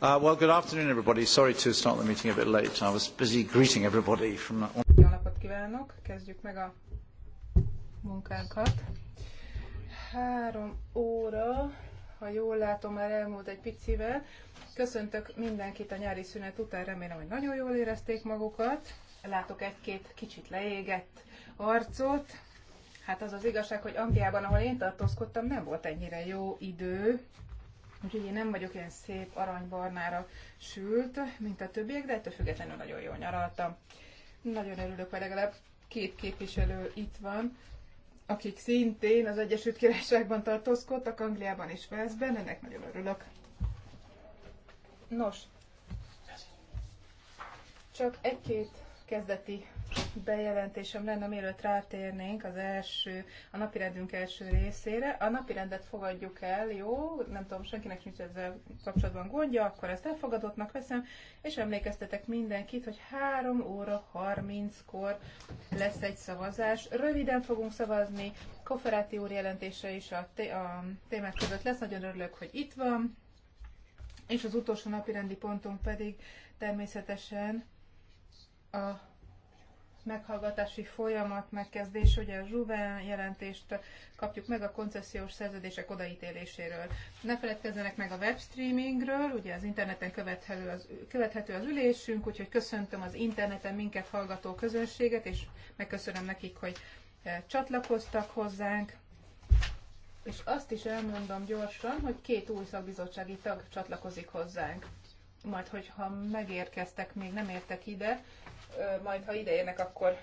Uh, well, good afternoon, everybody. Sorry to start the meeting a bit late. I was busy greeting everybody from... Jó napot kívánok! Kezdjük meg a munkánkat. Három óra, ha jól látom, már elmúlt egy picivel. Köszöntök mindenkit a nyári szünet után, remélem, hogy nagyon jól érezték magukat. Látok egy-két kicsit leégett arcot. Hát az az igazság, hogy Angliában, ahol én tartózkodtam, nem volt ennyire jó idő, Úgyhogy én nem vagyok ilyen szép aranybarnára sült, mint a többiek, de ettől függetlenül nagyon jól nyaraltam. Nagyon örülök, hogy legalább két képviselő itt van, akik szintén az Egyesült Királyságban tartózkodtak, Angliában és Velszben, ennek nagyon örülök. Nos, csak egy-két kezdeti bejelentésem lenne, mielőtt rátérnénk az első, a napirendünk első részére. A napirendet fogadjuk el, jó? Nem tudom, senkinek nincs ezzel kapcsolatban gondja, akkor ezt elfogadottnak veszem, és emlékeztetek mindenkit, hogy 3 óra 30-kor lesz egy szavazás. Röviden fogunk szavazni, Koferáti úr jelentése is a, té- a témák között lesz, nagyon örülök, hogy itt van. És az utolsó napirendi pontunk pedig természetesen a meghallgatási folyamat megkezdés, ugye a Zsuven jelentést kapjuk meg a koncesziós szerződések odaítéléséről. Ne feledkezzenek meg a webstreamingről, ugye az interneten követhető az, követhető az ülésünk, úgyhogy köszöntöm az interneten minket hallgató közönséget, és megköszönöm nekik, hogy e, csatlakoztak hozzánk. És azt is elmondom gyorsan, hogy két új szakbizottsági tag csatlakozik hozzánk majd hogyha megérkeztek, még nem értek ide, majd ha ide érnek, akkor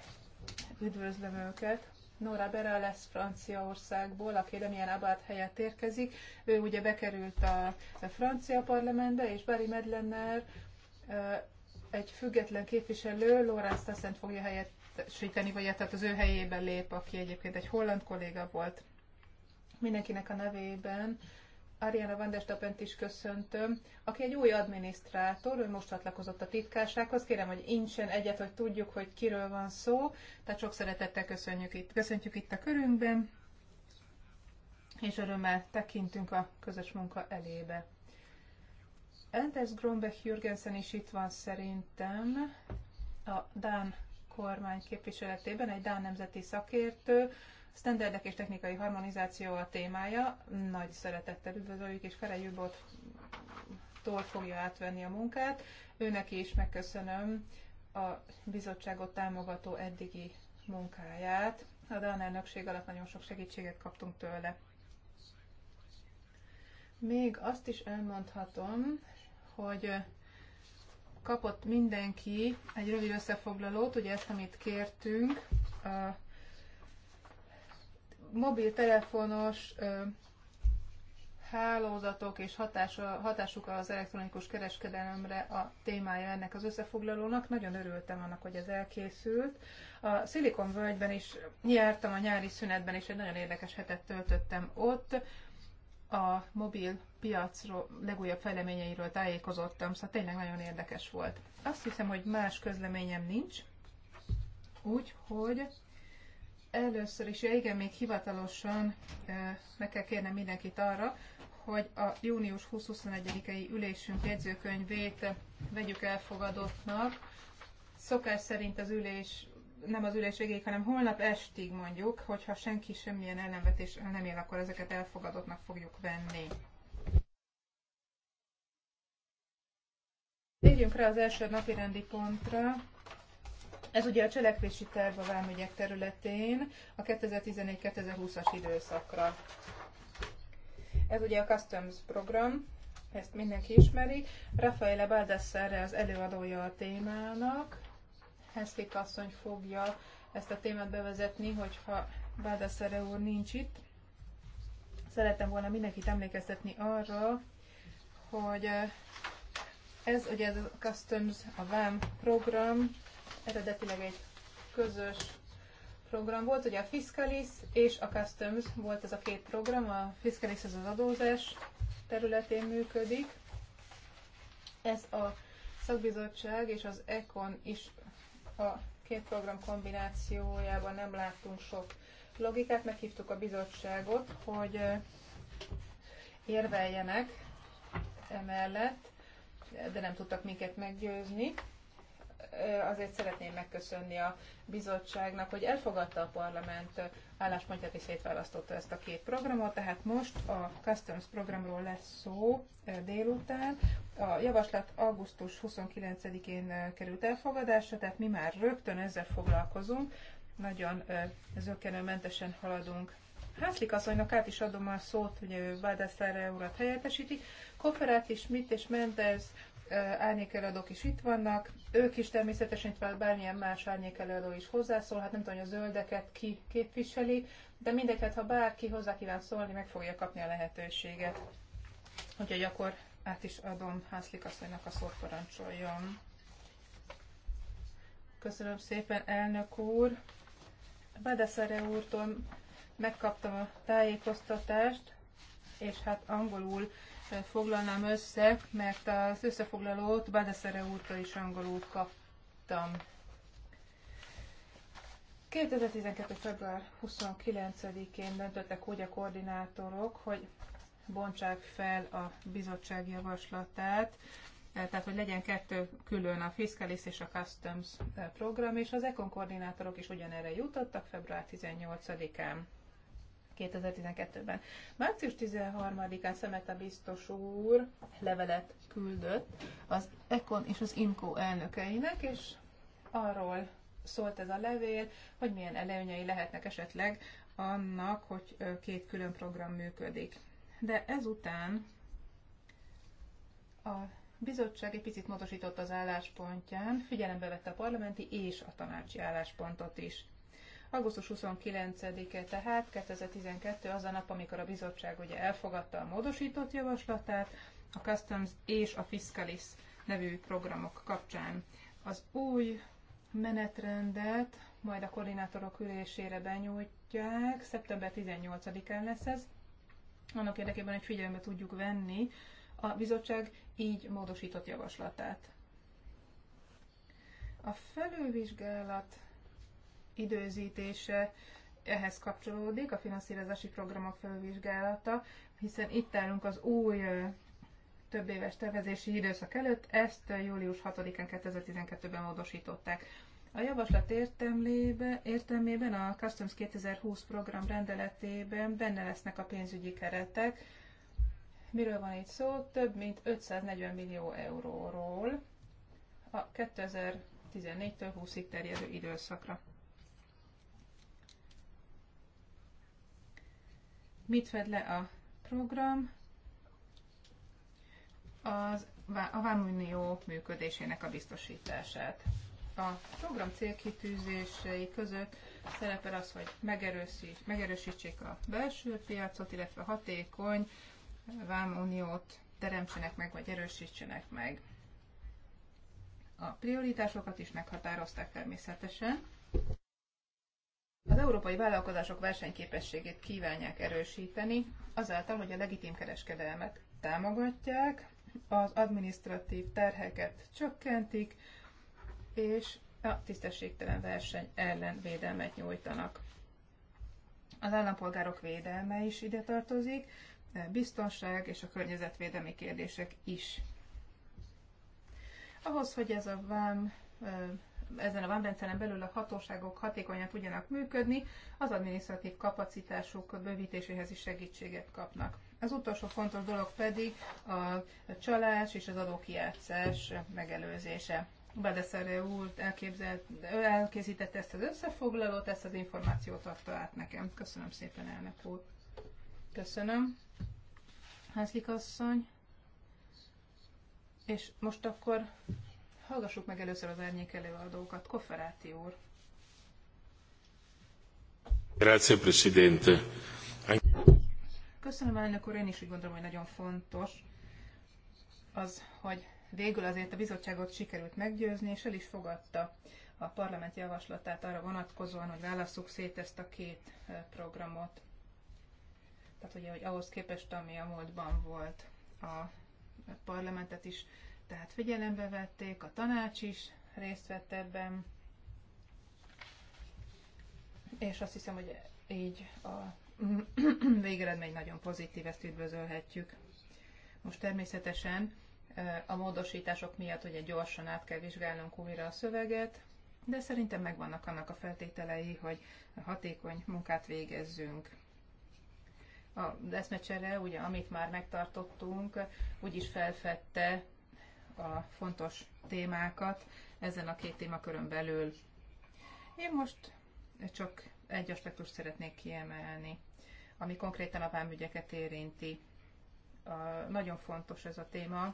üdvözlöm őket. Nora Bera lesz Franciaországból, aki Damien Abad helyett érkezik. Ő ugye bekerült a, a francia parlamentbe, és Barry Medlenner egy független képviselő, Lorenz Tassent fogja helyettesíteni, vagy tehát az ő helyében lép, aki egyébként egy holland kolléga volt. Mindenkinek a nevében Ariana Van Destapent is köszöntöm, aki egy új adminisztrátor, ő most csatlakozott a titkársághoz. Kérem, hogy incsen egyet, hogy tudjuk, hogy kiről van szó. Tehát sok szeretettel köszönjük itt, köszöntjük itt a körünkben, és örömmel tekintünk a közös munka elébe. Anders Grombeck Jürgensen is itt van szerintem, a Dán kormány képviseletében, egy Dán nemzeti szakértő, standardek és technikai harmonizáció a témája. Nagy szeretettel üdvözöljük, és Fere Jubot-tól fogja átvenni a munkát. Őnek is megköszönöm a bizottságot támogató eddigi munkáját. A Dán elnökség alatt nagyon sok segítséget kaptunk tőle. Még azt is elmondhatom, hogy kapott mindenki egy rövid összefoglalót, ugye ezt, amit kértünk, a mobiltelefonos hálózatok és hatása, hatásuk az elektronikus kereskedelemre a témája ennek az összefoglalónak. Nagyon örültem annak, hogy ez elkészült. A Silicon völgyben is jártam a nyári szünetben, és egy nagyon érdekes hetet töltöttem ott. A mobil piacról legújabb fejleményeiről tájékozottam, szóval tényleg nagyon érdekes volt. Azt hiszem, hogy más közleményem nincs, úgyhogy Először is, ja igen, még hivatalosan meg kell kérnem mindenkit arra, hogy a június 21 i ülésünk jegyzőkönyvét vegyük elfogadottnak. Szokás szerint az ülés nem az ülés végéig, hanem holnap estig mondjuk, hogyha senki semmilyen ellenvetés nem él, akkor ezeket elfogadottnak fogjuk venni. Térjünk rá az első napi rendi pontra, ez ugye a cselekvési terv a vámügyek területén a 2014-2020-as időszakra. Ez ugye a Customs program, ezt mindenki ismeri. Rafaela Baldassarre az előadója a témának. Heszlik asszony fogja ezt a témát bevezetni, hogyha Baldassarre úr nincs itt. Szerettem volna mindenkit emlékeztetni arra, hogy eh, ez ugye ez a Customs, a VAM program, eredetileg egy közös program volt, ugye a Fiscalis és a Customs volt ez a két program, a Fiscalis ez az adózás területén működik. Ez a szakbizottság és az ECON is a két program kombinációjában nem láttunk sok logikát, meghívtuk a bizottságot, hogy érveljenek emellett, de nem tudtak minket meggyőzni azért szeretném megköszönni a bizottságnak, hogy elfogadta a parlament álláspontját és szétválasztotta ezt a két programot, tehát most a Customs programról lesz szó délután. A javaslat augusztus 29-én került elfogadásra, tehát mi már rögtön ezzel foglalkozunk, nagyon zökkenőmentesen haladunk Hászlik asszonynak át is adom a szót, hogy ő Bádászlára urat helyettesíti is, mit és Mendez árnyékelőadók is itt vannak. Ők is természetesen itt van bármilyen más árnyékelőadó is hozzászól, hát nem tudom, hogy a zöldeket ki képviseli, de mindegy, hát ha bárki hozzá kíván szólni, meg fogja kapni a lehetőséget. Úgyhogy akkor át is adom Hászlik asszonynak a szót parancsoljon. Köszönöm szépen, elnök úr. Bedeszere úrtól megkaptam a tájékoztatást, és hát angolul foglalnám össze, mert az összefoglalót Badeszere úrtól is angolul kaptam. 2012. február 29-én döntöttek úgy a koordinátorok, hogy bontsák fel a bizottság javaslatát, tehát hogy legyen kettő külön a Fiscalis és a Customs program, és az ECON koordinátorok is ugyanerre jutottak február 18-án. 2012-ben. Március 13-án a biztos úr levelet küldött az ECON és az IMCO elnökeinek, és arról szólt ez a levél, hogy milyen előnyei lehetnek esetleg annak, hogy két külön program működik. De ezután a bizottság egy picit módosított az álláspontján, figyelembe vette a parlamenti és a tanácsi álláspontot is. Augusztus 29-e tehát 2012 az a nap, amikor a bizottság ugye elfogadta a módosított javaslatát a Customs és a Fiscalis nevű programok kapcsán. Az új menetrendet majd a koordinátorok ülésére benyújtják, szeptember 18-án lesz ez, annak érdekében, hogy figyelembe tudjuk venni a bizottság így módosított javaslatát. A felülvizsgálat időzítése ehhez kapcsolódik, a finanszírozási programok felvizsgálata, hiszen itt állunk az új több éves tervezési időszak előtt, ezt július 6-án 2012-ben módosították. A javaslat értelmében a Customs 2020 program rendeletében benne lesznek a pénzügyi keretek. Miről van itt szó? Több mint 540 millió euróról a 2014-től 20-ig terjedő időszakra. Mit fed le a program? Az, a Vámunió működésének a biztosítását. A program célkitűzései között szerepel az, hogy megerősítsék a belső piacot, illetve hatékony vámuniót teremtsenek meg, vagy erősítsenek meg. A prioritásokat is meghatározták természetesen, az európai vállalkozások versenyképességét kívánják erősíteni, azáltal, hogy a legitim kereskedelmet támogatják, az administratív terheket csökkentik, és a tisztességtelen verseny ellen védelmet nyújtanak. Az állampolgárok védelme is ide tartozik, biztonság és a környezetvédelmi kérdések is. Ahhoz, hogy ez a vám ezen a vámrendszeren belül a hatóságok hatékonyan tudjanak működni, az adminisztratív kapacitásuk bővítéséhez is segítséget kapnak. Az utolsó fontos dolog pedig a csalás és az adókijátszás megelőzése. Badeszere úr elképzelt, elkészítette ezt az összefoglalót, ezt az információt adta át nekem. Köszönöm szépen, elnök úr. Köszönöm. Házlik asszony. És most akkor Hallgassuk meg először az árnyék előadókat. Kofferáti úr. Grazie, Presidente. Köszönöm, elnök úr. Én is úgy gondolom, hogy nagyon fontos az, hogy végül azért a bizottságot sikerült meggyőzni, és el is fogadta a parlament javaslatát arra vonatkozóan, hogy válasszuk szét ezt a két eh, programot. Tehát ugye, hogy ahhoz képest, ami a múltban volt a parlamentet is tehát figyelembe vették, a tanács is részt vett ebben, és azt hiszem, hogy így a végeredmény nagyon pozitív, ezt üdvözölhetjük. Most természetesen eh, a módosítások miatt ugye gyorsan át kell vizsgálnunk újra a szöveget, de szerintem megvannak annak a feltételei, hogy hatékony munkát végezzünk. A eszmecsere, ugye, amit már megtartottunk, úgyis felfedte a fontos témákat ezen a két témakörön belül. Én most csak egy aspektust szeretnék kiemelni, ami konkrétan a vámügyeket érinti. A, nagyon fontos ez a téma.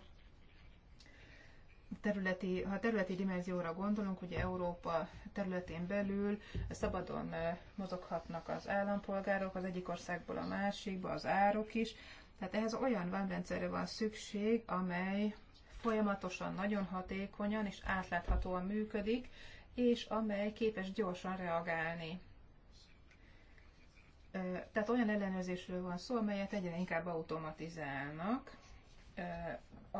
Területi, ha területi dimenzióra gondolunk, ugye Európa területén belül eh, szabadon eh, mozoghatnak az állampolgárok az egyik országból a másikba, az árok is. Tehát ehhez olyan vámrendszerre van szükség, amely folyamatosan, nagyon hatékonyan és átláthatóan működik, és amely képes gyorsan reagálni. Tehát olyan ellenőrzésről van szó, amelyet egyre inkább automatizálnak. A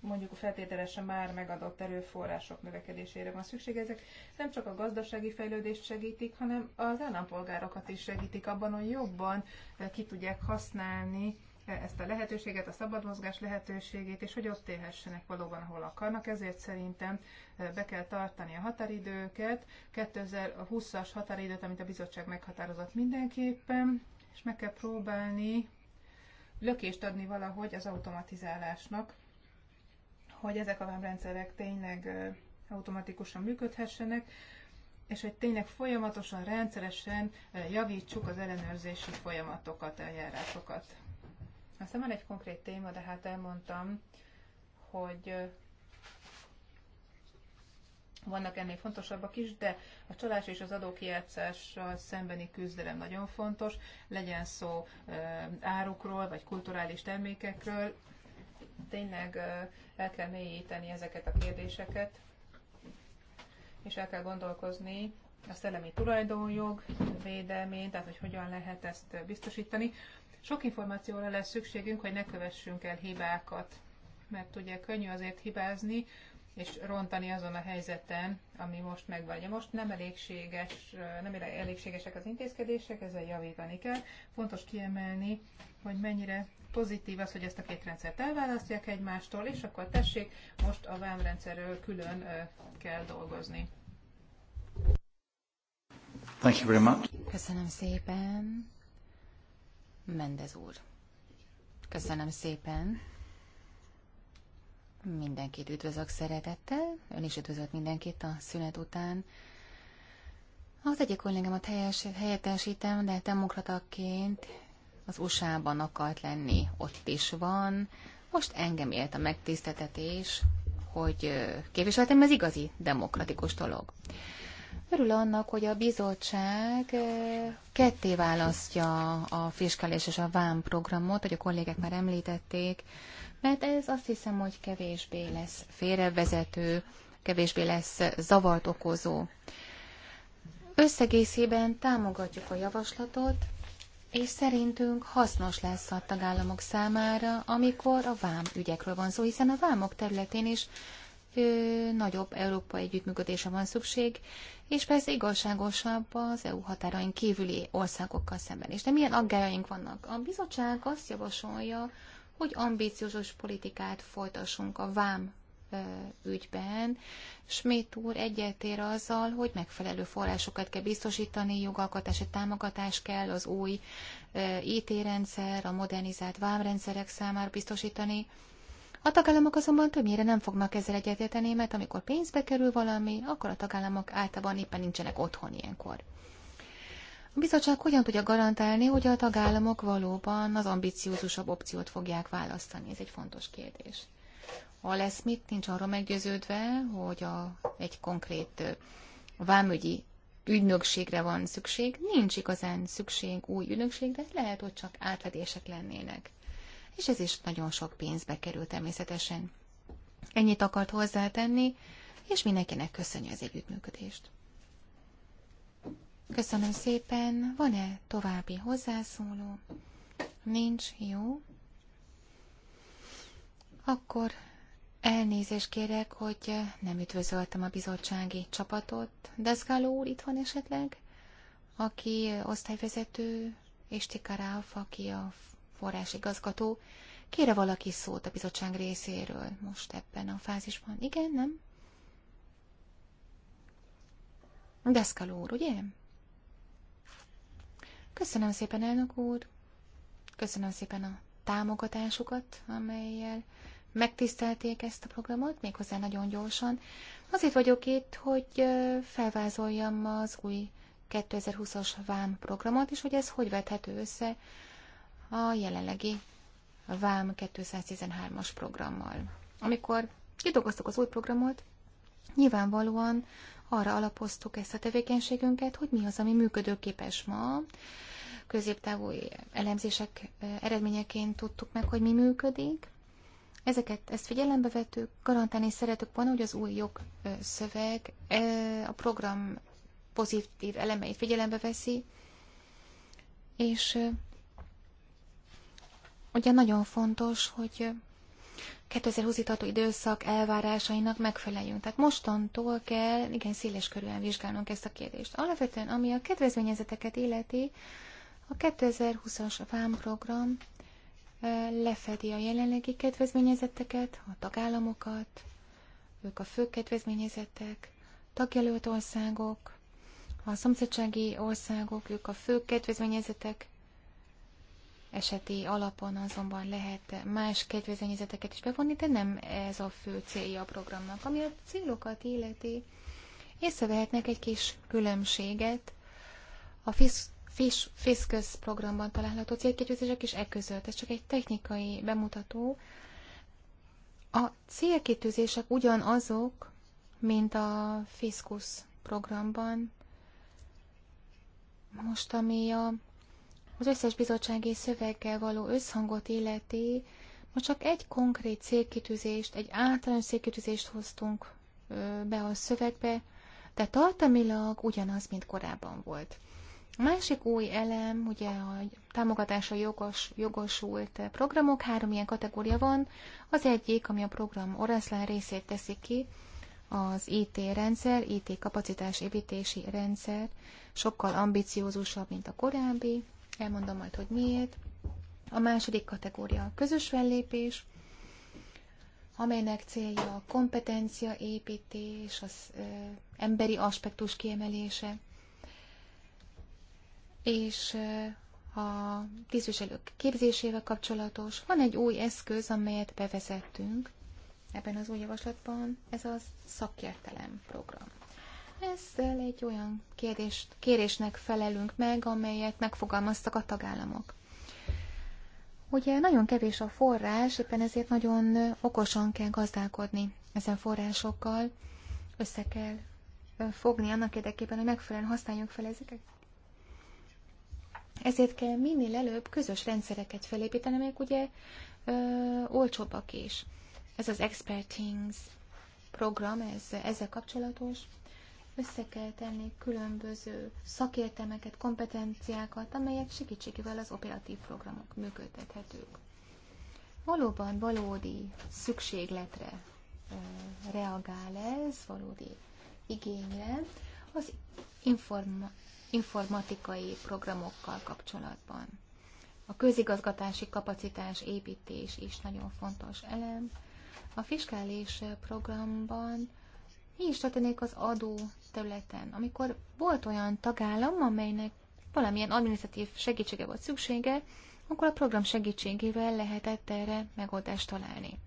mondjuk feltételesen már megadott erőforrások növekedésére van szükség. Ezek nem csak a gazdasági fejlődést segítik, hanem az állampolgárokat is segítik abban, hogy jobban ki tudják használni ezt a lehetőséget, a szabad mozgás lehetőségét, és hogy ott élhessenek valóban, ahol akarnak. Ezért szerintem eh, be kell tartani a határidőket, 2020-as határidőt, amit a bizottság meghatározott mindenképpen, és meg kell próbálni lökést adni valahogy az automatizálásnak, hogy ezek a vámrendszerek tényleg eh, automatikusan működhessenek, és hogy tényleg folyamatosan, rendszeresen eh, javítsuk az ellenőrzési folyamatokat, eljárásokat. Aztán van egy konkrét téma, de hát elmondtam, hogy vannak ennél fontosabbak is, de a csalás és az adókijátszás szembeni küzdelem nagyon fontos, legyen szó árukról, vagy kulturális termékekről. Tényleg el kell mélyíteni ezeket a kérdéseket, és el kell gondolkozni a szellemi tulajdonjog védelmén, tehát hogy hogyan lehet ezt biztosítani. Sok információra lesz szükségünk, hogy ne kövessünk el hibákat, mert ugye könnyű azért hibázni, és rontani azon a helyzeten, ami most megvan. Ugye most nem, elégséges, nem elégségesek az intézkedések, ezzel javítani kell. Fontos kiemelni, hogy mennyire pozitív az, hogy ezt a két rendszert elválasztják egymástól, és akkor tessék, most a vámrendszerről külön kell dolgozni. Thank you very much. Köszönöm szépen. Mendez úr. Köszönöm szépen. Mindenkit üdvözök szeretettel, ön is üdvözött mindenkit a szünet után. Az egyik kollégámat helyes, helyettesítem, de demokrataként az USA-ban akart lenni, ott is van. Most engem élt a megtiszteltetés, hogy képviseltem, ez igazi demokratikus dolog. Örül annak, hogy a bizottság eh, ketté választja a fiskális és a vám programot, hogy a kollégek már említették, mert ez azt hiszem, hogy kevésbé lesz félrevezető, kevésbé lesz zavart okozó. Összegészében támogatjuk a javaslatot, és szerintünk hasznos lesz a tagállamok számára, amikor a vám ügyekről van szó, hiszen a vámok területén is ö, nagyobb európai együttműködése van szükség, és persze igazságosabb az EU határain kívüli országokkal szemben is. De milyen aggájaink vannak? A bizottság azt javasolja, hogy ambíciózus politikát folytassunk a vám ügyben. Smét úr egyetér azzal, hogy megfelelő forrásokat kell biztosítani, jogalkotási támogatás kell, az új IT rendszer, a modernizált vámrendszerek számára biztosítani. A tagállamok azonban többnyire nem fognak ezzel egyetérteni, mert amikor pénzbe kerül valami, akkor a tagállamok általában éppen nincsenek otthon ilyenkor. A bizottság hogyan tudja garantálni, hogy a tagállamok valóban az ambiciózusabb opciót fogják választani? Ez egy fontos kérdés. Ha lesz mit, nincs arra meggyőződve, hogy a, egy konkrét vámügyi ügynökségre van szükség. Nincs igazán szükség új ügynökségre, lehet, hogy csak átvedések lennének és ez is nagyon sok pénzbe kerül természetesen. Ennyit akart hozzátenni, és mindenkinek köszönjük az együttműködést. Köszönöm szépen. Van-e további hozzászóló? Nincs, jó. Akkor elnézést kérek, hogy nem üdvözöltem a bizottsági csapatot. Deszkáló úr itt van esetleg, aki osztályvezető, és Tikar Alf, aki a forrásigazgató. Kére valaki szót a bizottság részéről most ebben a fázisban? Igen, nem? Deszkaló úr, ugye? Köszönöm szépen, elnök úr. Köszönöm szépen a támogatásukat, amelyel megtisztelték ezt a programot, méghozzá nagyon gyorsan. Azért vagyok itt, hogy felvázoljam az új 2020-as VÁM programot, és hogy ez hogy vethető össze a jelenlegi VÁM 213-as programmal. Amikor kidolgoztuk az új programot, nyilvánvalóan arra alapoztuk ezt a tevékenységünket, hogy mi az, ami működőképes ma. Középtávú elemzések eredményeként tudtuk meg, hogy mi működik. Ezeket, ezt figyelembe vettük, garantálni szeretük volna, hogy az új jogszöveg a program pozitív elemeit figyelembe veszi, és Ugye nagyon fontos, hogy 2020 tartó időszak elvárásainak megfeleljünk. Tehát mostantól kell igen széles körülön vizsgálnunk ezt a kérdést. Alapvetően, ami a kedvezményezeteket illeti, a 2020-as VAM program lefedi a jelenlegi kedvezményezetteket, a tagállamokat, ők a fő kedvezményezettek, tagjelölt országok, a szomszédsági országok, ők a fő kedvezményezetek, eseti alapon azonban lehet más kedvezményezeteket is bevonni, de nem ez a fő célja a programnak. Ami a célokat illeti, észrevehetnek egy kis különbséget a FISZKÖZ programban található célkitűzések is e között. Ez csak egy technikai bemutató. A célkitűzések ugyanazok, mint a FISZKUSZ programban. Most, ami a az összes bizottsági szöveggel való összhangot illeti, ma csak egy konkrét célkitűzést, egy általános célkitűzést hoztunk be a szövegbe, de tartamilag ugyanaz, mint korábban volt. A másik új elem, ugye a támogatása jogos, jogosult programok, három ilyen kategória van. Az egyik, ami a program oroszlán részét teszi ki, az IT rendszer, IT kapacitás építési rendszer, sokkal ambiciózusabb, mint a korábbi. Elmondom majd, hogy miért. A második kategória a közös fellépés, amelynek célja a kompetencia építés, az ö, emberi aspektus kiemelése, és ö, a tisztviselők képzésével kapcsolatos. Van egy új eszköz, amelyet bevezettünk ebben az új javaslatban, ez a szakértelem program. Ezzel egy olyan kérdést, kérésnek felelünk meg, amelyet megfogalmaztak a tagállamok. Ugye nagyon kevés a forrás, éppen ezért nagyon okosan kell gazdálkodni ezen forrásokkal. Össze kell fogni annak érdekében, hogy megfelelően használjuk fel ezeket. Ezért kell minél előbb közös rendszereket felépíteni, amelyek ugye ö, olcsóbbak is. Ez az Expertings program, ez ezzel kapcsolatos össze kell tenni különböző szakértelmeket, kompetenciákat, amelyek segítségével az operatív programok működtethetők. Valóban valódi szükségletre reagál ez, valódi igényre az informa- informatikai programokkal kapcsolatban. A közigazgatási kapacitás építés is nagyon fontos elem. A fiskális programban mi is történik az adó területen? Amikor volt olyan tagállam, amelynek valamilyen administratív segítsége volt szüksége, akkor a program segítségével lehetett erre megoldást találni.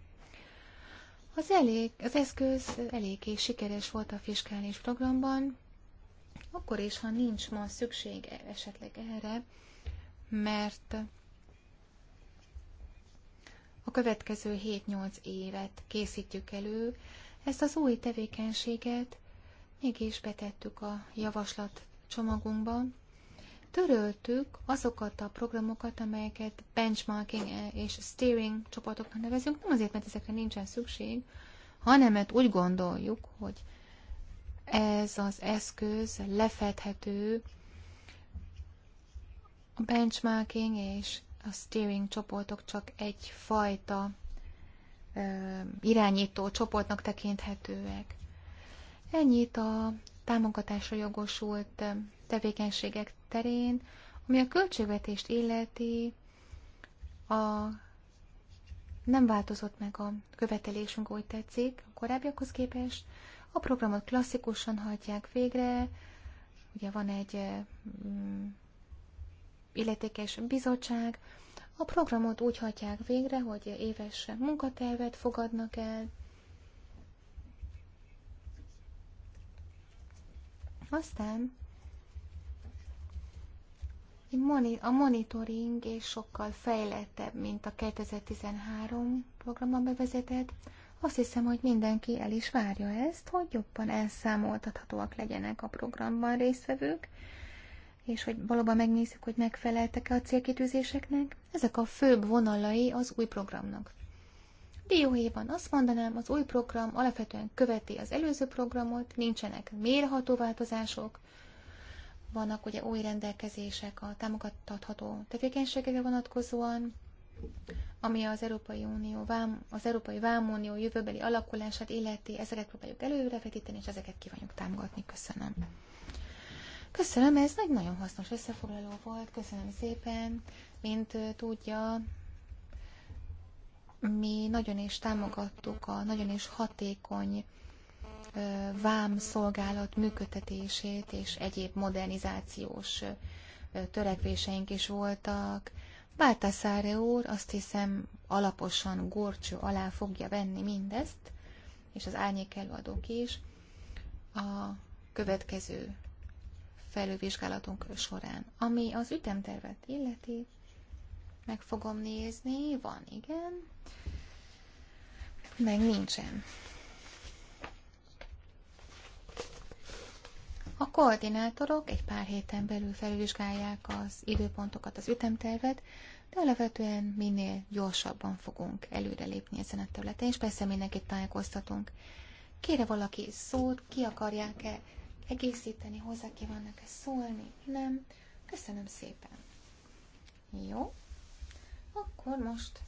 Az, elég, az eszköz eléggé sikeres volt a fiskális programban, akkor is, ha nincs ma szükség esetleg erre, mert a következő 7-8 évet készítjük elő, ezt az új tevékenységet mégis betettük a javaslat csomagunkba. Töröltük azokat a programokat, amelyeket benchmarking és steering csoportoknak nevezünk, nem azért, mert ezekre nincsen szükség, hanem mert úgy gondoljuk, hogy ez az eszköz lefedhető a benchmarking és a steering csoportok csak egyfajta irányító csoportnak tekinthetőek. Ennyit a támogatásra jogosult tevékenységek terén, ami a költségvetést illeti, a nem változott meg a követelésünk, úgy tetszik, a korábbiakhoz képest. A programot klasszikusan hagyják végre, ugye van egy illetékes bizottság, a programot úgy hagyják végre, hogy éves munkatervet fogadnak el, Aztán a monitoring és sokkal fejlettebb, mint a 2013 programban bevezetett. Azt hiszem, hogy mindenki el is várja ezt, hogy jobban elszámoltathatóak legyenek a programban résztvevők, és hogy valóban megnézzük, hogy megfeleltek-e a célkitűzéseknek. Ezek a főbb vonalai az új programnak. Dióhéjban azt mondanám, az új program alapvetően követi az előző programot, nincsenek mérható változások, vannak ugye új rendelkezések a támogatható tevékenységekre vonatkozóan, ami az Európai Unió, vám, az Európai Vámunió jövőbeli alakulását illeti, ezeket próbáljuk előrevetíteni, és ezeket kívánjuk támogatni. Köszönöm. Köszönöm, ez egy nagyon hasznos összefoglaló volt. Köszönöm szépen. Mint tudja, mi nagyon is támogattuk a nagyon is hatékony vám szolgálat működtetését és egyéb modernizációs törekvéseink is voltak. Báltaszáre úr azt hiszem alaposan gorcső alá fogja venni mindezt, és az árnyék előadók is a következő felülvizsgálatunk során. Ami az ütemtervet illeti, meg fogom nézni, van, igen, meg nincsen. A koordinátorok egy pár héten belül felvizsgálják az időpontokat, az ütemtervet, de alapvetően minél gyorsabban fogunk előrelépni ezen a területen, és persze mindenkit tájékoztatunk. Kére valaki szót, ki akarják-e egészíteni, hozzá kívánnak-e szólni? Nem? Köszönöm szépen. Jó. Akkor most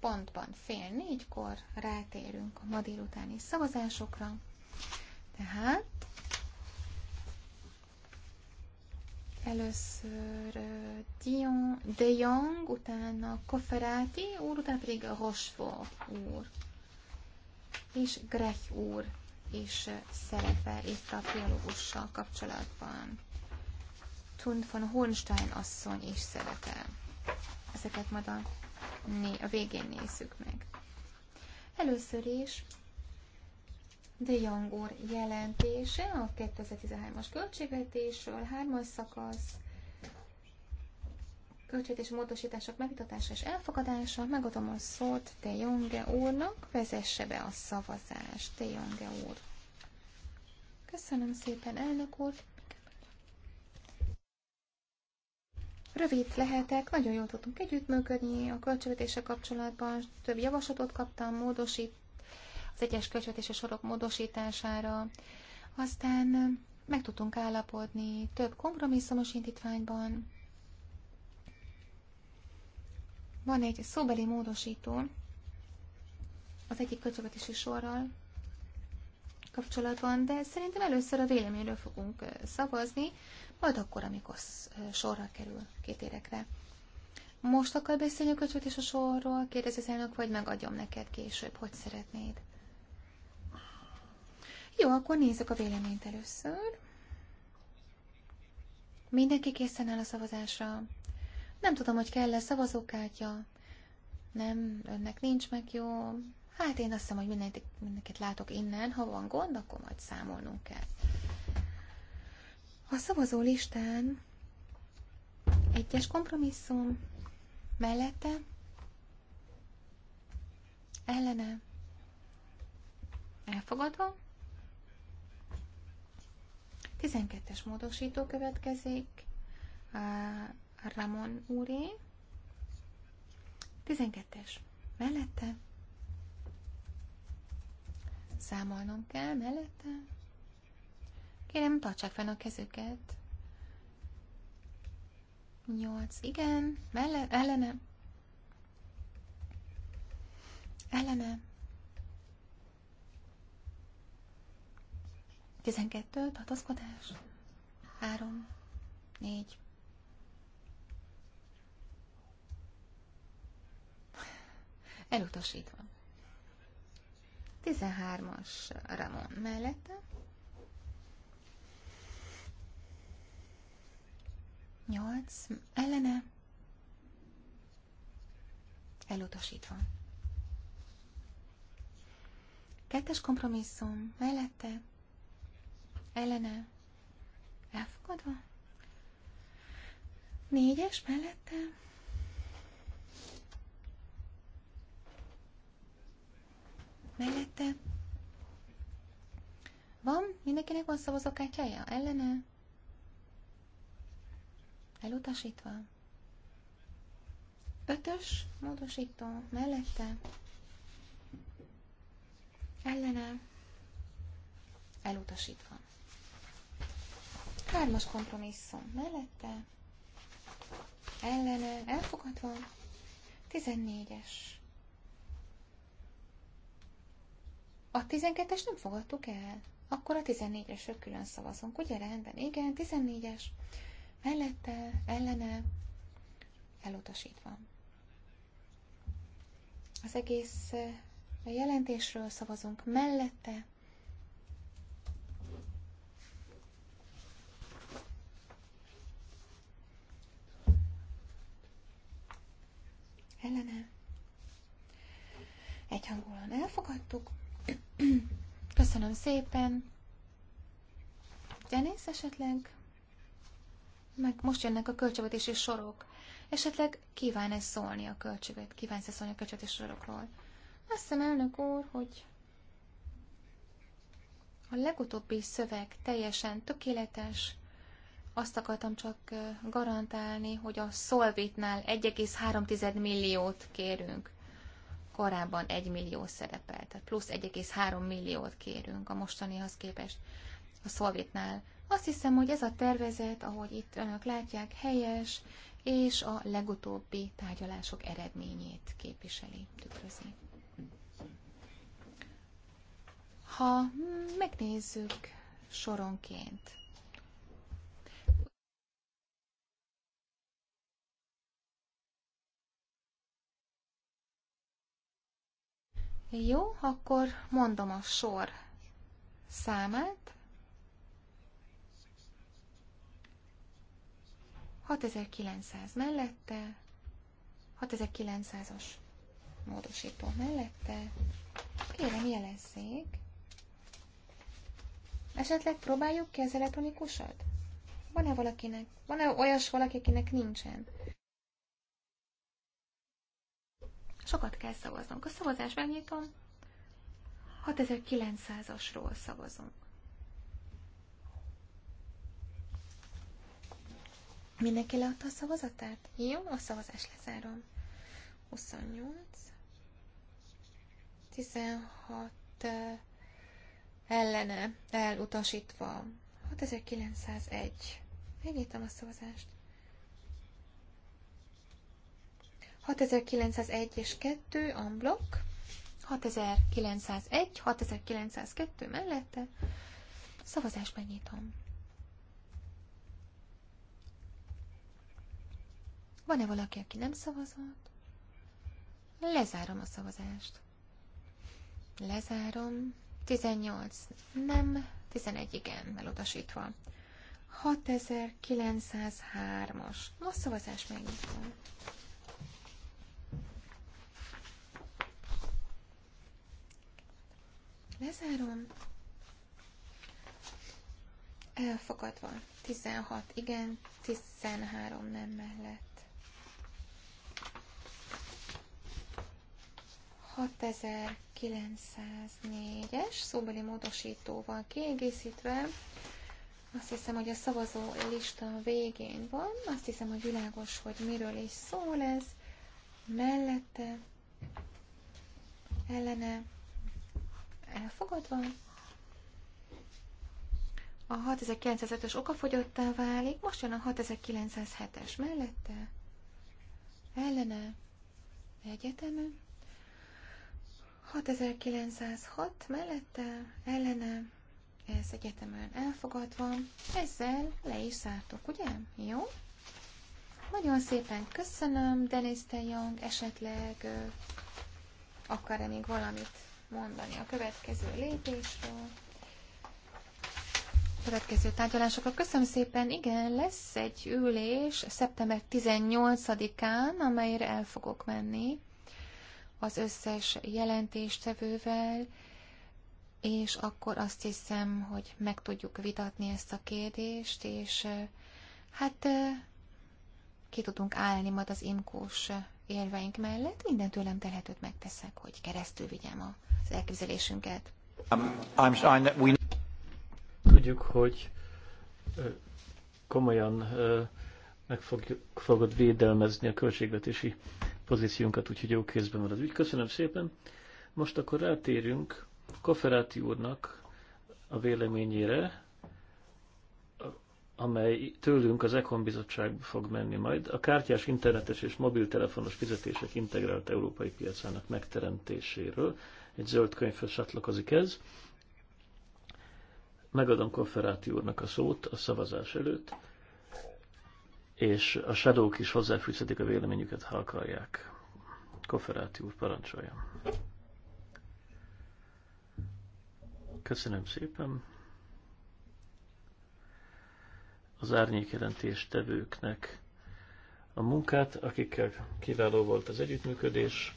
pontban fél négykor rátérünk a ma délutáni szavazásokra. Tehát először Dion, De Jong, utána Koferáti úr, utána pedig Rochefort úr és Grech úr és szerepel itt a triológussal kapcsolatban. Tund von Hornstein asszony és szerepel. Ezeket majd a, a végén nézzük meg. Először is de Jangor jelentése a 2013-as költségvetésről, hármas szakasz, költségvetési módosítások megvitatása és elfogadása. Megadom a szót De Jonge úrnak, vezesse be a szavazást. De Jonge úr. Köszönöm szépen, elnök úr. Rövid lehetek, nagyon jól tudtunk együttműködni a költségvetése kapcsolatban, több javaslatot kaptam, módosít, az egyes költségvetési sorok módosítására, aztán meg tudtunk állapodni több kompromisszumos indítványban, Van egy szóbeli módosító az egyik költségvetési sorral kapcsolatban, de szerintem először a véleményről fogunk szavazni, majd akkor, amikor sorra kerül két érekre. Most akar beszélni a költségvetés a sorról? Kérdez az elnök, vagy megadjam neked később, hogy szeretnéd. Jó, akkor nézzük a véleményt először. Mindenki készen áll a szavazásra. Nem tudom, hogy kell-e szavazókártya. Nem, önnek nincs meg jó. Hát én azt hiszem, hogy mindenkit, mindenkit látok innen. Ha van gond, akkor majd számolnunk kell. A szavazó listán egyes kompromisszum mellette ellene elfogadva. 12-es módosító következik. Ramon úré. 12-es mellette. Számolnom kell mellette. Kérem, tartsák fel a kezüket. 8, igen, melle, ellene. Ellene. 12, tartózkodás. 3, 4, Elutasítva. 13-as Ramon mellette. 8 ellene. Elutasítva. Kettes kompromisszum mellette. Ellene. Elfogadva. Négyes mellette. mellette. Van? Mindenkinek van szavazókártyája? Ellene? Elutasítva? Ötös módosító mellette. Ellene? Elutasítva. Hármas kompromisszum mellette. Ellene? Elfogadva? Tizennégyes A 12-es nem fogadtuk el. Akkor a 14-esről külön szavazunk. Ugye rendben? Igen, 14-es. Mellette, ellene, elutasítva. Az egész eh, jelentésről szavazunk mellette. Ellene. Egyhangulóan elfogadtuk. Köszönöm szépen. Denis esetleg? Meg most jönnek a kölcsövetési sorok. Esetleg kíván-e szólni a kölcsövet, kívánsz -e szólni a kölcsövetési sorokról? Azt hiszem, elnök úr, hogy a legutóbbi szöveg teljesen tökéletes. Azt akartam csak eh, garantálni, hogy a Solvitnál 1,3 milliót kérünk korábban 1 millió szerepelt, tehát plusz 1,3 milliót kérünk a mostanihoz képest a szolvitnál. Azt hiszem, hogy ez a tervezet, ahogy itt önök látják, helyes, és a legutóbbi tárgyalások eredményét képviseli, tükrözi. Ha megnézzük soronként Jó, akkor mondom a sor számát. 6900 mellette, 6900-as módosító mellette. Kérem, jelezzék. Esetleg próbáljuk ki az elektronikusat? Van-e valakinek? Van-e olyas valaki, akinek nincsen? Sokat kell szavaznunk. A szavazás megnyitom. 6900-asról szavazunk. Mindenki leadta a szavazatát? Jó, a szavazás lezárom. 28. 16 ellene elutasítva. 6901. Megnyitom a szavazást. 6901 és 2 unblock, 6901, 6902 mellette. Szavazást megnyitom. Van-e valaki, aki nem szavazott? Lezárom a szavazást. Lezárom. 18 nem, 11 igen, elutasítva. 6903-as. Most szavazás megnyitom. Lezárom. Elfogadva. 16 igen, 13 nem mellett. 6904-es szóbeli módosítóval kiegészítve. Azt hiszem, hogy a szavazó lista végén van. Azt hiszem, hogy világos, hogy miről is szól ez. Mellette, ellene, elfogadva. A 6905-ös okafogyottá válik, most jön a 6907-es mellette. Ellene egyeteme, 6906 mellette, ellene, ez egyetemen elfogadva. Ezzel le is zártuk, ugye? Jó? Nagyon szépen köszönöm, Denis Young, esetleg akar-e még valamit mondani a következő lépésről, a következő tárgyalásokat Köszönöm szépen, igen, lesz egy ülés szeptember 18-án, amelyre el fogok menni az összes jelentéstevővel, és akkor azt hiszem, hogy meg tudjuk vitatni ezt a kérdést, és eh, hát eh, ki tudunk állni majd az imkós érveink mellett, minden tőlem telhetőt megteszek, hogy keresztül vigyem az elképzelésünket. Um, Tudjuk, hogy komolyan meg fogjuk, fogod védelmezni a költségvetési pozíciónkat, úgyhogy jó kézben van az ügy. Köszönöm szépen. Most akkor rátérünk Koferáti úrnak a véleményére amely tőlünk az Econ bizottságba fog menni majd, a kártyás, internetes és mobiltelefonos fizetések integrált európai piacának megteremtéséről. Egy zöld könyvhöz csatlakozik ez. Megadom Konferáti úrnak a szót a szavazás előtt, és a shadow is hozzáfűzhetik a véleményüket, ha akarják. Konferáti úr, parancsoljon. Köszönöm szépen. az árnyékjelentés tevőknek a munkát, akikkel kiváló volt az együttműködés.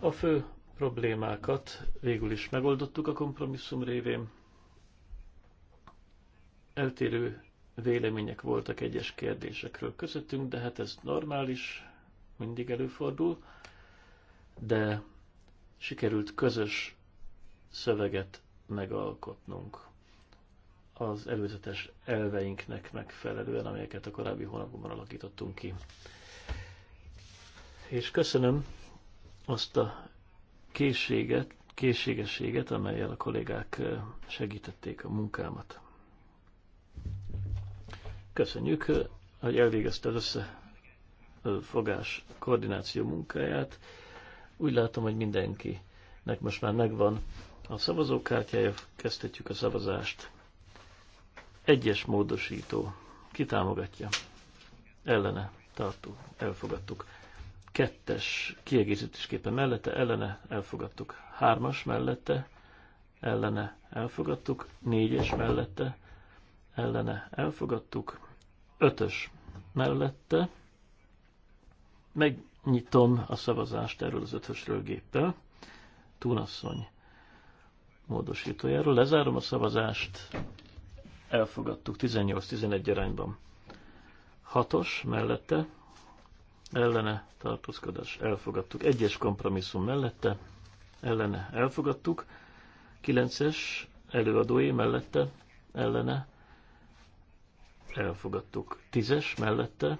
A fő problémákat végül is megoldottuk a kompromisszum révén. Eltérő vélemények voltak egyes kérdésekről közöttünk, de hát ez normális, mindig előfordul, de sikerült közös szöveget megalkotnunk az előzetes elveinknek megfelelően, amelyeket a korábbi hónapokban alakítottunk ki. És köszönöm azt a készséget, készségességet, amelyel a kollégák segítették a munkámat. Köszönjük, hogy elvégezte az összefogás koordináció munkáját. Úgy látom, hogy mindenkinek most már megvan a szavazókártyája, kezdhetjük a szavazást. Egyes módosító. Ki támogatja? Ellene. Tartó. Elfogadtuk. Kettes kiegészítésképpen mellette, ellene, elfogadtuk. Hármas mellette, ellene, elfogadtuk. Négyes mellette, ellene, elfogadtuk. Ötös mellette. Megnyitom a szavazást erről az ötösről géppel. Túnasszony módosítójáról. Lezárom a szavazást elfogadtuk 18-11 arányban. 6-os mellette ellene tartózkodás elfogadtuk. 1-es kompromisszum mellette ellene elfogadtuk. 9-es előadói mellette ellene elfogadtuk. 10-es mellette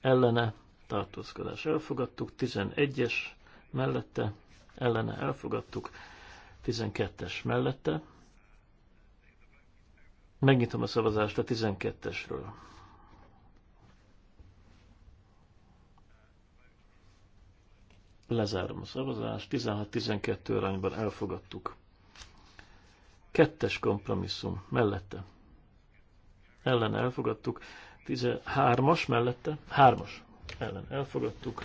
ellene tartózkodás elfogadtuk. 11-es mellette ellene elfogadtuk. 12-es mellette Megnyitom a szavazást a 12-esről. Lezárom a szavazást. 16-12 arányban elfogadtuk. Kettes kompromisszum mellette. Ellen elfogadtuk. 13-as mellette. 3-as ellen elfogadtuk.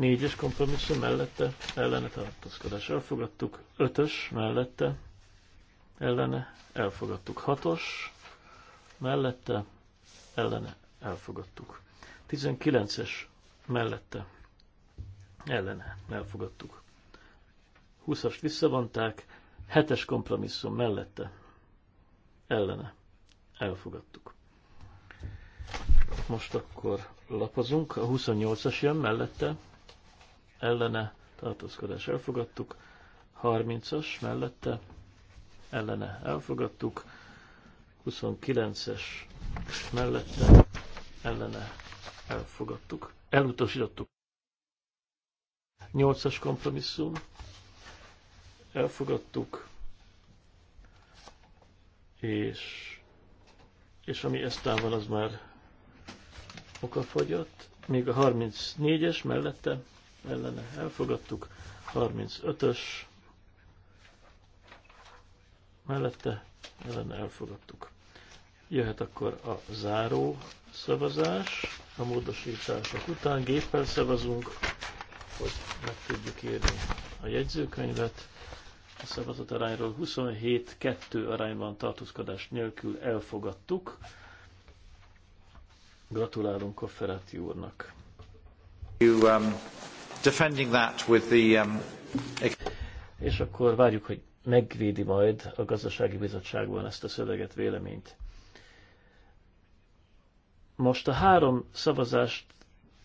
4-es kompromisszum mellette. Ellene tartózkodás elfogadtuk. 5-ös mellette ellene elfogadtuk. Hatos mellette ellene elfogadtuk. 19-es mellette ellene elfogadtuk. 20-ast visszavonták, 7-es kompromisszum mellette ellene elfogadtuk. Most akkor lapozunk, a 28-as jön mellette, ellene tartózkodás elfogadtuk, 30-as mellette ellene elfogadtuk, 29-es mellette ellene elfogadtuk, elutasítottuk. 8-as kompromisszum, elfogadtuk, és, és ami eztán van, az már okafogyott. Még a 34-es mellette ellene elfogadtuk, 35-ös mellette ellen elfogadtuk. Jöhet akkor a záró szavazás, a módosítások után géppel szavazunk, hogy meg tudjuk írni a jegyzőkönyvet. A szavazat arányról 27-2 arányban tartózkodás nélkül elfogadtuk. Gratulálunk Kofferati úrnak. You, um, defending that with the, um... És akkor várjuk, hogy megvédi majd a gazdasági bizottságban ezt a szöveget, véleményt. Most a három szavazást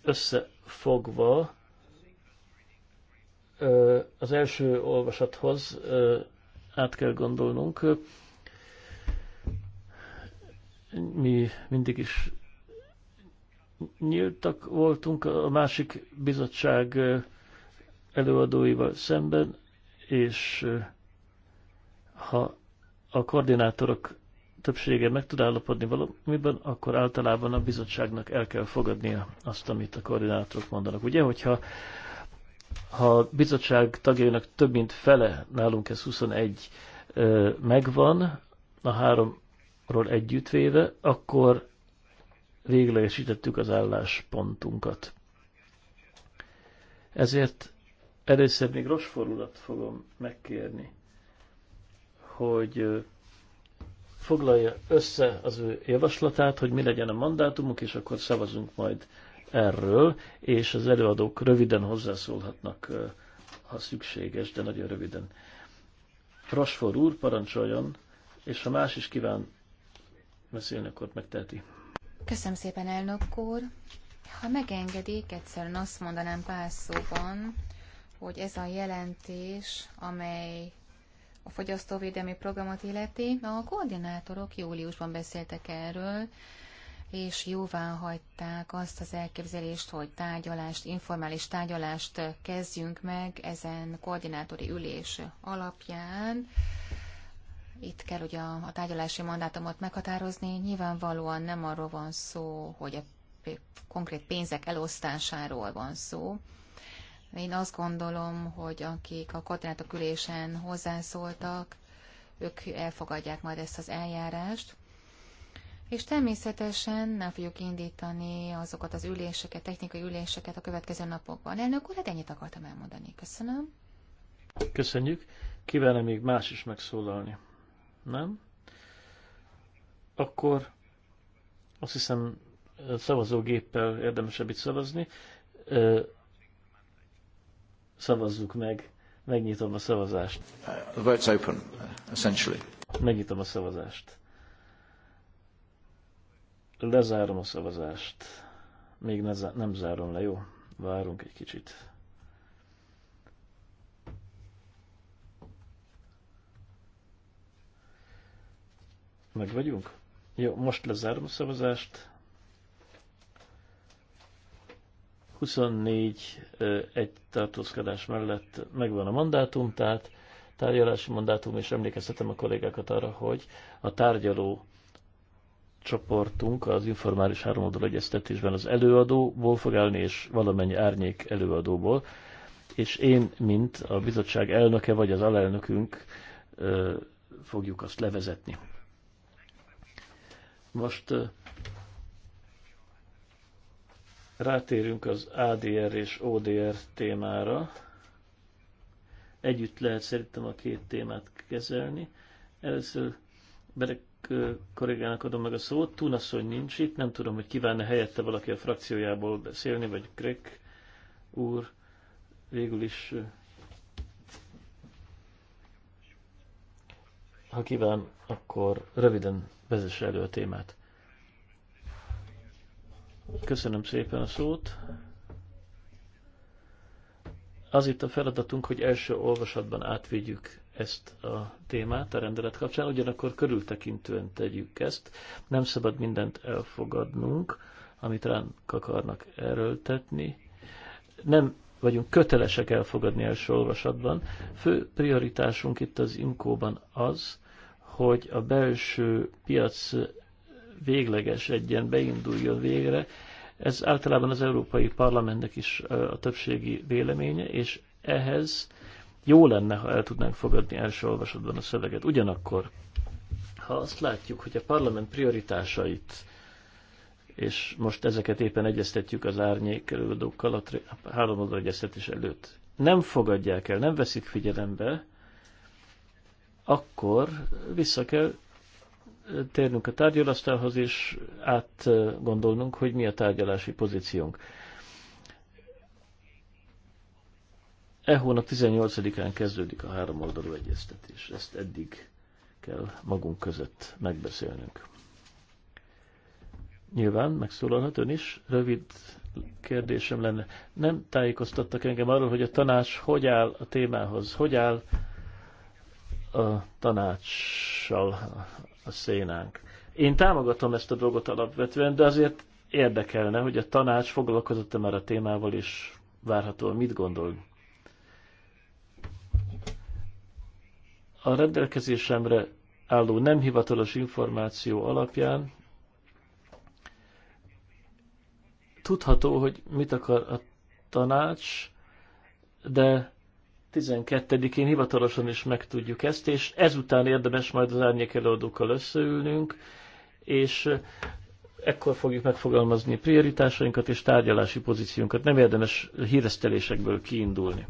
összefogva az első olvasathoz át kell gondolnunk. Mi mindig is nyíltak voltunk a másik bizottság előadóival szemben, és ha a koordinátorok többsége meg tud állapodni valamiben, akkor általában a bizottságnak el kell fogadnia azt, amit a koordinátorok mondanak. Ugye, hogyha ha a bizottság tagjainak több mint fele, nálunk ez 21, megvan a háromról együttvéve, akkor véglegesítettük az álláspontunkat. Ezért először még rossz fogom megkérni hogy foglalja össze az ő javaslatát, hogy mi legyen a mandátumuk, és akkor szavazunk majd erről, és az előadók röviden hozzászólhatnak, ha szükséges, de nagyon röviden. Rasfor úr, parancsoljon, és ha más is kíván beszélni, akkor megteheti. Köszönöm szépen, elnök úr. Ha megengedik, egyszerűen azt mondanám pár szóban, hogy ez a jelentés, amely a fogyasztóvédelmi programot illeti, a koordinátorok júliusban beszéltek erről, és jóvá hagyták azt az elképzelést, hogy tárgyalást, informális tárgyalást kezdjünk meg ezen koordinátori ülés alapján. Itt kell ugye a, a tárgyalási mandátumot meghatározni. Nyilvánvalóan nem arról van szó, hogy a konkrét pénzek elosztásáról van szó, én azt gondolom, hogy akik a koordinátok ülésen hozzászóltak, ők elfogadják majd ezt az eljárást. És természetesen nem fogjuk indítani azokat az üléseket, technikai üléseket a következő napokban. Elnök úr, hát ennyit akartam elmondani. Köszönöm. Köszönjük. Kívánna még más is megszólalni? Nem? Akkor azt hiszem szavazógéppel érdemesebb itt szavazni szavazzuk meg. Megnyitom a szavazást. The vote's open, essentially. Megnyitom a szavazást. Lezárom a szavazást. Még ne, nem zárom le, jó? Várunk egy kicsit. Meg vagyunk? Jó, most lezárom a szavazást. 24 egy tartózkodás mellett megvan a mandátum, tehát tárgyalási mandátum, és emlékeztetem a kollégákat arra, hogy a tárgyaló csoportunk az informális háromoldal egyeztetésben az előadóból fog állni, és valamennyi árnyék előadóból, és én, mint a bizottság elnöke vagy az alelnökünk fogjuk azt levezetni. Most Rátérünk az ADR és ODR témára. Együtt lehet szerintem a két témát kezelni. Először Berek kollégának adom meg a szót. Tunaszony nincs itt, nem tudom, hogy kívánna helyette valaki a frakciójából beszélni, vagy Greg úr végül is ha kíván, akkor röviden vezesse elő a témát. Köszönöm szépen a szót. Az itt a feladatunk, hogy első olvasatban átvigyük ezt a témát a rendelet kapcsán, ugyanakkor körültekintően tegyük ezt. Nem szabad mindent elfogadnunk, amit ránk akarnak erőltetni. Nem vagyunk kötelesek elfogadni első olvasatban. Fő prioritásunk itt az imkóban az, hogy a belső piac végleges egyen beinduljon végre. Ez általában az Európai Parlamentnek is a többségi véleménye, és ehhez jó lenne, ha el tudnánk fogadni első olvasatban a szöveget. Ugyanakkor, ha azt látjuk, hogy a parlament prioritásait, és most ezeket éppen egyeztetjük az árnyék előadókkal a három egyeztetés előtt, nem fogadják el, nem veszik figyelembe, akkor vissza kell térnünk a tárgyalasztalhoz, és átgondolnunk, hogy mi a tárgyalási pozíciónk. E hónap 18-án kezdődik a három oldalú egyeztetés. Ezt eddig kell magunk között megbeszélnünk. Nyilván megszólalhat ön is. Rövid kérdésem lenne. Nem tájékoztattak engem arról, hogy a tanács hogy áll a témához, hogy áll a tanácssal a szénánk. Én támogatom ezt a dolgot alapvetően, de azért érdekelne, hogy a tanács foglalkozott-e már a témával, és várhatóan mit gondol. A rendelkezésemre álló nem hivatalos információ alapján tudható, hogy mit akar a tanács, de 12-én hivatalosan is megtudjuk ezt, és ezután érdemes majd az árnyék előadókkal összeülnünk, és ekkor fogjuk megfogalmazni prioritásainkat és tárgyalási pozíciónkat. Nem érdemes híresztelésekből kiindulni.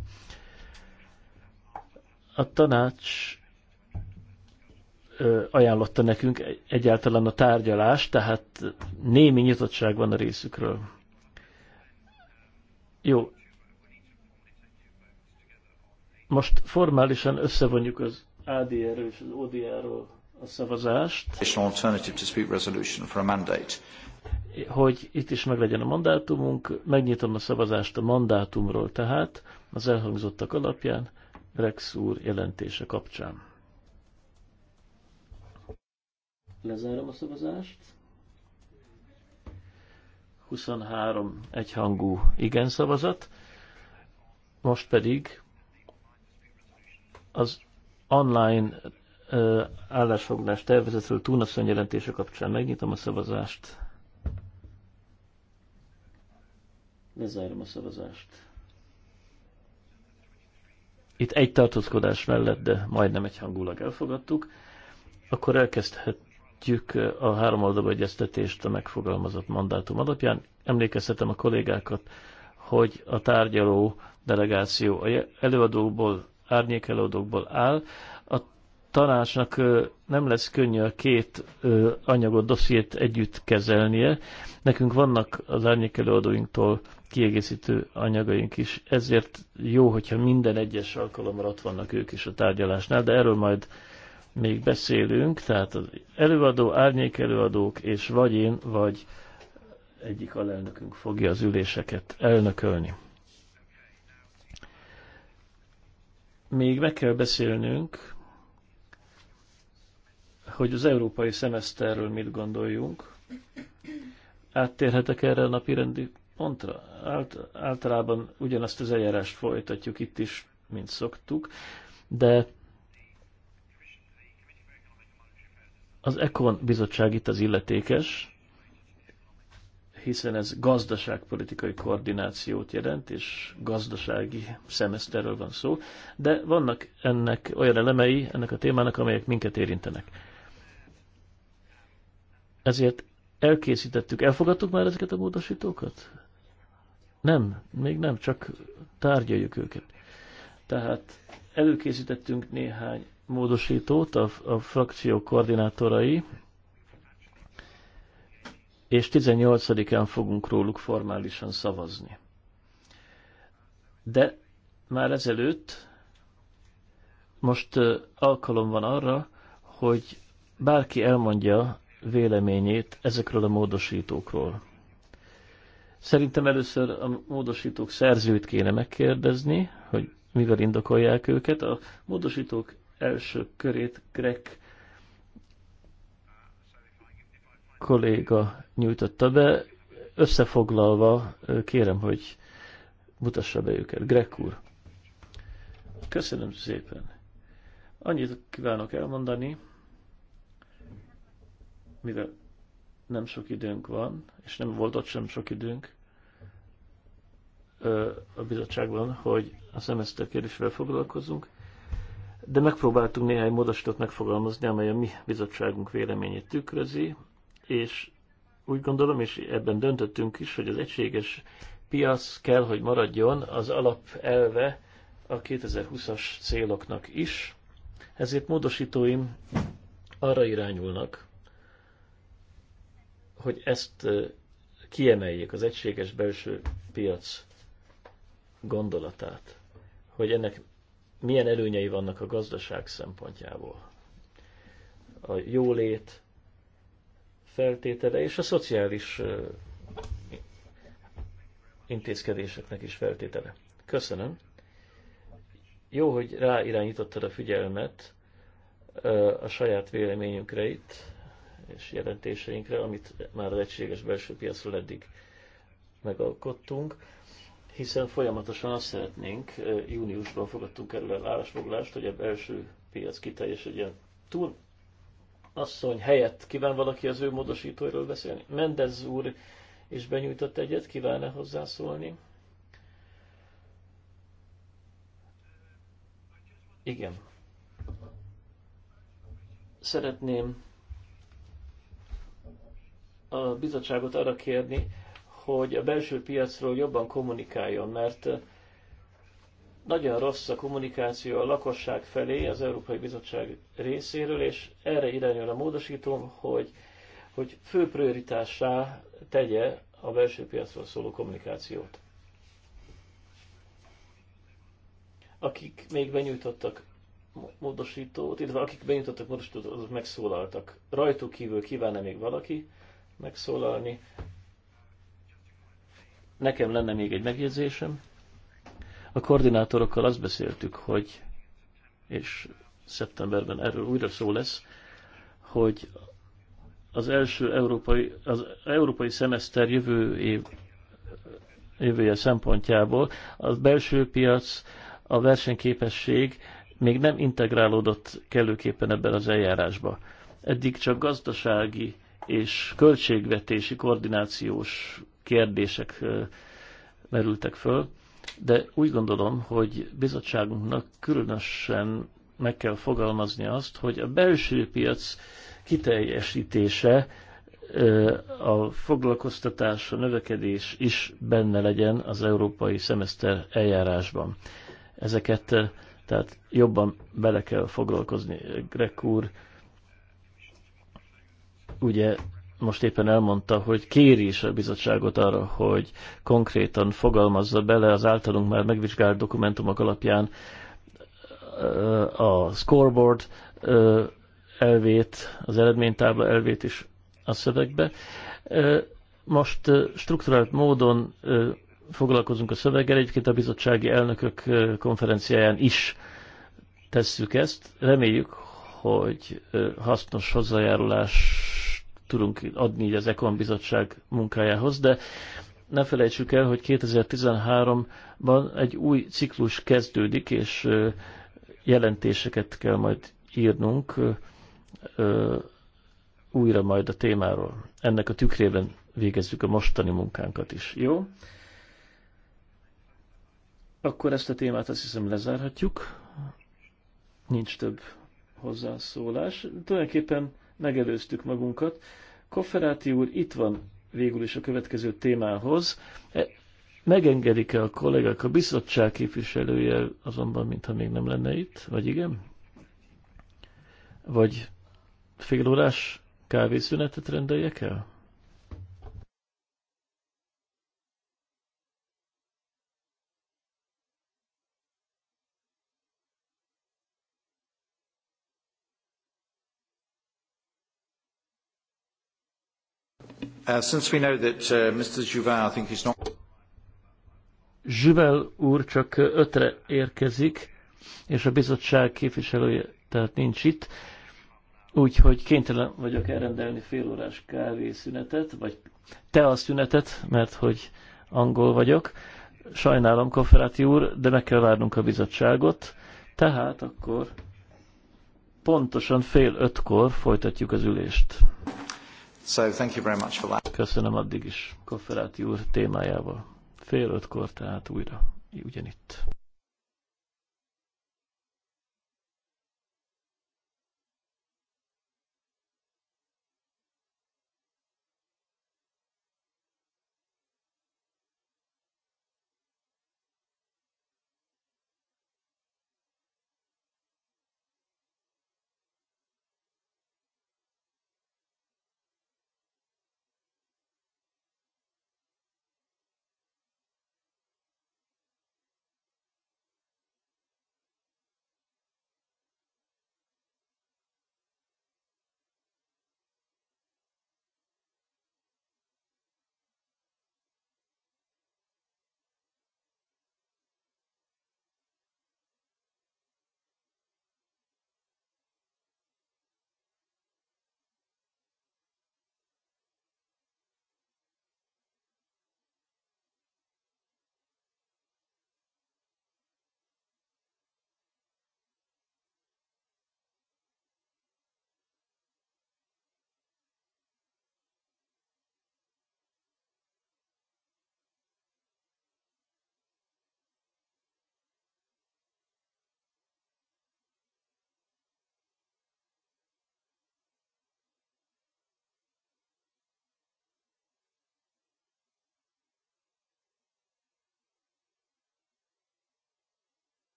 A tanács ajánlotta nekünk egyáltalán a tárgyalást, tehát némi nyitottság van a részükről. Jó, most formálisan összevonjuk az ADR-ről és az ODR-ról a szavazást. Alternative to resolution for a mandate. Hogy itt is meglegyen a mandátumunk, megnyitom a szavazást a mandátumról tehát, az elhangzottak alapján, Rex úr jelentése kapcsán. Lezárom a szavazást. 23 egyhangú igen szavazat. Most pedig az online ö, állásfoglalás tervezetről túlnapszony jelentése kapcsán megnyitom a szavazást. Lezárom a szavazást. Itt egy tartózkodás mellett, de majdnem hangulag elfogadtuk. Akkor elkezdhetjük a három oldalba egyeztetést a megfogalmazott mandátum alapján. Emlékeztetem a kollégákat, hogy a tárgyaló delegáció előadóból árnyékelődőkből áll. A tanácsnak nem lesz könnyű a két anyagot, dossziét együtt kezelnie. Nekünk vannak az árnyékelőadóinktól kiegészítő anyagaink is, ezért jó, hogyha minden egyes alkalommal ott vannak ők is a tárgyalásnál, de erről majd még beszélünk, tehát az előadó, árnyékelőadók, és vagy én, vagy egyik alelnökünk fogja az üléseket elnökölni. még meg kell beszélnünk, hogy az európai szemeszterről mit gondoljunk. Áttérhetek erre a napi rendi pontra? Ált, általában ugyanazt az eljárást folytatjuk itt is, mint szoktuk, de az Ekon bizottság itt az illetékes, hiszen ez gazdaságpolitikai koordinációt jelent, és gazdasági szemeszterről van szó, de vannak ennek olyan elemei, ennek a témának, amelyek minket érintenek. Ezért elkészítettük, elfogadtuk már ezeket a módosítókat? Nem, még nem, csak tárgyaljuk őket. Tehát előkészítettünk néhány módosítót a, a frakció koordinátorai, és 18-án fogunk róluk formálisan szavazni. De már ezelőtt most alkalom van arra, hogy bárki elmondja véleményét ezekről a módosítókról. Szerintem először a módosítók szerzőt kéne megkérdezni, hogy mivel indokolják őket. A módosítók első körét Greg kolléga nyújtotta be. Összefoglalva kérem, hogy mutassa be őket. Greg úr. Köszönöm szépen. Annyit kívánok elmondani, mivel nem sok időnk van, és nem volt ott sem sok időnk a bizottságban, hogy a szemeszter kérdésével foglalkozunk, de megpróbáltunk néhány módosítót megfogalmazni, amely a mi bizottságunk véleményét tükrözi, és úgy gondolom, és ebben döntöttünk is, hogy az egységes piac kell, hogy maradjon az alapelve a 2020-as céloknak is. Ezért módosítóim arra irányulnak, hogy ezt kiemeljék az egységes belső piac gondolatát, hogy ennek milyen előnyei vannak a gazdaság szempontjából. A jólét, feltétele, és a szociális intézkedéseknek is feltétele. Köszönöm. Jó, hogy ráirányítottad a figyelmet a saját véleményünkre itt, és jelentéseinkre, amit már az egységes belső piacról eddig megalkottunk, hiszen folyamatosan azt szeretnénk, júniusban fogadtunk el állásfoglalást, hogy a belső piac kiteljesedjen. Túl asszony helyett kíván valaki az ő módosítóiról beszélni? Mendez úr is benyújtott egyet, kíván-e hozzászólni? Igen. Szeretném a bizottságot arra kérni, hogy a belső piacról jobban kommunikáljon, mert nagyon rossz a kommunikáció a lakosság felé az Európai Bizottság részéről, és erre irányul a módosítom, hogy, hogy fő prioritássá tegye a belső piacról szóló kommunikációt. Akik még benyújtottak módosítót, illetve akik benyújtottak módosítót, azok megszólaltak. Rajtuk kívül kívánna -e még valaki megszólalni? Nekem lenne még egy megjegyzésem. A koordinátorokkal azt beszéltük, hogy, és szeptemberben erről újra szó lesz, hogy az első európai, az európai szemeszter jövő év, jövője szempontjából a belső piac, a versenyképesség még nem integrálódott kellőképpen ebben az eljárásba. Eddig csak gazdasági és költségvetési koordinációs kérdések merültek föl de úgy gondolom, hogy bizottságunknak különösen meg kell fogalmazni azt, hogy a belső piac kiteljesítése a foglalkoztatás, a növekedés is benne legyen az európai szemeszter eljárásban. Ezeket tehát jobban bele kell foglalkozni. Greg úr ugye most éppen elmondta, hogy kéri is a bizottságot arra, hogy konkrétan fogalmazza bele az általunk már megvizsgált dokumentumok alapján a scoreboard elvét, az eredménytábla elvét is a szövegbe. Most strukturált módon foglalkozunk a szöveggel, egyébként a bizottsági elnökök konferenciáján is tesszük ezt. Reméljük, hogy hasznos hozzájárulás tudunk adni így az Ekon Bizottság munkájához, de ne felejtsük el, hogy 2013-ban egy új ciklus kezdődik, és jelentéseket kell majd írnunk újra majd a témáról. Ennek a tükrében végezzük a mostani munkánkat is. Jó? Akkor ezt a témát azt hiszem lezárhatjuk. Nincs több hozzászólás. Tulajdonképpen megelőztük magunkat. Kofferáti úr itt van végül is a következő témához. E, megengedik-e a kollégák a bizottság képviselője, azonban mintha még nem lenne itt, vagy igen? Vagy fél órás kávészünetet rendeljek el? Uh, since we know that uh, Mr. Juvin, I think he's not... Juvel úr csak ötre érkezik, és a bizottság képviselője tehát nincs itt, úgyhogy kénytelen vagyok elrendelni fél órás kávészünetet, vagy te a szünetet, mert hogy angol vagyok. Sajnálom, Kofferáti úr, de meg kell várnunk a bizottságot. Tehát akkor pontosan fél ötkor folytatjuk az ülést. So thank you very much for that. Köszönöm addig is Kofferáti úr témájával. Fél ötkor, tehát újra ugyanitt.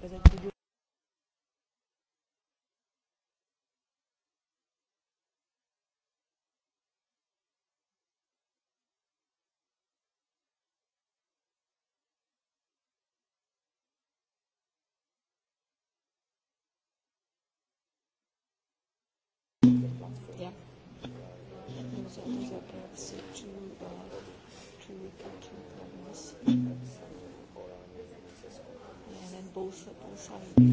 között both, both are.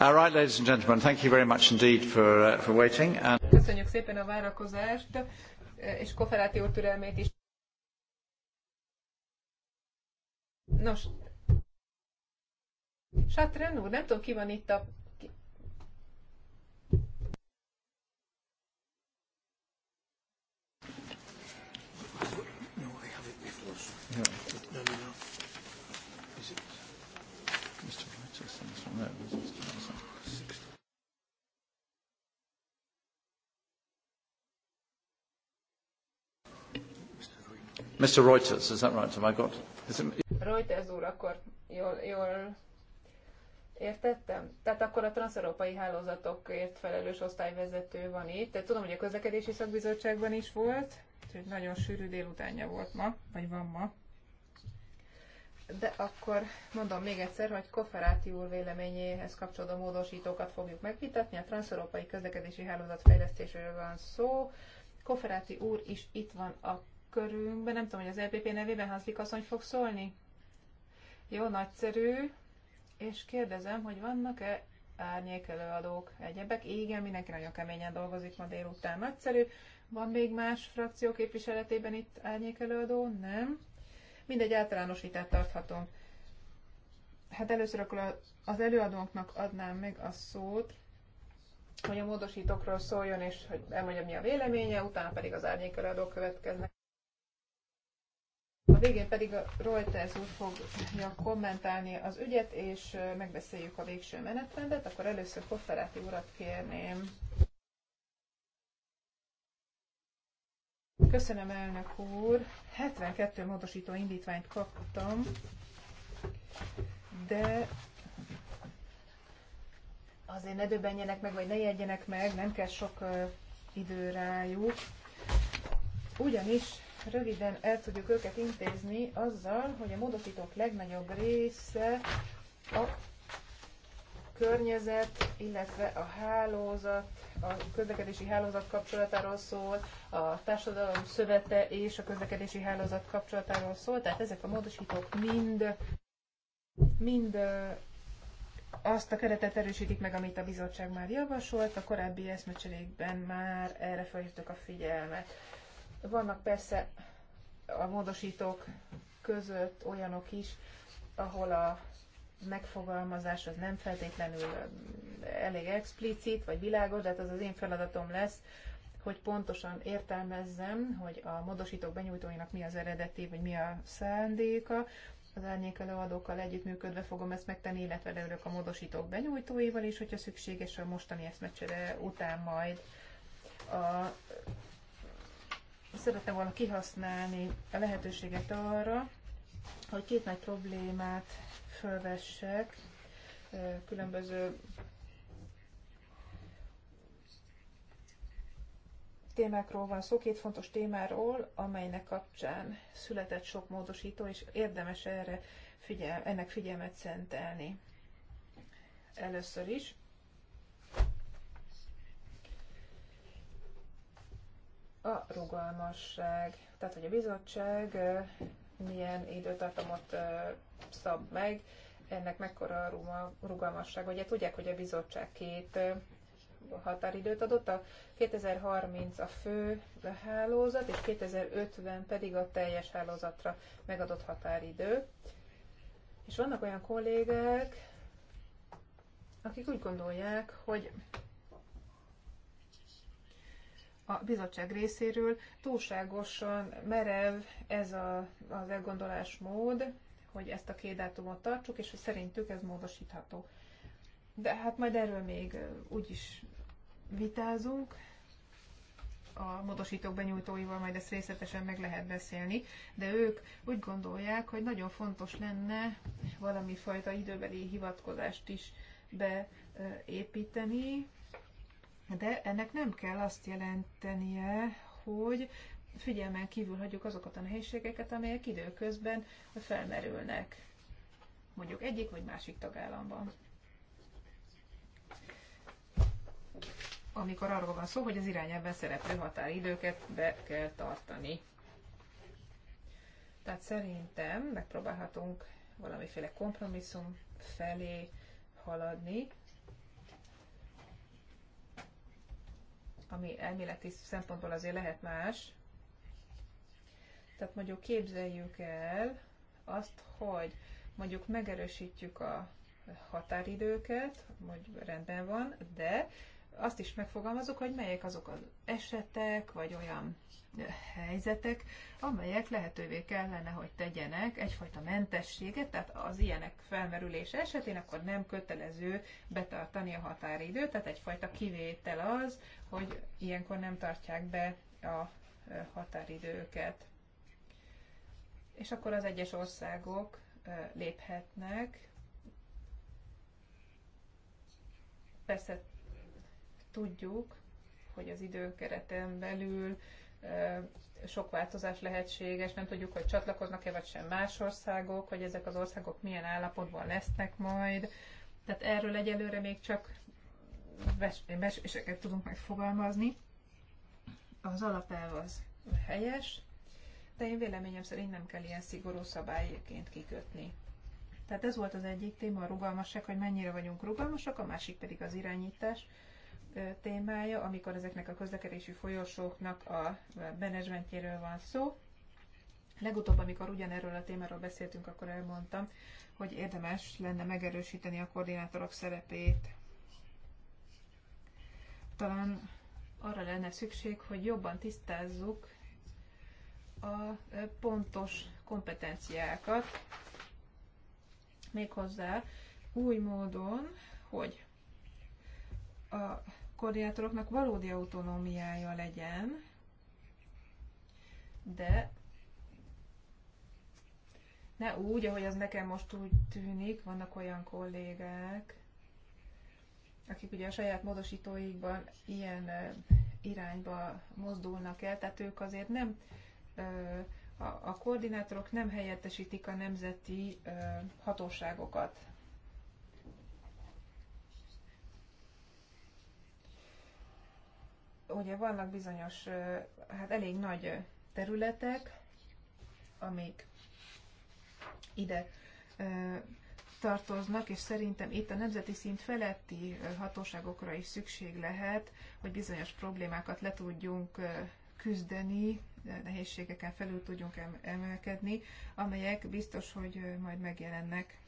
All right, ladies and gentlemen, thank you very much indeed for, uh, for waiting. And... Köszönjük szépen a várakozást, eh, és Koferáti úr türelmét is. Nos, Sátrán úr, nem tudom, ki van itt a Mr. Reuters, is that right? Have I got... Is it... Reuters úr, akkor jól, jól Értettem? Tehát akkor a transzeurópai hálózatokért felelős osztályvezető van itt. Tehát tudom, hogy a közlekedési szakbizottságban is volt, úgyhogy nagyon sűrű délutánja volt ma, vagy van ma. De akkor mondom még egyszer, hogy Koferáti úr véleményéhez kapcsolódó módosítókat fogjuk megvitatni. A transzeurópai közlekedési hálózat fejlesztéséről van szó. Koferáti úr is itt van a körünkben, nem tudom, hogy az LPP e nevében Hanszlik asszony fog szólni? Jó, nagyszerű. És kérdezem, hogy vannak-e árnyék előadók, egyebek? Igen, mindenki nagyon keményen dolgozik ma délután. Nagyszerű. Van még más frakció képviseletében itt árnyék előadó? Nem. Mindegy, általános vitát tarthatom. Hát először akkor az előadónknak adnám meg a szót, hogy a módosítókról szóljon, és hogy elmondja, mi a véleménye, utána pedig az árnyék előadók következnek. A végén pedig a Reuters úr fogja kommentálni az ügyet, és megbeszéljük a végső menetrendet. Akkor először Kofferáti urat kérném. Köszönöm, elnök úr. 72 módosító indítványt kaptam, de azért ne döbbenjenek meg, vagy ne jegyenek meg, nem kell sok idő rájuk. Ugyanis röviden el tudjuk őket intézni azzal, hogy a módosítók legnagyobb része a környezet, illetve a hálózat, a közlekedési hálózat kapcsolatáról szól, a társadalom szövete és a közlekedési hálózat kapcsolatáról szól, tehát ezek a módosítók mind, mind azt a keretet erősítik meg, amit a bizottság már javasolt, a korábbi eszmecserékben már erre felhívtuk a figyelmet. Vannak persze a módosítók között olyanok is, ahol a megfogalmazás az nem feltétlenül elég explicit vagy világos, de hát az az én feladatom lesz, hogy pontosan értelmezzem, hogy a módosítók benyújtóinak mi az eredeti, vagy mi a szándéka. Az árnyék előadókkal együttműködve fogom ezt megtenni, illetve leülök a módosítók benyújtóival is, hogyha szükséges a mostani eszmecsere után majd. A Szerettem volna kihasználni a lehetőséget arra, hogy két nagy problémát fölvessek, különböző témákról van szó, két fontos témáról, amelynek kapcsán született sok módosító, és érdemes erre figyel, ennek figyelmet szentelni. Először is a rugalmasság. Tehát, hogy a bizottság milyen időtartamot szab meg, ennek mekkora a rugalmasság. Ugye tudják, hogy a bizottság két határidőt adott, a 2030 a fő hálózat, és 2050 pedig a teljes hálózatra megadott határidő. És vannak olyan kollégák, akik úgy gondolják, hogy a bizottság részéről túlságosan merev ez a, az elgondolás mód, hogy ezt a két dátumot tartsuk, és hogy szerintük ez módosítható. De hát majd erről még úgyis vitázunk, a módosítók benyújtóival majd ezt részletesen meg lehet beszélni, de ők úgy gondolják, hogy nagyon fontos lenne valami fajta időbeli hivatkozást is beépíteni, de ennek nem kell azt jelentenie, hogy figyelmen kívül hagyjuk azokat a nehézségeket, amelyek időközben felmerülnek, mondjuk egyik vagy másik tagállamban. Amikor arról van szó, hogy az irányelven szereplő határidőket be kell tartani. Tehát szerintem megpróbálhatunk valamiféle kompromisszum felé haladni, ami elméleti szempontból azért lehet más. Tehát mondjuk képzeljük el azt, hogy mondjuk megerősítjük a határidőket, mondjuk rendben van, de azt is megfogalmazok, hogy melyek azok az esetek, vagy olyan helyzetek, amelyek lehetővé kellene, hogy tegyenek egyfajta mentességet, tehát az ilyenek felmerülése esetén akkor nem kötelező betartani a határidőt, tehát egyfajta kivétel az, hogy ilyenkor nem tartják be a határidőket. És akkor az egyes országok léphetnek. Persze Tudjuk, hogy az időkereten belül sok változás lehetséges, nem tudjuk, hogy csatlakoznak-e vagy sem más országok, hogy ezek az országok milyen állapotban lesznek majd. Tehát erről egyelőre még csak beséseket tudunk megfogalmazni. Az alapelv az helyes, de én véleményem szerint nem kell ilyen szigorú szabályként kikötni. Tehát ez volt az egyik téma, a rugalmasság, hogy mennyire vagyunk rugalmasak, a másik pedig az irányítás, témája, amikor ezeknek a közlekedési folyosóknak a menedzsmentjéről van szó. Legutóbb, amikor ugyanerről a témáról beszéltünk, akkor elmondtam, hogy érdemes lenne megerősíteni a koordinátorok szerepét. Talán arra lenne szükség, hogy jobban tisztázzuk a pontos kompetenciákat, méghozzá új módon, hogy a koordinátoroknak valódi autonómiája legyen, de ne úgy, ahogy az nekem most úgy tűnik, vannak olyan kollégák, akik ugye a saját módosítóikban ilyen irányba mozdulnak el, tehát ők azért nem, a koordinátorok nem helyettesítik a nemzeti hatóságokat. ugye vannak bizonyos, hát elég nagy területek, amik ide tartoznak, és szerintem itt a nemzeti szint feletti hatóságokra is szükség lehet, hogy bizonyos problémákat le tudjunk küzdeni, nehézségeken felül tudjunk emelkedni, amelyek biztos, hogy majd megjelennek.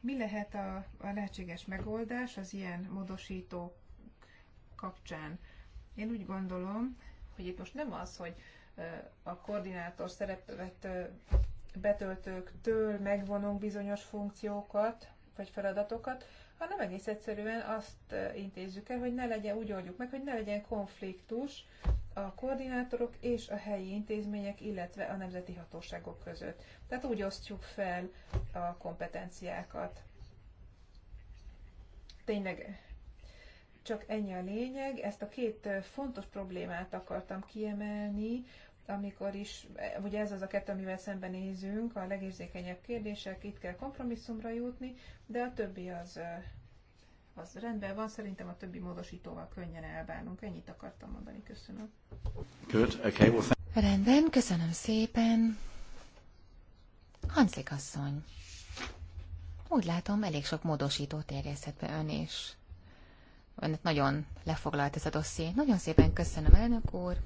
Mi lehet a, a lehetséges megoldás az ilyen módosítók kapcsán. Én úgy gondolom, hogy itt most nem az, hogy a koordinátor szerepet betöltőktől megvonunk bizonyos funkciókat vagy feladatokat, hanem egész egyszerűen azt intézzük el, hogy ne legyen, úgy oldjuk meg, hogy ne legyen konfliktus a koordinátorok és a helyi intézmények, illetve a nemzeti hatóságok között. Tehát úgy osztjuk fel a kompetenciákat. Tényleg csak ennyi a lényeg. Ezt a két fontos problémát akartam kiemelni, amikor is, e, ugye ez az a kettő, amivel szembenézünk, a legérzékenyebb kérdések, itt kell kompromisszumra jutni, de a többi az, az rendben van, szerintem a többi módosítóval könnyen elbánunk. Ennyit akartam mondani, köszönöm. Good, okay, well, Rendben, köszönöm szépen. Hanszik asszony. Úgy látom, elég sok módosítót terjesztett be ön is. Önnek nagyon lefoglalt ez a dosszié. Nagyon szépen köszönöm, elnök úr.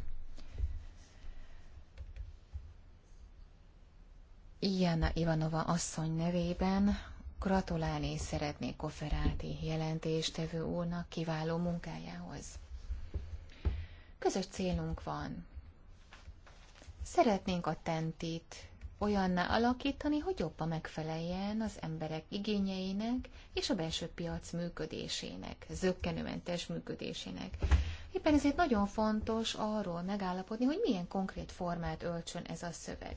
Ilyana Ivanova asszony nevében gratulálni szeretnék Koferáti jelentéstevő úrnak kiváló munkájához. Közös célunk van. Szeretnénk a tentit olyanná alakítani, hogy jobban megfeleljen az emberek igényeinek és a belső piac működésének, zöggenőmentes működésének. Éppen ezért nagyon fontos arról megállapodni, hogy milyen konkrét formát öltsön ez a szöveg,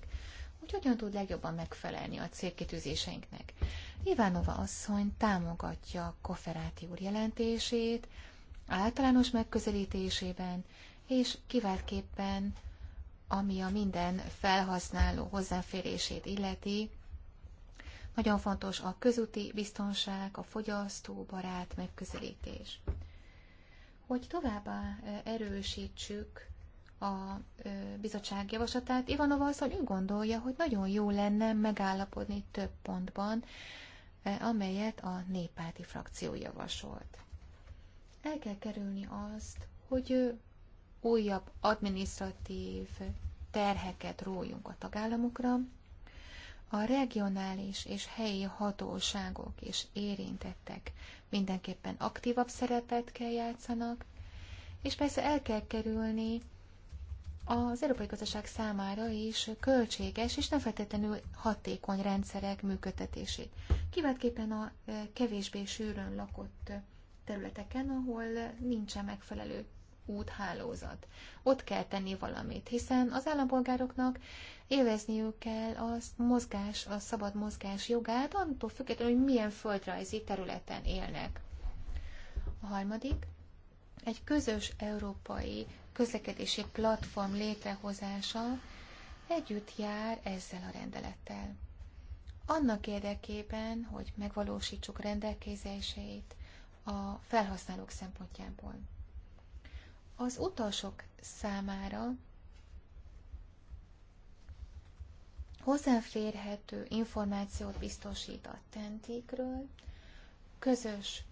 hogy hogyan tud legjobban megfelelni a célkitűzéseinknek. Ivánova asszony támogatja Koferáti úr jelentését általános megközelítésében, és kiváltképpen ami a minden felhasználó hozzáférését illeti. Nagyon fontos a közúti biztonság, a fogyasztóbarát megközelítés. Hogy továbbá erősítsük a bizottság javaslatát. Ivanova azt, hogy ő gondolja, hogy nagyon jó lenne megállapodni több pontban, amelyet a néppárti frakció javasolt. El kell kerülni azt, hogy újabb adminisztratív terheket rójunk a tagállamokra, a regionális és helyi hatóságok és érintettek mindenképpen aktívabb szerepet kell játszanak, és persze el kell kerülni az európai gazdaság számára is költséges és nem feltétlenül hatékony rendszerek működtetését. Kiváltképpen a kevésbé sűrűn lakott területeken, ahol nincsen megfelelő úthálózat. Ott kell tenni valamit, hiszen az állampolgároknak élvezniük kell a mozgás, a szabad mozgás jogát, attól függetlenül, hogy milyen földrajzi területen élnek. A harmadik, egy közös európai közlekedési platform létrehozása együtt jár ezzel a rendelettel. Annak érdekében, hogy megvalósítsuk rendelkezéseit a felhasználók szempontjából. Az utasok számára hozzáférhető információt biztosít a tentékről, közös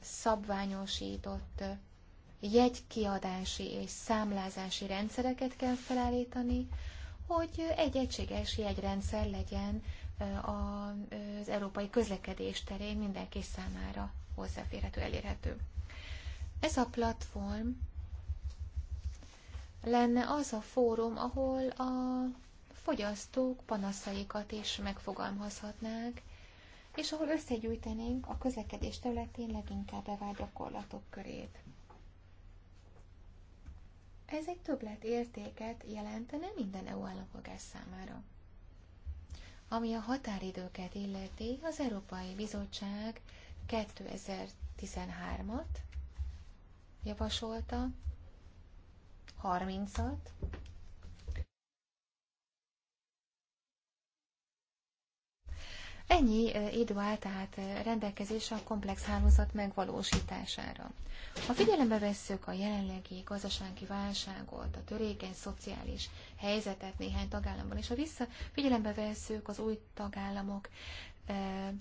szabványosított jegykiadási és számlázási rendszereket kell felállítani, hogy egy egységes jegyrendszer legyen az európai közlekedés terén mindenki számára hozzáférhető, elérhető. Ez a platform lenne az a fórum, ahol a fogyasztók panaszaikat is megfogalmazhatnák, és ahol összegyűjtenénk a közlekedés területén leginkább bevált gyakorlatok körét. Ez egy többlet értéket jelentene minden EU állampolgár számára. Ami a határidőket illeti, az Európai Bizottság 2013-at javasolta, 30-at, Ennyi idő áll tehát rendelkezésre a komplex hálózat megvalósítására. Ha figyelembe vesszük a jelenlegi gazdasági válságot, a törékeny szociális helyzetet néhány tagállamban, és ha vissza figyelembe vesszük az új tagállamok e,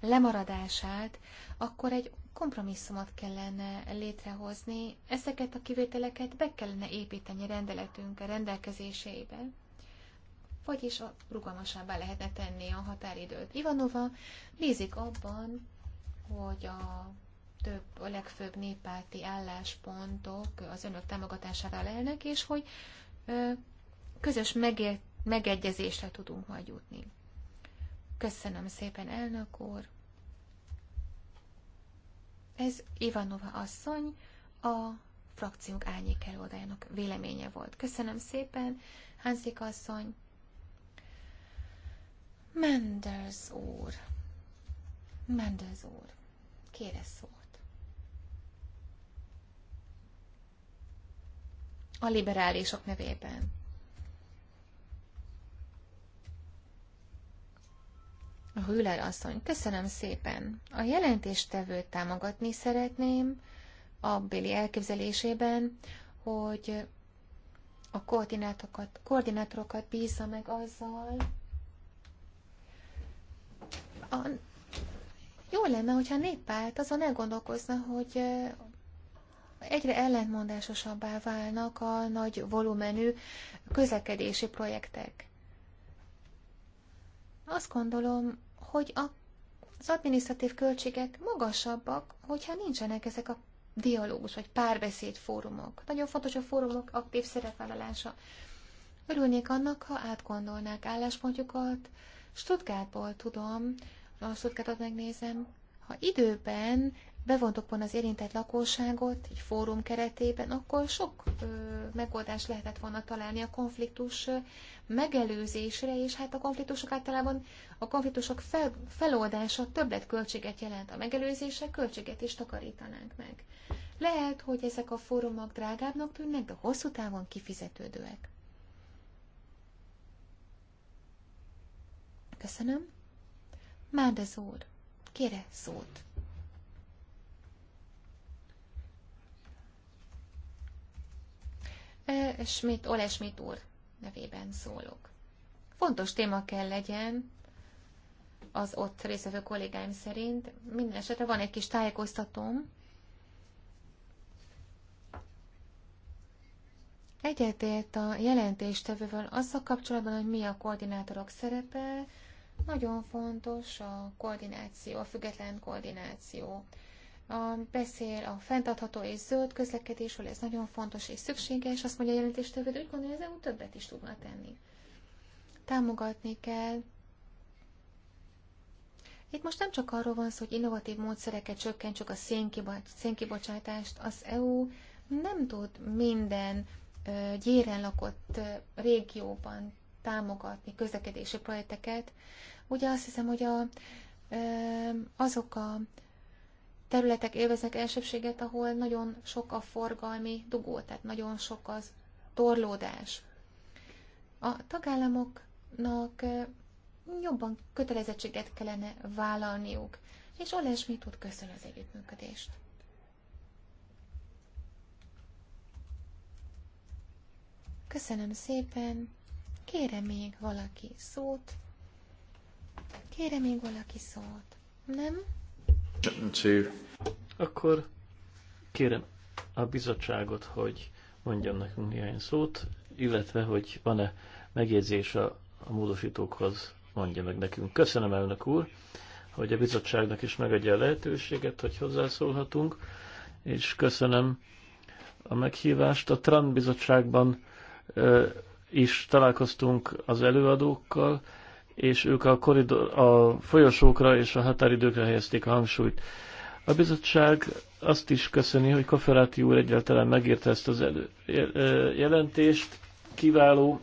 lemaradását, akkor egy kompromisszumot kellene létrehozni, ezeket a kivételeket be kellene építeni rendeletünk a rendelkezésébe, vagyis a rugalmasabbá lehetne tenni a határidőt. Ivanova bízik abban, hogy a több, a legfőbb néppárti álláspontok az önök támogatására lelnek, és hogy ö, közös megért, megegyezésre tudunk majd jutni. Köszönöm szépen, elnök úr! Ez Ivanova asszony, a frakciónk árnyék előadájának véleménye volt. Köszönöm szépen, Hanszik asszony. Menders úr. Menders úr. Kére szót. A liberálisok nevében. Hüller asszony, köszönöm szépen. A jelentéstevőt támogatni szeretném a Béli elképzelésében, hogy a koordinátokat, koordinátorokat bízza meg azzal. A, jó lenne, hogyha a néppárt azon elgondolkozna, hogy egyre ellentmondásosabbá válnak a nagy volumenű közlekedési projektek. Azt gondolom, hogy a, az adminisztratív költségek magasabbak, hogyha nincsenek ezek a dialógus vagy párbeszéd fórumok. Nagyon fontos a fórumok aktív szerepvállalása. Örülnék annak, ha átgondolnák álláspontjukat. Stuttgartból tudom, a Stuttgartot megnézem, ha időben bevontuk volna az érintett lakóságot egy fórum keretében, akkor sok ö, megoldást lehetett volna találni a konfliktus ö, megelőzésre, és hát a konfliktusok általában a konfliktusok fel, feloldása költséget jelent. A megelőzésre költséget is takarítanánk meg. Lehet, hogy ezek a fórumok drágábbnak tűnnek, de hosszú távon kifizetődőek. Köszönöm. Mández úr, kére szót. Schmidt, Ole Schmidt úr nevében szólok. Fontos téma kell legyen, az ott részvevő kollégáim szerint. Minden esetre van egy kis tájékoztatóm. Egyetért a jelentéstevővel azzal kapcsolatban, hogy mi a koordinátorok szerepe, nagyon fontos a koordináció, a független koordináció a, beszél a fenntartható és zöld közlekedésről, ez nagyon fontos és szükséges, azt mondja a jelentéstevő, hogy úgy gondolja, hogy az többet is tudna tenni. Támogatni kell. Itt most nem csak arról van szó, hogy innovatív módszereket csökkentsük a szénkibocsátást, az EU nem tud minden gyéren lakott régióban támogatni közlekedési projekteket. Ugye azt hiszem, hogy a, azok a területek élveznek elsőbséget, ahol nagyon sok a forgalmi dugó, tehát nagyon sok az torlódás. A tagállamoknak jobban kötelezettséget kellene vállalniuk, és Olesmi tud köszön az együttműködést. Köszönöm szépen. Kérem még valaki szót. Kérem még valaki szót. Nem? Akkor kérem a bizottságot, hogy mondjon nekünk néhány szót, illetve, hogy van-e megjegyzés a, a módosítókhoz, mondja meg nekünk. Köszönöm, elnök úr, hogy a bizottságnak is megadja a lehetőséget, hogy hozzászólhatunk, és köszönöm a meghívást. A TRAN bizottságban ö, is találkoztunk az előadókkal, és ők a, koridor, a folyosókra és a határidőkre helyezték a hangsúlyt. A bizottság azt is köszöni, hogy Kaferáti úr egyáltalán megírta ezt az elő, jelentést. Kiváló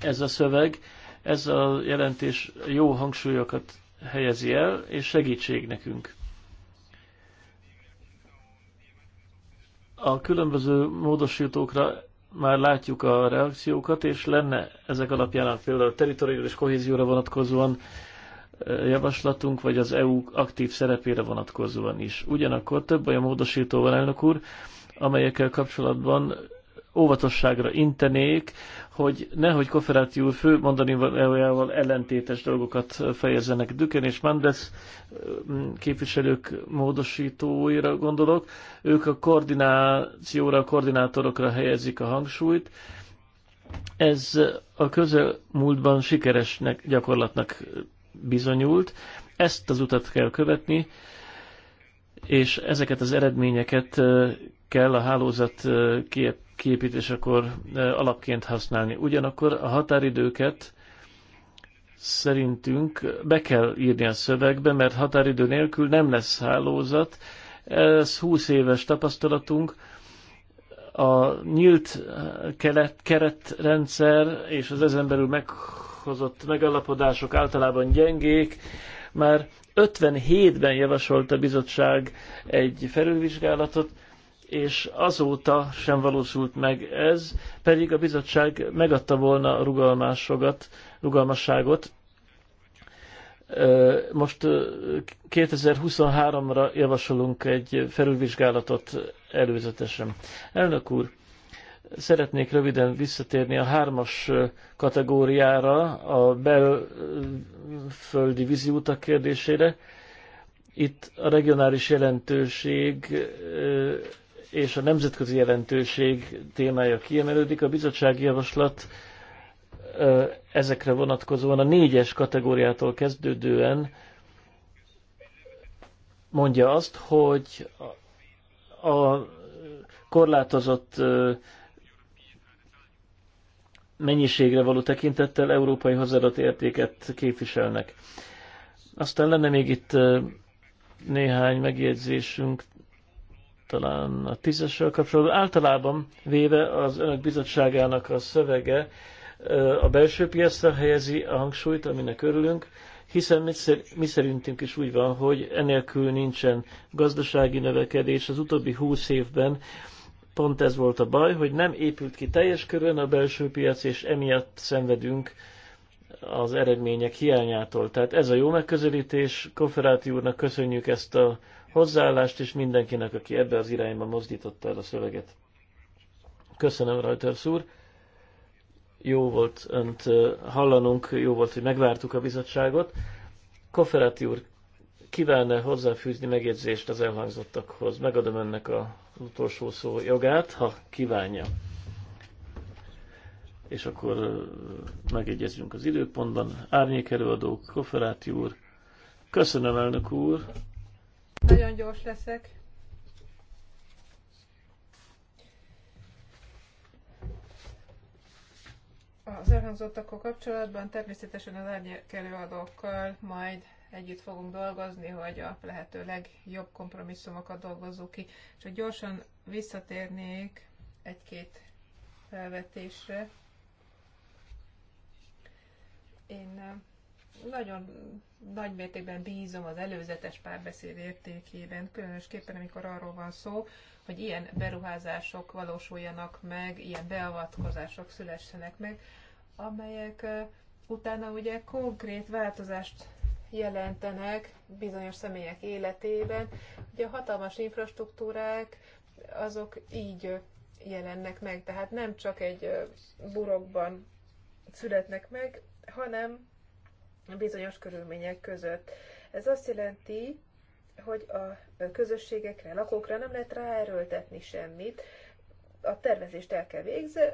ez a szöveg. Ez a jelentés jó hangsúlyokat helyezi el, és segítség nekünk. A különböző módosítókra már látjuk a reakciókat, és lenne ezek alapján például a teritoriális kohézióra vonatkozóan e, javaslatunk, vagy az EU aktív szerepére vonatkozóan is. Ugyanakkor több olyan módosító van, elnök úr, amelyekkel kapcsolatban óvatosságra intenék, hogy nehogy Koferáti úr fő mondani valójával ellentétes dolgokat fejezzenek. Düken és Mandes képviselők módosítóira gondolok. Ők a koordinációra, a koordinátorokra helyezik a hangsúlyt. Ez a közelmúltban sikeresnek gyakorlatnak bizonyult. Ezt az utat kell követni, és ezeket az eredményeket kell a hálózat kép kiépítésekor eh, alapként használni. Ugyanakkor a határidőket szerintünk be kell írni a szövegbe, mert határidő nélkül nem lesz hálózat. Ez 20 éves tapasztalatunk. A nyílt eh, kelet, keretrendszer és az ezen belül meghozott megalapodások általában gyengék. Már 57-ben javasolt a bizottság egy felülvizsgálatot, és azóta sem valósult meg ez, pedig a bizottság megadta volna a rugalmasságot, rugalmasságot. Most 2023-ra javasolunk egy felülvizsgálatot előzetesen. Elnök úr, szeretnék röviden visszatérni a hármas kategóriára, a belföldi vízi utak kérdésére. Itt a regionális jelentőség és a nemzetközi jelentőség témája kiemelődik. A bizottsági javaslat ezekre vonatkozóan a négyes kategóriától kezdődően mondja azt, hogy a korlátozott mennyiségre való tekintettel európai hozzáadott értéket képviselnek. Aztán lenne még itt néhány megjegyzésünk talán a tízessel kapcsolatban. Általában véve az önök bizottságának a szövege a belső piacra helyezi a hangsúlyt, aminek örülünk, hiszen mi szerintünk is úgy van, hogy enélkül nincsen gazdasági növekedés. Az utóbbi húsz évben pont ez volt a baj, hogy nem épült ki teljes körön a belső piac, és emiatt szenvedünk az eredmények hiányától. Tehát ez a jó megközelítés, Konferáti úrnak köszönjük ezt a hozzáállást, is mindenkinek, aki ebbe az irányba mozdította el a szöveget. Köszönöm, Reuters úr! Jó volt önt hallanunk, jó volt, hogy megvártuk a bizottságot. Koferati úr, kívánne hozzáfűzni megjegyzést az elhangzottakhoz? Megadom önnek az utolsó szó jogát, ha kívánja. És akkor megegyezünk az időpontban. Árnyék előadók, Koferáti úr, köszönöm elnök úr! Nagyon gyors leszek. Az elhangzottakkal kapcsolatban természetesen az árnyékelőadókkal majd együtt fogunk dolgozni, hogy a lehető legjobb kompromisszumokat dolgozzuk ki. Csak gyorsan visszatérnék egy-két felvetésre. Én nagyon nagy mértékben bízom az előzetes párbeszéd értékében, különösképpen amikor arról van szó, hogy ilyen beruházások valósuljanak meg, ilyen beavatkozások szülessenek meg, amelyek utána ugye konkrét változást jelentenek bizonyos személyek életében. Ugye a hatalmas infrastruktúrák azok így jelennek meg, tehát nem csak egy burokban születnek meg, hanem bizonyos körülmények között. Ez azt jelenti, hogy a közösségekre, lakókra nem lehet ráerőltetni semmit, a tervezést el kell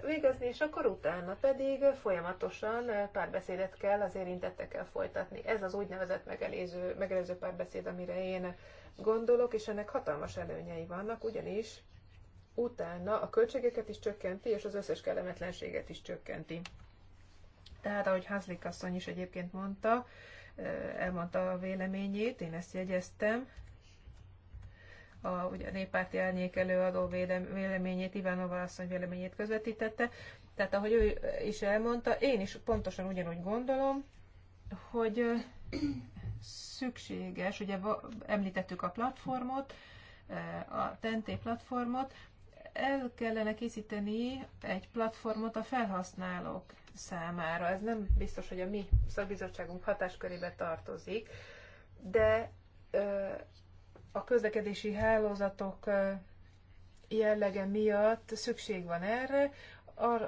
végezni, és akkor utána pedig folyamatosan párbeszédet kell az érintettekkel folytatni. Ez az úgynevezett megelőző, megelőző párbeszéd, amire én gondolok, és ennek hatalmas előnyei vannak, ugyanis utána a költségeket is csökkenti, és az összes kellemetlenséget is csökkenti. Tehát, ahogy Hazlik asszony is egyébként mondta, elmondta a véleményét, én ezt jegyeztem. A, ugye a néppárti árnyék előadó véleményét, Ivánova asszony véleményét közvetítette. Tehát, ahogy ő is elmondta, én is pontosan ugyanúgy gondolom, hogy szükséges, ugye említettük a platformot, a TENTÉ platformot, el kellene készíteni egy platformot a felhasználók számára. Ez nem biztos, hogy a mi szakbizottságunk hatáskörébe tartozik, de a közlekedési hálózatok jellege miatt szükség van erre,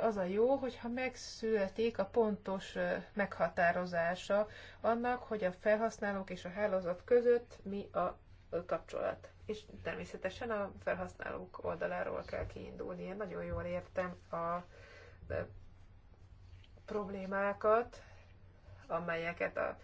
az a jó, hogyha megszületik a pontos meghatározása annak, hogy a felhasználók és a hálózat között mi a kapcsolat. És természetesen a felhasználók oldaláról kell kiindulni. Én nagyon jól értem a problémákat, amelyeket a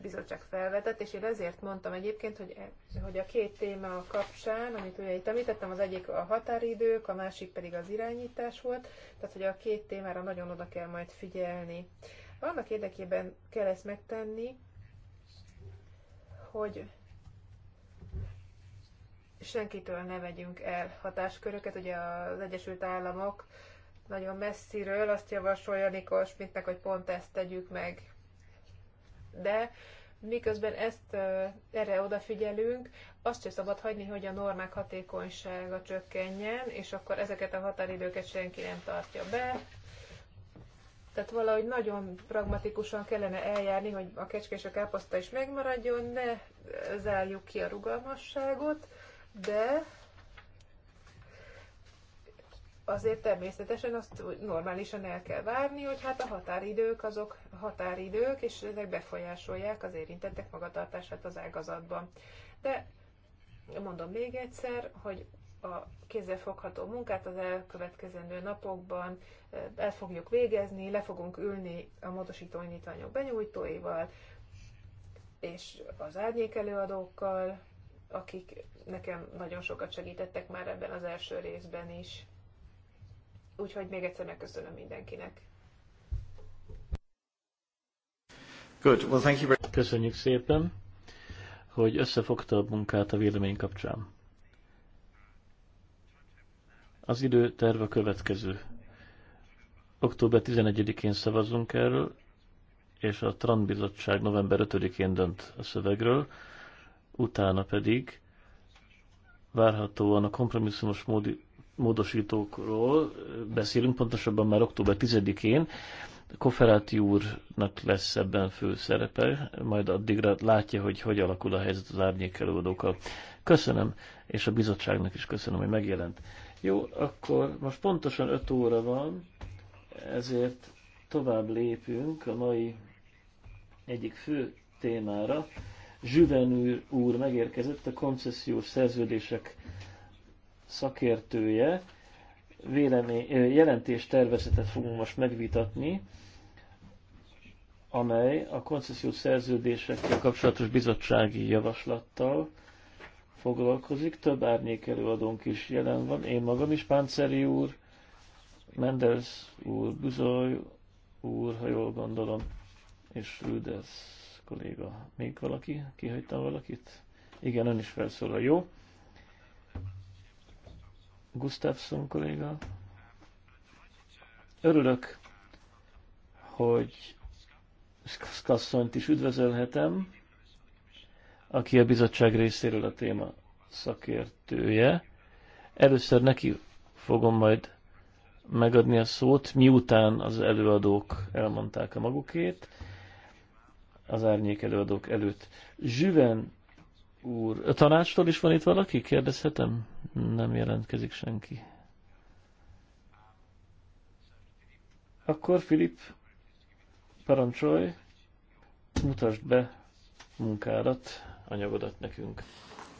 bizottság felvetett, és én ezért mondtam egyébként, hogy, e- hogy a két téma a kapcsán, amit ugye itt említettem, az egyik a határidők, a másik pedig az irányítás volt, tehát hogy a két témára nagyon oda kell majd figyelni. Annak érdekében kell ezt megtenni, hogy senkitől ne vegyünk el hatásköröket. Ugye az Egyesült Államok nagyon messziről, azt javasolja Nikol Schmidtnek, hogy pont ezt tegyük meg. De miközben ezt erre odafigyelünk, azt sem szabad hagyni, hogy a normák hatékonysága csökkenjen, és akkor ezeket a határidőket senki nem tartja be. Tehát valahogy nagyon pragmatikusan kellene eljárni, hogy a kecske és a káposzta is megmaradjon, ne zárjuk ki a rugalmasságot, de azért természetesen azt normálisan el kell várni, hogy hát a határidők azok határidők, és ezek befolyásolják az érintettek magatartását az ágazatban. De mondom még egyszer, hogy a kézzelfogható munkát az elkövetkezendő napokban eh, el fogjuk végezni, le fogunk ülni a módosító nyitványok benyújtóival, és az árnyék előadókkal, akik nekem nagyon sokat segítettek már ebben az első részben is. Úgyhogy még egyszer megköszönöm mindenkinek. Good. Well, thank you very... Köszönjük szépen, hogy összefogta a munkát a vélemény kapcsán. Az időterv a következő. Október 11-én szavazunk erről, és a Trump Bizottság november 5-én dönt a szövegről, utána pedig várhatóan a kompromisszumos módi módosítókról beszélünk, pontosabban már október 10-én. Kofferáti úrnak lesz ebben fő szerepe, majd addigra látja, hogy hogy alakul a helyzet az árnyék előadókkal. Köszönöm, és a bizottságnak is köszönöm, hogy megjelent. Jó, akkor most pontosan 5 óra van, ezért tovább lépünk a mai egyik fő témára. Zsüvenű úr megérkezett a koncesziós szerződések szakértője, vélemény, jelentés tervezetet fogunk most megvitatni, amely a koncesziós szerződésekkel kapcsolatos bizottsági javaslattal foglalkozik. Több árnyék előadónk is jelen van, én magam is, Pánceri úr, Menders úr, Buzoly úr, ha jól gondolom, és Rüdesz kolléga. Még valaki? Kihagytam valakit? Igen, ön is felszólal. Jó. Gustafsson kolléga. Örülök, hogy Skasszonyt is üdvözölhetem, aki a bizottság részéről a téma szakértője. Először neki fogom majd megadni a szót, miután az előadók elmondták a magukét, az árnyék előadók előtt. Zsüven úr. A tanácstól is van itt valaki? Kérdezhetem? Nem jelentkezik senki. Akkor Filip, parancsolj, mutasd be munkádat, anyagodat nekünk.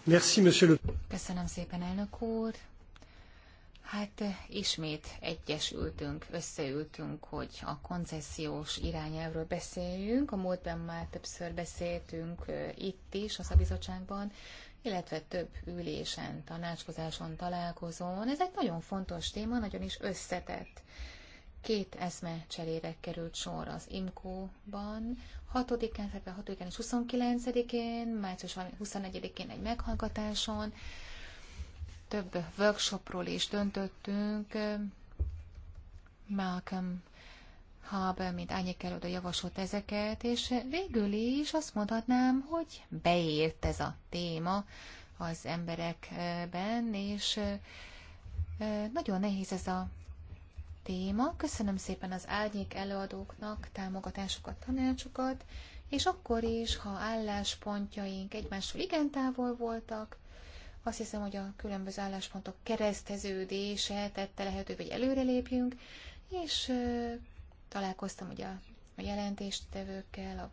Merci, monsieur le... Köszönöm szépen, elnök úr. Hát eh, ismét egyesültünk, összeültünk, hogy a koncesziós irányelvről beszéljünk. A múltban már többször beszéltünk eh, itt is, a szabizottságban, illetve több ülésen, tanácskozáson, találkozón. Ez egy nagyon fontos téma, nagyon is összetett. Két eszme cserére került sor az IMCO-ban, 6-án, 6-án és 29-én, március 21-én egy meghallgatáson, több workshopról is döntöttünk. Malcolm Haber, mint oda javasolt ezeket, és végül is azt mondhatnám, hogy beért ez a téma az emberekben, és nagyon nehéz ez a téma. Köszönöm szépen az árnyék előadóknak támogatásokat, tanácsokat, és akkor is, ha álláspontjaink egymásról igen távol voltak, azt hiszem, hogy a különböző álláspontok kereszteződése tette lehetővé, hogy előrelépjünk, és találkoztam ugye a a jelentéstevőkkel, a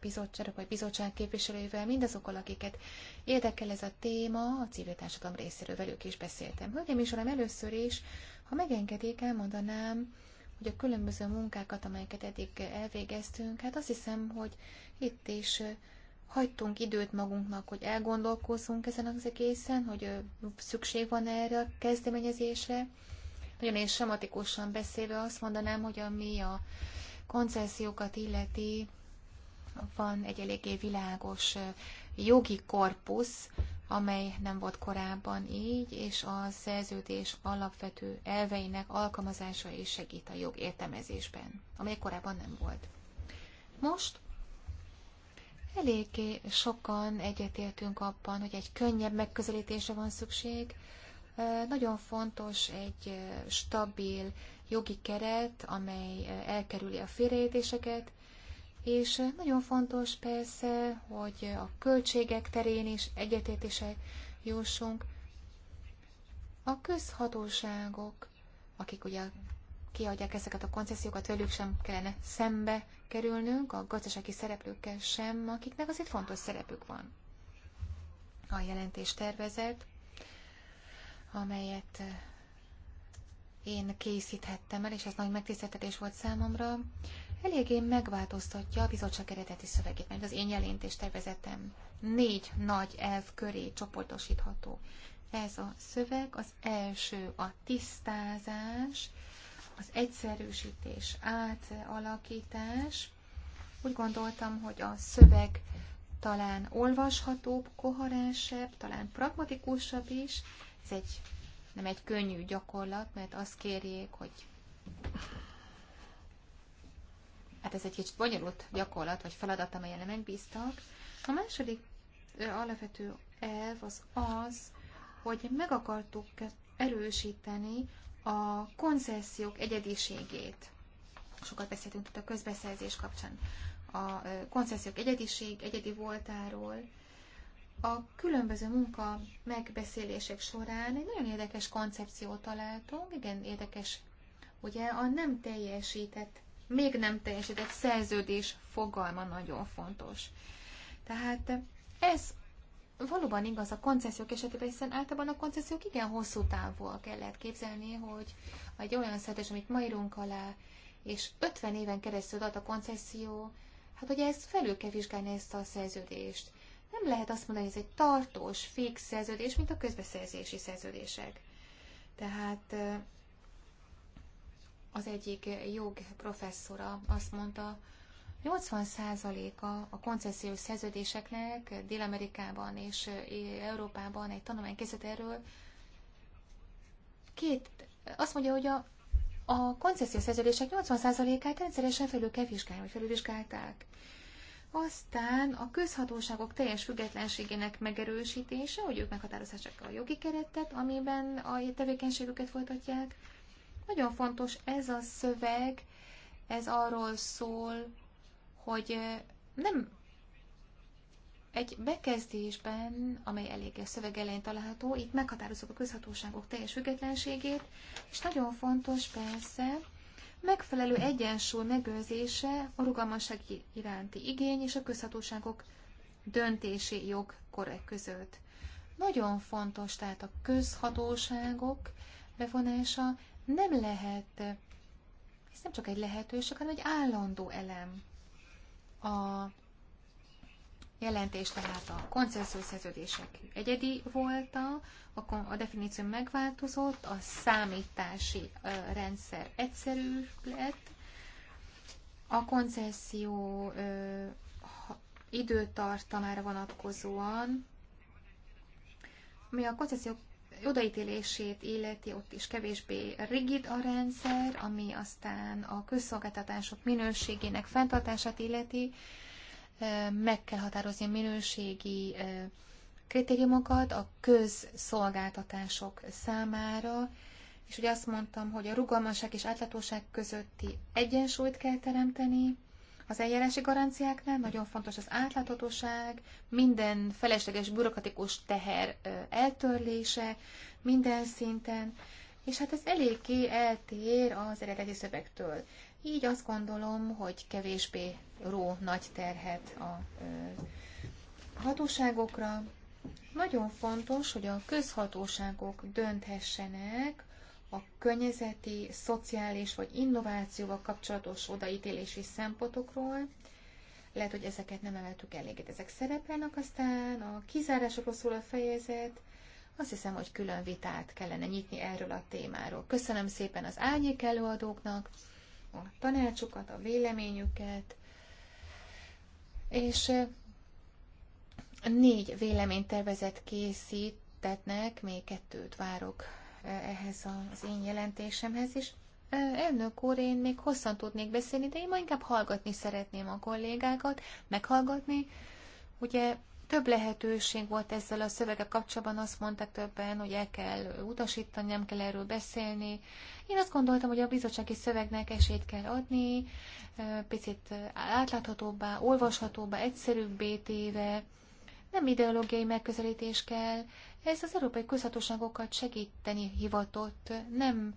bizottságok vagy bizottság képviselőivel, mindazokkal, akiket érdekel ez a téma, a civil társadalom részéről velük is beszéltem. Hölgyeim is, először is, ha megengedik, elmondanám, hogy a különböző munkákat, amelyeket eddig elvégeztünk, hát azt hiszem, hogy itt is hagytunk időt magunknak, hogy elgondolkozzunk ezen az egészen, hogy szükség van erre a kezdeményezésre. Nagyon én sematikusan beszélve azt mondanám, hogy ami a koncesziókat illeti, van egy eléggé világos jogi korpusz, amely nem volt korábban így, és a szerződés alapvető elveinek alkalmazása is segít a jog értelmezésben, amely korábban nem volt. Most Eléggé sokan egyetértünk abban, hogy egy könnyebb megközelítésre van szükség. Nagyon fontos egy stabil jogi keret, amely elkerüli a félreértéseket, és nagyon fontos persze, hogy a költségek terén is egyetértések jussunk. A közhatóságok, akik ugye kiadják ezeket a koncesziókat, velük sem kellene szembe kerülnünk a gazdasági szereplőkkel sem, akiknek azért fontos szerepük van. A jelentés tervezet, amelyet eh, én készíthettem el, és ez nagy megtiszteltetés volt számomra, eléggé megváltoztatja a bizottság eredeti szövegét, mert az én jelentés tervezetem négy nagy elv köré csoportosítható. Ez a szöveg, az első a tisztázás, az egyszerűsítés, átalakítás. Úgy gondoltam, hogy a szöveg talán olvashatóbb, koherensebb, talán pragmatikusabb is. Ez egy, nem egy könnyű gyakorlat, mert azt kérjék, hogy hát ez egy kicsit bonyolult gyakorlat, vagy feladat, amelyen megbíztak. A második alapvető elv az az, hogy meg akartuk erősíteni a koncesziók egyediségét. Sokat beszéltünk itt a közbeszerzés kapcsán. A koncesziók egyediség, egyedi voltáról. A különböző munka megbeszélések során egy nagyon érdekes koncepciót találtunk, igen érdekes, ugye a nem teljesített, még nem teljesített szerződés fogalma nagyon fontos. Tehát ez valóban igaz a koncesziók esetében, hiszen általában a koncesziók igen hosszú távúak el lehet képzelni, hogy egy olyan szerződés, amit ma írunk alá, és 50 éven keresztül ad a koncesszió, hát hogy ezt felül kell vizsgálni ezt a szerződést. Nem lehet azt mondani, hogy ez egy tartós, fix szerződés, mint a közbeszerzési szerződések. Tehát az egyik jog professzora azt mondta, 80%-a a koncesziós szerződéseknek Dél-Amerikában és eh, Európában egy tanulmány készít erről. Két, azt mondja, hogy a, a koncesziós szerződések 80%-át rendszeresen felül kell vizsgálni, vagy felülvizsgálták. Aztán a közhatóságok teljes függetlenségének megerősítése, hogy ők meghatározhassák a jogi keretet, amiben a tevékenységüket folytatják. Nagyon fontos ez a szöveg, ez arról szól, hogy nem egy bekezdésben, amely eléggé szöveg elején található, itt meghatározok a közhatóságok teljes függetlenségét, és nagyon fontos persze megfelelő egyensúly megőrzése a rugalmasság iránti igény és a közhatóságok döntési jog korek között. Nagyon fontos tehát a közhatóságok bevonása nem lehet, ez nem csak egy lehetőség, hanem egy állandó elem a jelentés tehát a konszenzus szerződések egyedi volta, akkor a definíció megváltozott, a számítási rendszer egyszerű lett, a koncesszió időtartamára vonatkozóan, ami a koncesszió odaítélését illeti, ott is kevésbé rigid a rendszer, ami aztán a közszolgáltatások minőségének fenntartását illeti. Meg kell határozni a minőségi kritériumokat a közszolgáltatások számára, és ugye azt mondtam, hogy a rugalmasság és átlátóság közötti egyensúlyt kell teremteni, az eljárási garanciáknál nagyon fontos az átláthatóság, minden felesleges bürokratikus teher eltörlése minden szinten, és hát ez eléggé eltér az eredeti szövegtől. Így azt gondolom, hogy kevésbé ró nagy terhet a hatóságokra. Nagyon fontos, hogy a közhatóságok dönthessenek a környezeti, szociális vagy innovációval kapcsolatos odaítélési szempontokról. Lehet, hogy ezeket nem emeltük eléget. Ezek szerepelnek, aztán a kizárásokról szól a fejezet. Azt hiszem, hogy külön vitát kellene nyitni erről a témáról. Köszönöm szépen az árnyék előadóknak, a tanácsukat, a véleményüket, és eh, négy véleménytervezet készítetnek, még kettőt várok ehhez az én jelentésemhez is. Elnök úr, én még hosszan tudnék beszélni, de én ma inkább hallgatni szeretném a kollégákat, meghallgatni. Ugye több lehetőség volt ezzel a szöveggel kapcsolatban, azt mondták többen, hogy el kell utasítani, nem kell erről beszélni. Én azt gondoltam, hogy a bizottsági szövegnek esélyt kell adni, picit átláthatóbbá, olvashatóbbá, egyszerűbbé téve. Nem ideológiai megközelítés kell, ez az európai közhatóságokat segíteni hivatott, nem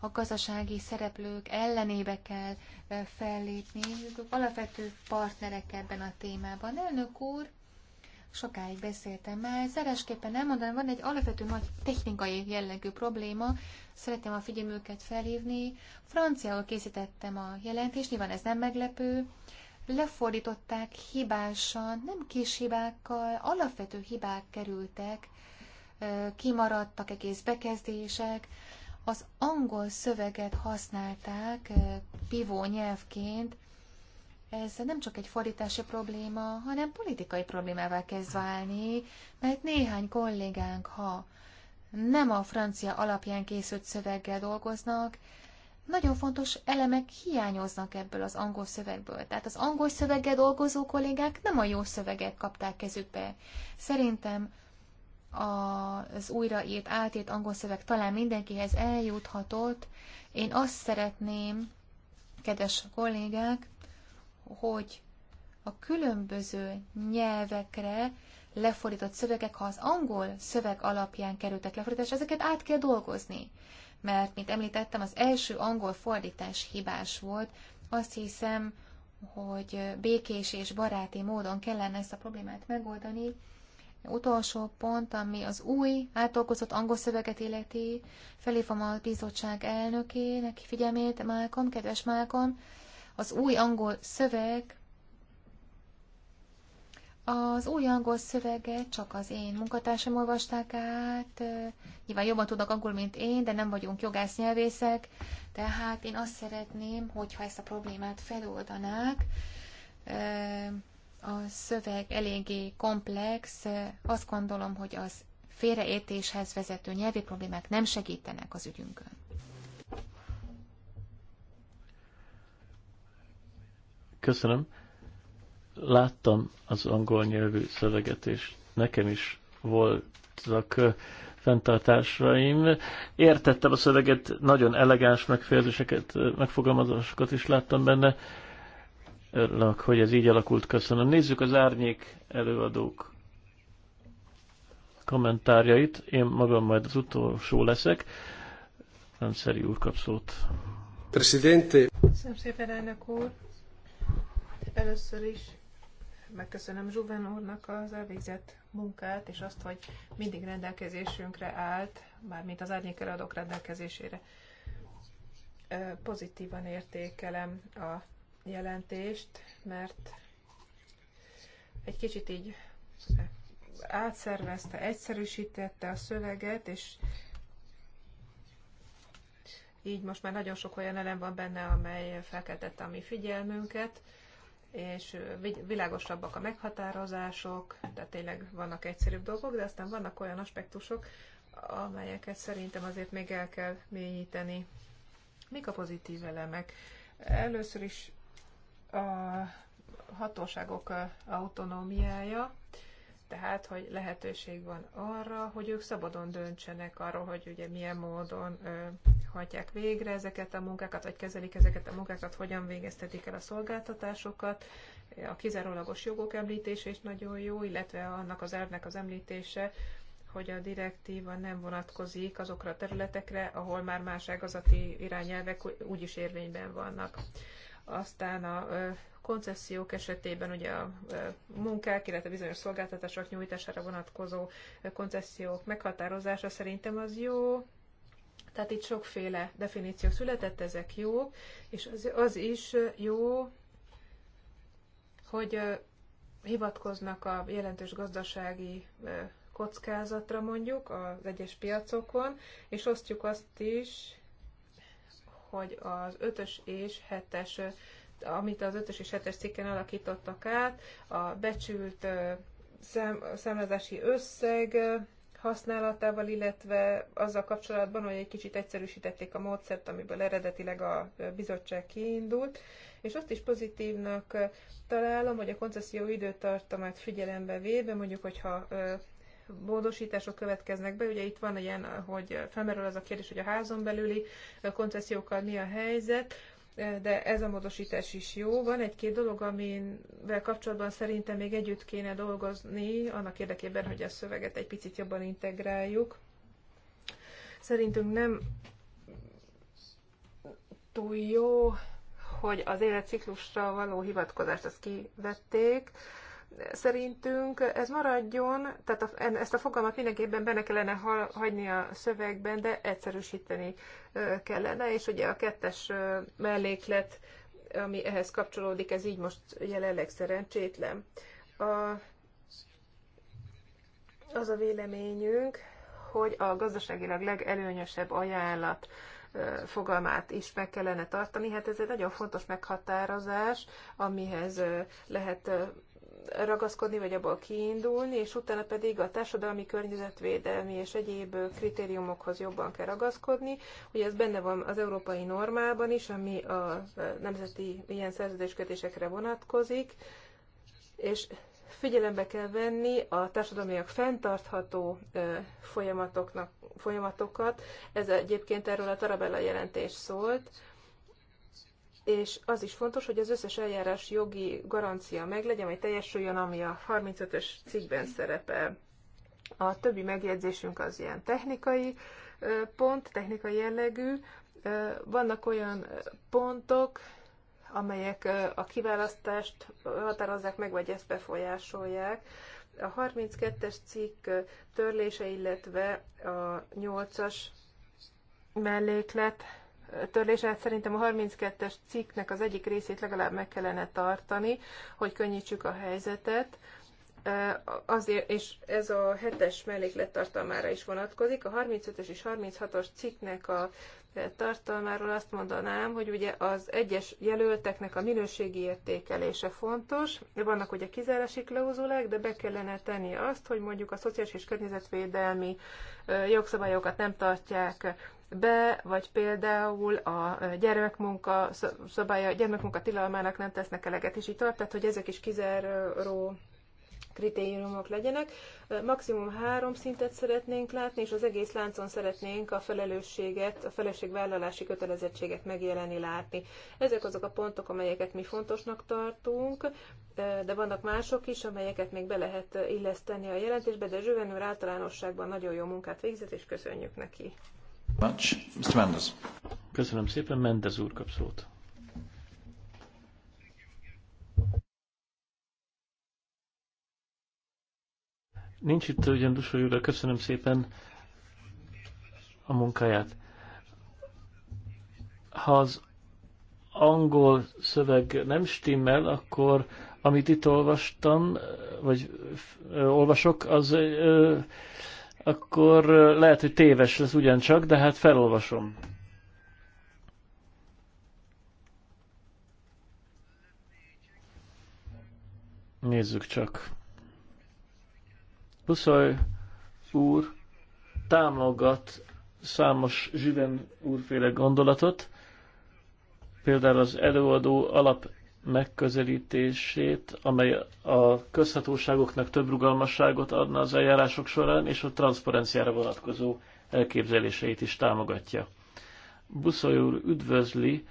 a gazdasági szereplők ellenébe kell e, fellépni, ők alapvető partnerek ebben a témában. Elnök úr, sokáig beszéltem már, zárásképpen elmondanám, van egy alapvető nagy technikai jellegű probléma, szeretném a figyelmüket felhívni. Franciául készítettem a jelentést, nyilván ez nem meglepő, lefordították hibásan, nem kis hibákkal, alapvető hibák kerültek kimaradtak egész bekezdések, az angol szöveget használták pivó nyelvként, ez nem csak egy fordítási probléma, hanem politikai problémává kezd válni, mert néhány kollégánk, ha nem a francia alapján készült szöveggel dolgoznak, nagyon fontos elemek hiányoznak ebből az angol szövegből. Tehát az angol szöveggel dolgozó kollégák nem a jó szöveget kapták kezükbe. Szerintem az újraírt, átírt angol szöveg talán mindenkihez eljuthatott. Én azt szeretném, kedves kollégák, hogy a különböző nyelvekre lefordított szövegek, ha az angol szöveg alapján kerültek lefordítás. ezeket át kell dolgozni. Mert, mint említettem, az első angol fordítás hibás volt. Azt hiszem, hogy békés és baráti módon kellene ezt a problémát megoldani, utolsó pont, ami az új, átolkozott angol szöveget illeti, felhívom a bizottság elnökének figyelmét, Málkom, kedves Málkom, az új angol szöveg, az új angol szöveget csak az én munkatársam olvasták át, nyilván jobban tudnak angol, mint én, de nem vagyunk jogász nyelvészek, tehát én azt szeretném, hogyha ezt a problémát feloldanák, a szöveg eléggé komplex, azt gondolom, hogy az félreértéshez vezető nyelvi problémák nem segítenek az ügyünkön. Köszönöm. Láttam az angol nyelvű szöveget, és nekem is voltak fenntartásaim. Értettem a szöveget, nagyon elegáns megfejezéseket, megfogalmazásokat is láttam benne Örülök, hogy ez így alakult. Köszönöm. Nézzük az árnyék előadók kommentárjait. Én magam majd az utolsó leszek. Rendszeri úr kap szót. Presidente. Köszönöm szépen, elnök úr. Először is megköszönöm Zsuven úrnak az elvégzett munkát, és azt, hogy mindig rendelkezésünkre állt, mármint az árnyék előadók rendelkezésére. Pozitívan értékelem a jelentést, mert egy kicsit így átszervezte, egyszerűsítette a szöveget, és így most már nagyon sok olyan elem van benne, amely felkeltette a mi figyelmünket, és világosabbak a meghatározások, tehát tényleg vannak egyszerűbb dolgok, de aztán vannak olyan aspektusok, amelyeket szerintem azért még el kell mélyíteni. Mik a pozitív elemek? Először is a hatóságok autonómiája, tehát, hogy lehetőség van arra, hogy ők szabadon döntsenek arról, hogy ugye milyen módon ö, hajtják végre ezeket a munkákat, vagy kezelik ezeket a munkákat, hogyan végeztetik el a szolgáltatásokat. A kizárólagos jogok említése is nagyon jó, illetve annak az elvnek az említése, hogy a direktíva nem vonatkozik azokra a területekre, ahol már más ágazati irányelvek úgyis érvényben vannak. Aztán a koncesziók esetében ugye a munkák, illetve bizonyos szolgáltatások nyújtására vonatkozó koncesziók meghatározása szerintem az jó. Tehát itt sokféle definíció született, ezek jók, és az, az is jó, hogy hivatkoznak a jelentős gazdasági kockázatra mondjuk az egyes piacokon, és osztjuk azt is, hogy az 5-ös és 7-es, amit az 5-ös és 7-es cikken alakítottak át, a becsült szám, számlázási összeg használatával, illetve azzal kapcsolatban, hogy egy kicsit egyszerűsítették a módszert, amiből eredetileg a bizottság kiindult, és azt is pozitívnak találom, hogy a koncesszió időtartamát figyelembe véve, mondjuk, hogyha módosítások következnek be. Ugye itt van ilyen, hogy felmerül az a kérdés, hogy a házon belüli koncesziókkal mi a helyzet, de ez a módosítás is jó. Van egy-két dolog, amivel kapcsolatban szerintem még együtt kéne dolgozni, annak érdekében, hogy a szöveget egy picit jobban integráljuk. Szerintünk nem túl jó, hogy az életciklusra való hivatkozást azt kivették, szerintünk ez maradjon, tehát a, ezt a fogalmat mindenképpen benne kellene hagyni a szövegben, de egyszerűsíteni kellene, és ugye a kettes melléklet, ami ehhez kapcsolódik, ez így most jelenleg szerencsétlen. A, az a véleményünk, hogy a gazdaságilag legelőnyösebb ajánlat fogalmát is meg kellene tartani. Hát ez egy nagyon fontos meghatározás, amihez lehet ragaszkodni, vagy abból kiindulni, és utána pedig a társadalmi, környezetvédelmi és egyéb kritériumokhoz jobban kell ragaszkodni. Ugye ez benne van az európai normában is, ami a nemzeti ilyen szerződéskötésekre vonatkozik, és figyelembe kell venni a társadalmiak fenntartható folyamatoknak, folyamatokat. Ez egyébként erről a Tarabella jelentés szólt, és az is fontos, hogy az összes eljárás jogi garancia meglegyen, hogy teljesüljön, ami a 35-ös cikkben szerepel. A többi megjegyzésünk az ilyen technikai pont, technikai jellegű. Vannak olyan pontok, amelyek a kiválasztást határozzák meg, vagy ezt befolyásolják. A 32-es cikk törlése, illetve a 8-as melléklet törlése. Hát szerintem a 32-es cikknek az egyik részét legalább meg kellene tartani, hogy könnyítsük a helyzetet. Azért, és ez a hetes melléklet tartalmára is vonatkozik. A 35-ös és 36-os cikknek a tartalmáról azt mondanám, hogy ugye az egyes jelölteknek a minőségi értékelése fontos. Vannak ugye kizárási klauzulák, de be kellene tenni azt, hogy mondjuk a szociális és környezetvédelmi jogszabályokat nem tartják be, vagy például a gyermekmunka szabálya, gyermekmunka tilalmának nem tesznek eleget, és így tart, tehát hogy ezek is kizáró kritériumok legyenek. Maximum három szintet szeretnénk látni, és az egész láncon szeretnénk a felelősséget, a felelősségvállalási kötelezettséget megjelenni látni. Ezek azok a pontok, amelyeket mi fontosnak tartunk, de vannak mások is, amelyeket még be lehet illeszteni a jelentésbe, de Zsüven általánosságban nagyon jó munkát végzett, és köszönjük neki. Much. Mr. Mendes. Köszönöm szépen, Mendez úr kap szót. Nincs itt ugyan Dusoly úr, köszönöm szépen a munkáját. Ha az angol szöveg nem stimmel, akkor amit itt olvastam, vagy ö, olvasok, az ö, akkor lehet, hogy téves lesz ugyancsak, de hát felolvasom. Nézzük csak. Buszaj úr támogat számos Zsiven úrféle gondolatot, például az előadó alap megközelítését, amely a közhatóságoknak több rugalmasságot adna az eljárások során, és a transzparenciára vonatkozó elképzeléseit is támogatja. Buszoly úr üdvözli,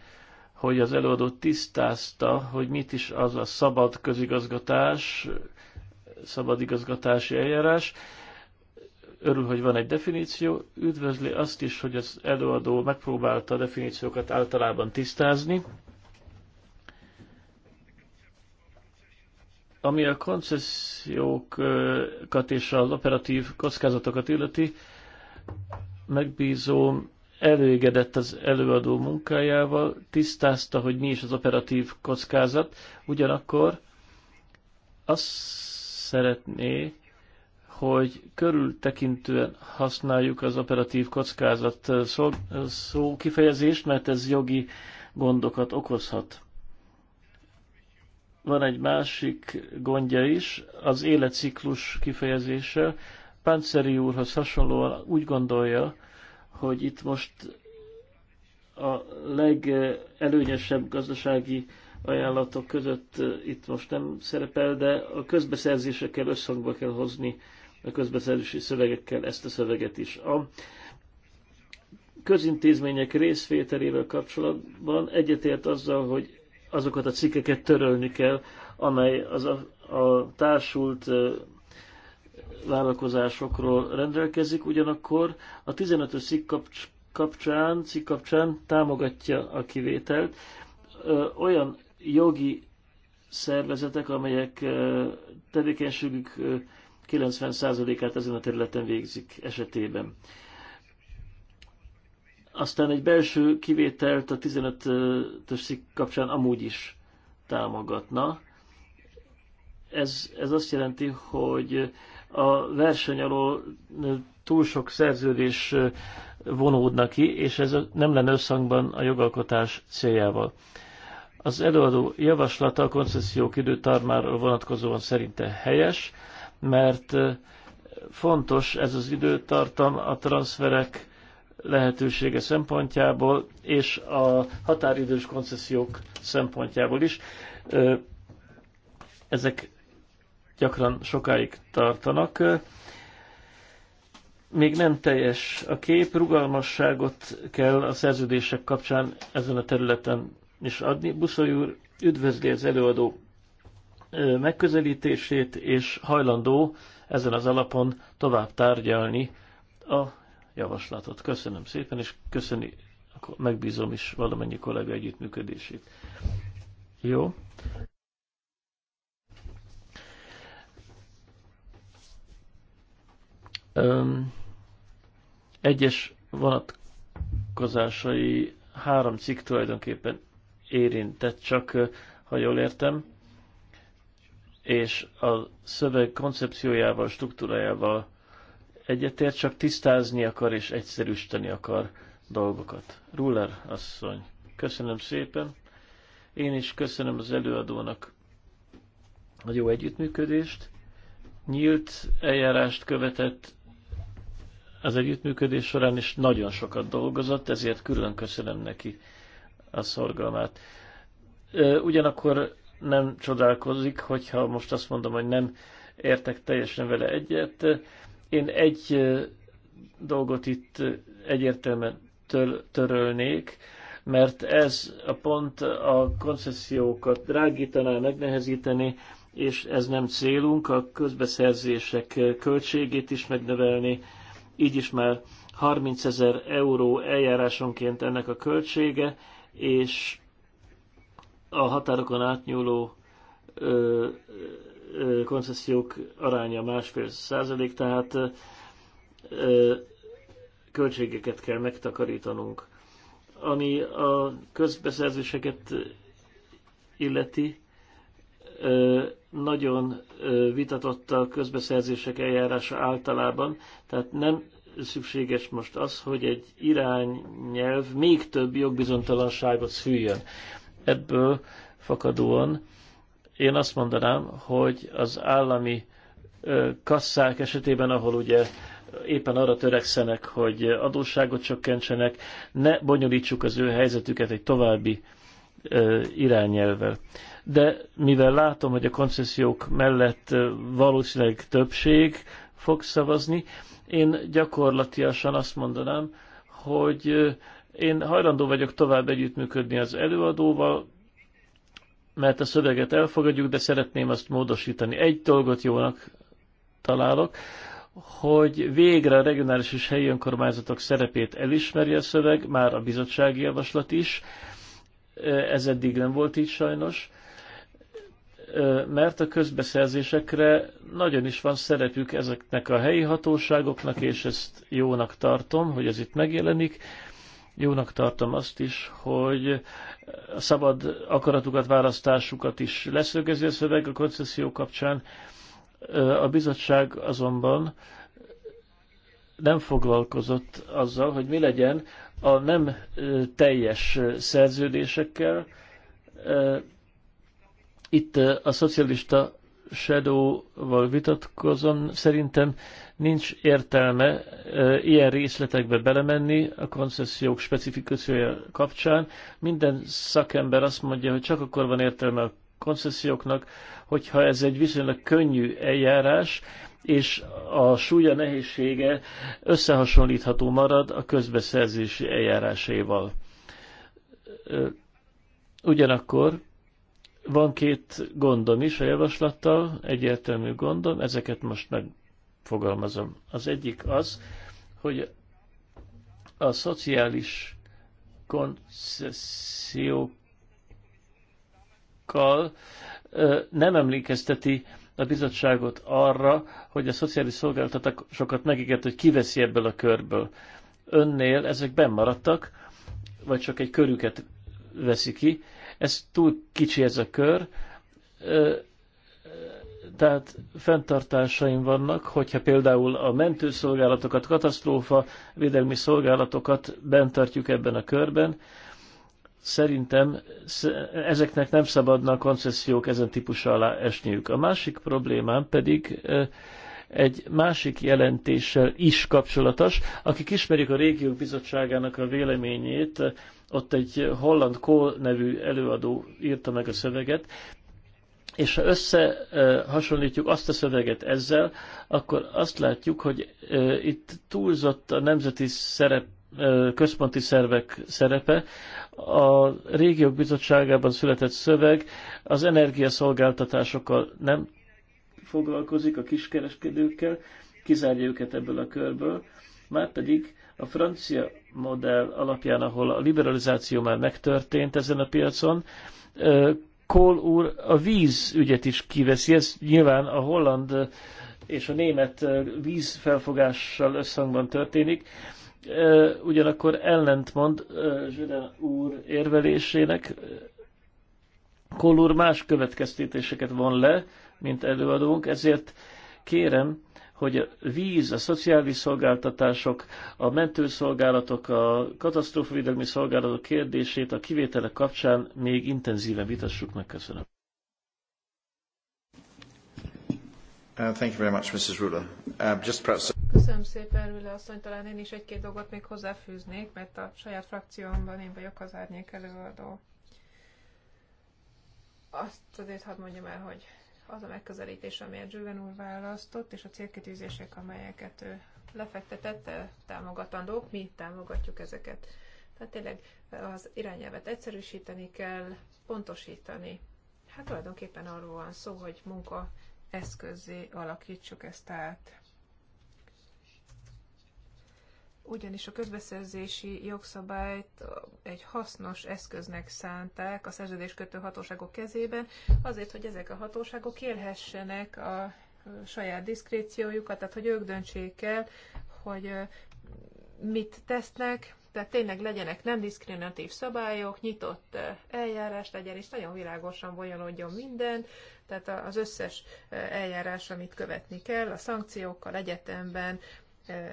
hogy az előadó tisztázta, hogy mit is az a szabad közigazgatás, szabad igazgatási eljárás. Örül, hogy van egy definíció. Üdvözli azt is, hogy az előadó megpróbálta a definíciókat általában tisztázni, Ami a koncesziókat és az operatív kockázatokat illeti, megbízom, elégedett az előadó munkájával, tisztázta, hogy mi is az operatív kockázat, ugyanakkor azt szeretné, hogy körültekintően használjuk az operatív kockázat szó, szó kifejezést, mert ez jogi gondokat okozhat van egy másik gondja is, az életciklus kifejezése. Panceri úrhoz hasonlóan úgy gondolja, hogy itt most a legelőnyesebb gazdasági ajánlatok között eh, itt most nem szerepel, de a közbeszerzésekkel összhangba kell hozni a közbeszerzési szövegekkel ezt a szöveget is. A közintézmények részvételével kapcsolatban egyetért azzal, hogy azokat a cikkeket törölni kell, amely az a, a társult vállalkozásokról rendelkezik, ugyanakkor a 15-ös cikk kapcsán, cikk kapcsán támogatja a kivételt. Olyan jogi szervezetek, amelyek tevékenységük 90%-át ezen a területen végzik esetében. Aztán egy belső kivételt a 15-ös szik kapcsán amúgy is támogatna. Ez, ez azt jelenti, hogy a verseny alól túl sok szerződés vonódna ki, és ez nem lenne összhangban a jogalkotás céljával. Az előadó javaslata a koncesziók időtarmáról vonatkozóan szerinte helyes, mert fontos ez az időtartam a transferek lehetősége szempontjából, és a határidős koncesziók szempontjából is. Ezek gyakran sokáig tartanak. Még nem teljes a kép, rugalmasságot kell a szerződések kapcsán ezen a területen is adni. Buszai úr üdvözli az előadó megközelítését, és hajlandó ezen az alapon tovább tárgyalni a javaslatot. Köszönöm szépen, és köszöni, megbízom is valamennyi kollega együttműködését. Jó. Öm, egyes vonatkozásai három cikk tulajdonképpen érintett, csak ha jól értem, és a szöveg koncepciójával, struktúrájával egyetért, csak tisztázni akar és egyszerűsíteni akar dolgokat. Ruler asszony, köszönöm szépen. Én is köszönöm az előadónak a jó együttműködést. Nyílt eljárást követett az együttműködés során, és nagyon sokat dolgozott, ezért külön köszönöm neki a szorgalmát. Ugyanakkor nem csodálkozik, hogyha most azt mondom, hogy nem értek teljesen vele egyet, én egy dolgot itt egyértelműen törölnék, mert ez a pont a koncesziókat drágítaná, megnehezíteni, és ez nem célunk, a közbeszerzések költségét is megnövelni, így is már 30 ezer euró eljárásonként ennek a költsége, és a határokon átnyúló ö, koncesziók aránya másfél százalék, tehát költségeket kell megtakarítanunk. Ami a közbeszerzéseket illeti, nagyon vitatott a közbeszerzések eljárása általában, tehát nem szükséges most az, hogy egy irányelv még több jogbizonytalanságot szüljön. Ebből fakadóan én azt mondanám, hogy az állami kasszák esetében, ahol ugye éppen arra törekszenek, hogy adósságot csökkentsenek, ne bonyolítsuk az ő helyzetüket egy további irányelvvel. De mivel látom, hogy a koncesziók mellett valószínűleg többség fog szavazni, én gyakorlatiasan azt mondanám, hogy én hajlandó vagyok tovább együttműködni az előadóval, mert a szöveget elfogadjuk, de szeretném azt módosítani. Egy dolgot jónak találok, hogy végre a regionális és helyi önkormányzatok szerepét elismeri a szöveg, már a bizottsági javaslat is, ez eddig nem volt így sajnos, mert a közbeszerzésekre nagyon is van szerepük ezeknek a helyi hatóságoknak, és ezt jónak tartom, hogy ez itt megjelenik jónak tartom azt is, hogy a szabad akaratukat, választásukat is leszögezi a szöveg a koncesszió kapcsán. A bizottság azonban nem foglalkozott azzal, hogy mi legyen a nem teljes szerződésekkel. Itt a szocialista Shadow-val vitatkozom. Szerintem Nincs értelme ilyen részletekbe belemenni a koncesziók specifikációja kapcsán. Minden szakember azt mondja, hogy csak akkor van értelme a koncesszióknak, hogyha ez egy viszonylag könnyű eljárás, és a súlya nehézsége összehasonlítható marad a közbeszerzési eljáráséval. Ugyanakkor van két gondom is a javaslattal, egyértelmű gondom, ezeket most meg fogalmazom. Az egyik az, hogy a szociális koncesziókkal nem emlékezteti a bizottságot arra, hogy a szociális szolgáltatásokat megígért, hogy kiveszi ebből a körből. Önnél ezek bennmaradtak, vagy csak egy körüket veszi ki. Ez túl kicsi ez a kör tehát fenntartásaim vannak, hogyha például a mentőszolgálatokat, katasztrófa védelmi szolgálatokat bentartjuk ebben a körben, szerintem ezeknek nem szabadna a koncesziók ezen típusa alá esniük. A másik problémám pedig egy másik jelentéssel is kapcsolatos. Akik ismerik a Régiók Bizottságának a véleményét, ott egy holland Kohl nevű előadó írta meg a szöveget, és ha összehasonlítjuk azt a szöveget ezzel, akkor azt látjuk, hogy itt túlzott a nemzeti szerep, központi szervek szerepe. A régiók bizottságában született szöveg az energiaszolgáltatásokkal nem foglalkozik, a kiskereskedőkkel, kizárja őket ebből a körből, márpedig a francia modell alapján, ahol a liberalizáció már megtörtént ezen a piacon, Kohl úr a ügyet is kiveszi, ez nyilván a holland és a német vízfelfogással összhangban történik, ugyanakkor ellentmond Zsüden úr érvelésének, Kohl úr más következtetéseket von le, mint előadónk, ezért kérem, hogy a víz, a szociális szolgáltatások, a mentőszolgálatok, a katasztrófavédelmi szolgálatok kérdését a kivételek kapcsán még intenzíven vitassuk meg. Köszönöm. Uh, thank you very much, Mrs. Uh, just perhaps... Köszönöm szépen, Rüle asszony, talán én is egy-két dolgot még hozzáfűznék, mert a saját frakciómban én vagyok az árnyék előadó. Azt azért hadd mondjam el, hogy az a megközelítés, amelyet Zsüven úr választott, és a célkitűzések, amelyeket ő lefektetett, eh, támogatandók, mi támogatjuk ezeket. Tehát tényleg eh, az irányelvet egyszerűsíteni kell, pontosítani. Hát tulajdonképpen arról van szó, hogy munka eszközé alakítsuk ezt át ugyanis a közbeszerzési jogszabályt egy hasznos eszköznek szánták a szerződéskötő hatóságok kezében, azért, hogy ezek a hatóságok élhessenek a saját diszkréciójukat, tehát hogy ők döntsék el, hogy mit tesznek, tehát tényleg legyenek nem diszkriminatív szabályok, nyitott eljárás legyen, és nagyon világosan bonyolódjon minden, tehát az összes eljárás, amit követni kell, a szankciókkal egyetemben,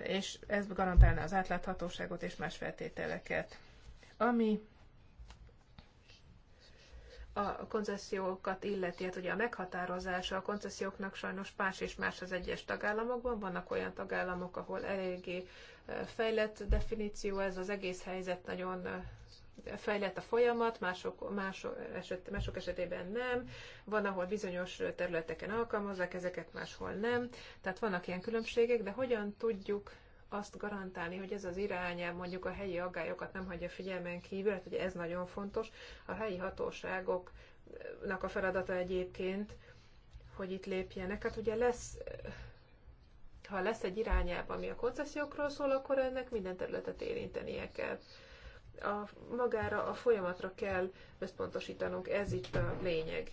és ez garantálná az átláthatóságot és más feltételeket. Ami a koncesziókat illeti, hát ugye a meghatározása a koncesszióknak sajnos más és más az egyes tagállamokban. Vannak olyan tagállamok, ahol eléggé fejlett definíció, ez az egész helyzet nagyon fejlett a folyamat, mások, mások, eset, mások esetében nem, van, ahol bizonyos területeken alkalmazzák, ezeket máshol nem. Tehát vannak ilyen különbségek, de hogyan tudjuk azt garantálni, hogy ez az irány mondjuk a helyi aggályokat nem hagyja figyelmen kívül, hát ugye ez nagyon fontos. A helyi hatóságoknak a feladata egyébként, hogy itt lépjenek. Hát ugye lesz, ha lesz egy irányelv, ami a koncesziókról szól, akkor ennek minden területet érintenie kell a, magára a folyamatra kell összpontosítanunk, ez itt a lényeg.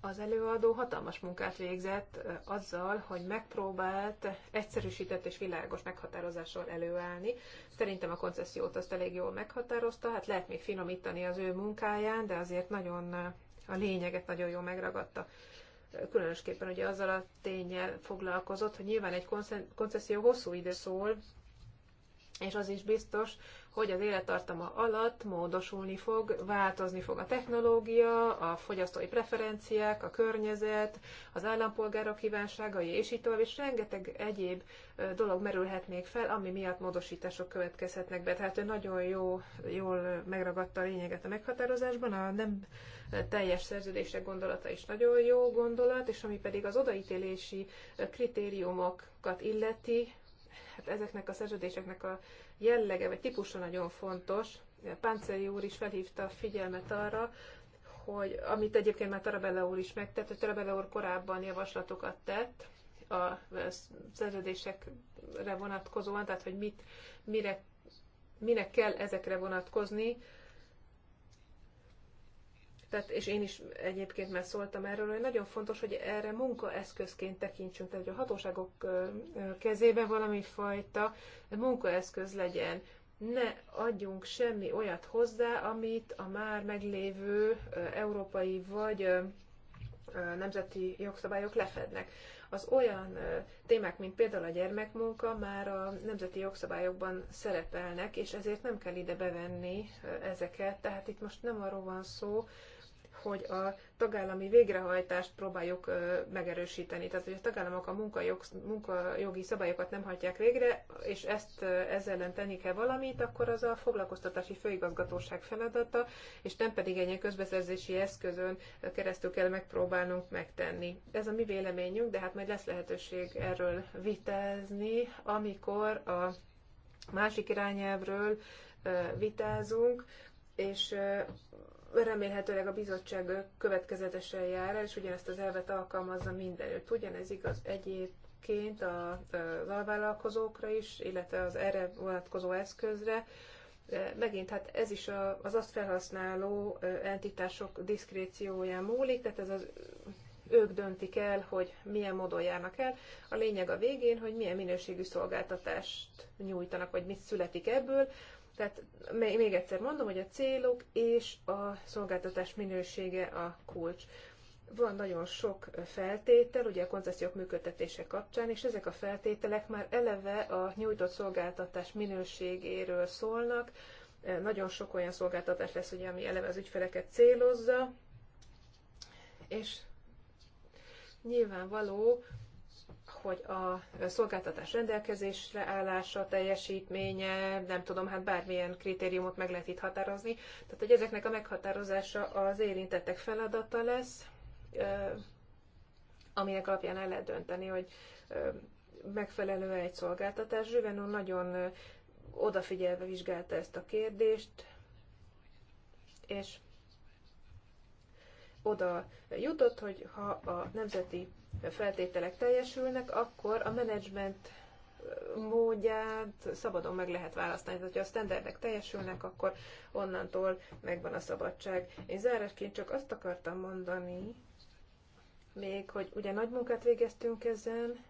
Az előadó hatalmas munkát végzett azzal, hogy megpróbált egyszerűsített és világos meghatározással előállni. Szerintem a koncesziót azt elég jól meghatározta, hát lehet még finomítani az ő munkáján, de azért nagyon a lényeget nagyon jól megragadta különösképpen ugye azzal a tényel foglalkozott, hogy nyilván egy konceszió hosszú idő szól, és az is biztos, hogy az élettartama alatt módosulni fog, változni fog a technológia, a fogyasztói preferenciák, a környezet, az állampolgárok kívánságai, és így tovább, és rengeteg egyéb dolog merülhet még fel, ami miatt módosítások következhetnek be. Tehát ő nagyon jó, jól megragadta a lényeget a meghatározásban, a nem teljes szerződések gondolata is nagyon jó gondolat, és ami pedig az odaítélési kritériumokat illeti, hát ezeknek a szerződéseknek a jellege vagy típusa nagyon fontos. Páncéli úr is felhívta a figyelmet arra, hogy amit egyébként már Tarabella úr is megtett, hogy Tarabella úr korábban javaslatokat tett a szerződésekre vonatkozóan, tehát hogy mit, mire, minek kell ezekre vonatkozni, tehát, és én is egyébként már szóltam erről, hogy nagyon fontos, hogy erre munkaeszközként tekintsünk, tehát hogy a hatóságok kezébe valami fajta munkaeszköz legyen. Ne adjunk semmi olyat hozzá, amit a már meglévő európai vagy nemzeti jogszabályok lefednek. Az olyan témák, mint például a gyermekmunka már a nemzeti jogszabályokban szerepelnek, és ezért nem kell ide bevenni ezeket. Tehát itt most nem arról van szó, hogy a tagállami végrehajtást próbáljuk megerősíteni. Tehát, hogy a tagállamok a munkajog, munkajogi szabályokat nem hajtják végre, és ezt ezzel ellen tenni kell valamit, akkor az a foglalkoztatási főigazgatóság feladata, és nem pedig egy ilyen közbeszerzési eszközön keresztül kell megpróbálnunk megtenni. Ez a mi véleményünk, de hát majd lesz lehetőség erről vitázni, amikor a másik irányelvről vitázunk, és remélhetőleg a bizottság következetesen jár és ugyanezt az elvet alkalmazza mindenütt. Ugyanez igaz egyébként az alvállalkozókra is, illetve az erre vonatkozó eszközre. Megint, hát ez is az azt felhasználó entitások diszkrécióján múlik, tehát ez az ők döntik el, hogy milyen módon járnak el. A lényeg a végén, hogy milyen minőségű szolgáltatást nyújtanak, vagy mit születik ebből, tehát még egyszer mondom, hogy a célok és a szolgáltatás minősége a kulcs. Van nagyon sok feltétel, ugye a koncesziók működtetése kapcsán, és ezek a feltételek már eleve a nyújtott szolgáltatás minőségéről szólnak. Nagyon sok olyan szolgáltatás lesz, ugye, ami eleve az ügyfeleket célozza, és nyilvánvaló, hogy a szolgáltatás rendelkezésre állása, teljesítménye, nem tudom, hát bármilyen kritériumot meg lehet itt határozni. Tehát, hogy ezeknek a meghatározása az érintettek feladata lesz, aminek alapján el lehet dönteni, hogy megfelelő -e egy szolgáltatás. Zsüvenon nagyon odafigyelve vizsgálta ezt a kérdést, és oda jutott, hogy ha a nemzeti feltételek teljesülnek, akkor a menedzsment módját szabadon meg lehet választani. Tehát, hogyha a standardek teljesülnek, akkor onnantól megvan a szabadság. Én zárásként csak azt akartam mondani, még, hogy ugye nagy munkát végeztünk ezen,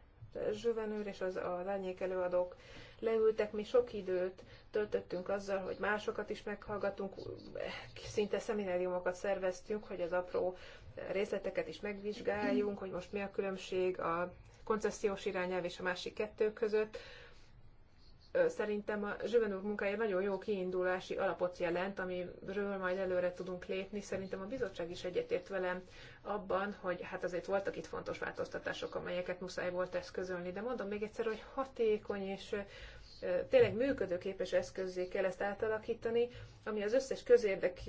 Zsövenőr és az a lányék előadók leültek, mi sok időt töltöttünk azzal, hogy másokat is meghallgatunk, szinte szemináriumokat szerveztünk, hogy az apró részleteket is megvizsgáljunk, hogy most mi a különbség a koncesziós irányelv és a másik kettő között. Szerintem a Zsüven úr munkája nagyon jó kiindulási alapot jelent, amiről majd előre tudunk lépni. Szerintem a bizottság is egyetért velem abban, hogy hát azért voltak itt fontos változtatások, amelyeket muszáj volt eszközölni, de mondom még egyszer, hogy hatékony és tényleg működőképes eszközzé kell ezt átalakítani, ami az összes közérdek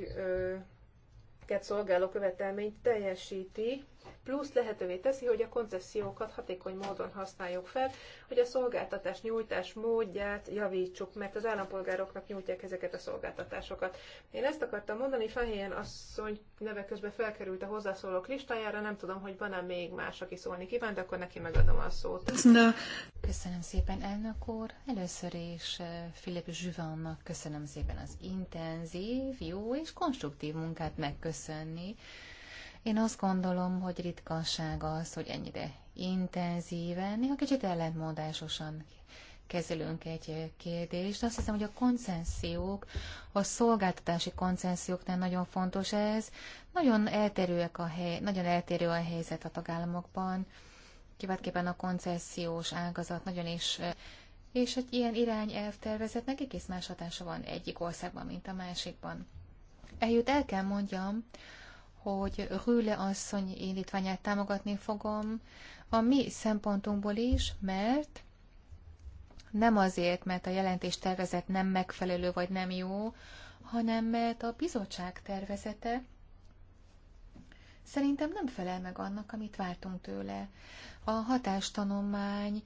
szolgáló követelményt teljesíti, plusz lehetővé teszi, hogy a koncesziókat hatékony módon használjuk fel, hogy a szolgáltatás nyújtás módját javítsuk, mert az állampolgároknak nyújtják ezeket a szolgáltatásokat. Én ezt akartam mondani, Fehéjen asszony neve közben felkerült a hozzászólók listájára, nem tudom, hogy van-e még más, aki szólni kíván, de akkor neki megadom a szót. Köszönöm szépen, elnök úr. Először is Filip eh, Zsüvannak köszönöm szépen az intenzív, jó és konstruktív munkát megköszönni én azt gondolom, hogy ritkaság az, hogy ennyire intenzíven, néha kicsit ellentmondásosan kezelünk egy kérdést. Azt hiszem, hogy a koncensziók, a szolgáltatási koncenszióknál nagyon fontos ez. Nagyon, elterőek a hely, nagyon eltérő a helyzet a tagállamokban. Kiváltképpen a koncesziós ágazat nagyon is és egy ilyen irányelv tervezetnek egész más hatása van egyik országban, mint a másikban. Eljut el kell mondjam, hogy Rüle asszony indítványát támogatni fogom, a mi szempontunkból is, mert nem azért, mert a jelentés tervezet nem megfelelő vagy nem jó, hanem mert a bizottság tervezete szerintem nem felel meg annak, amit vártunk tőle. A hatástanomány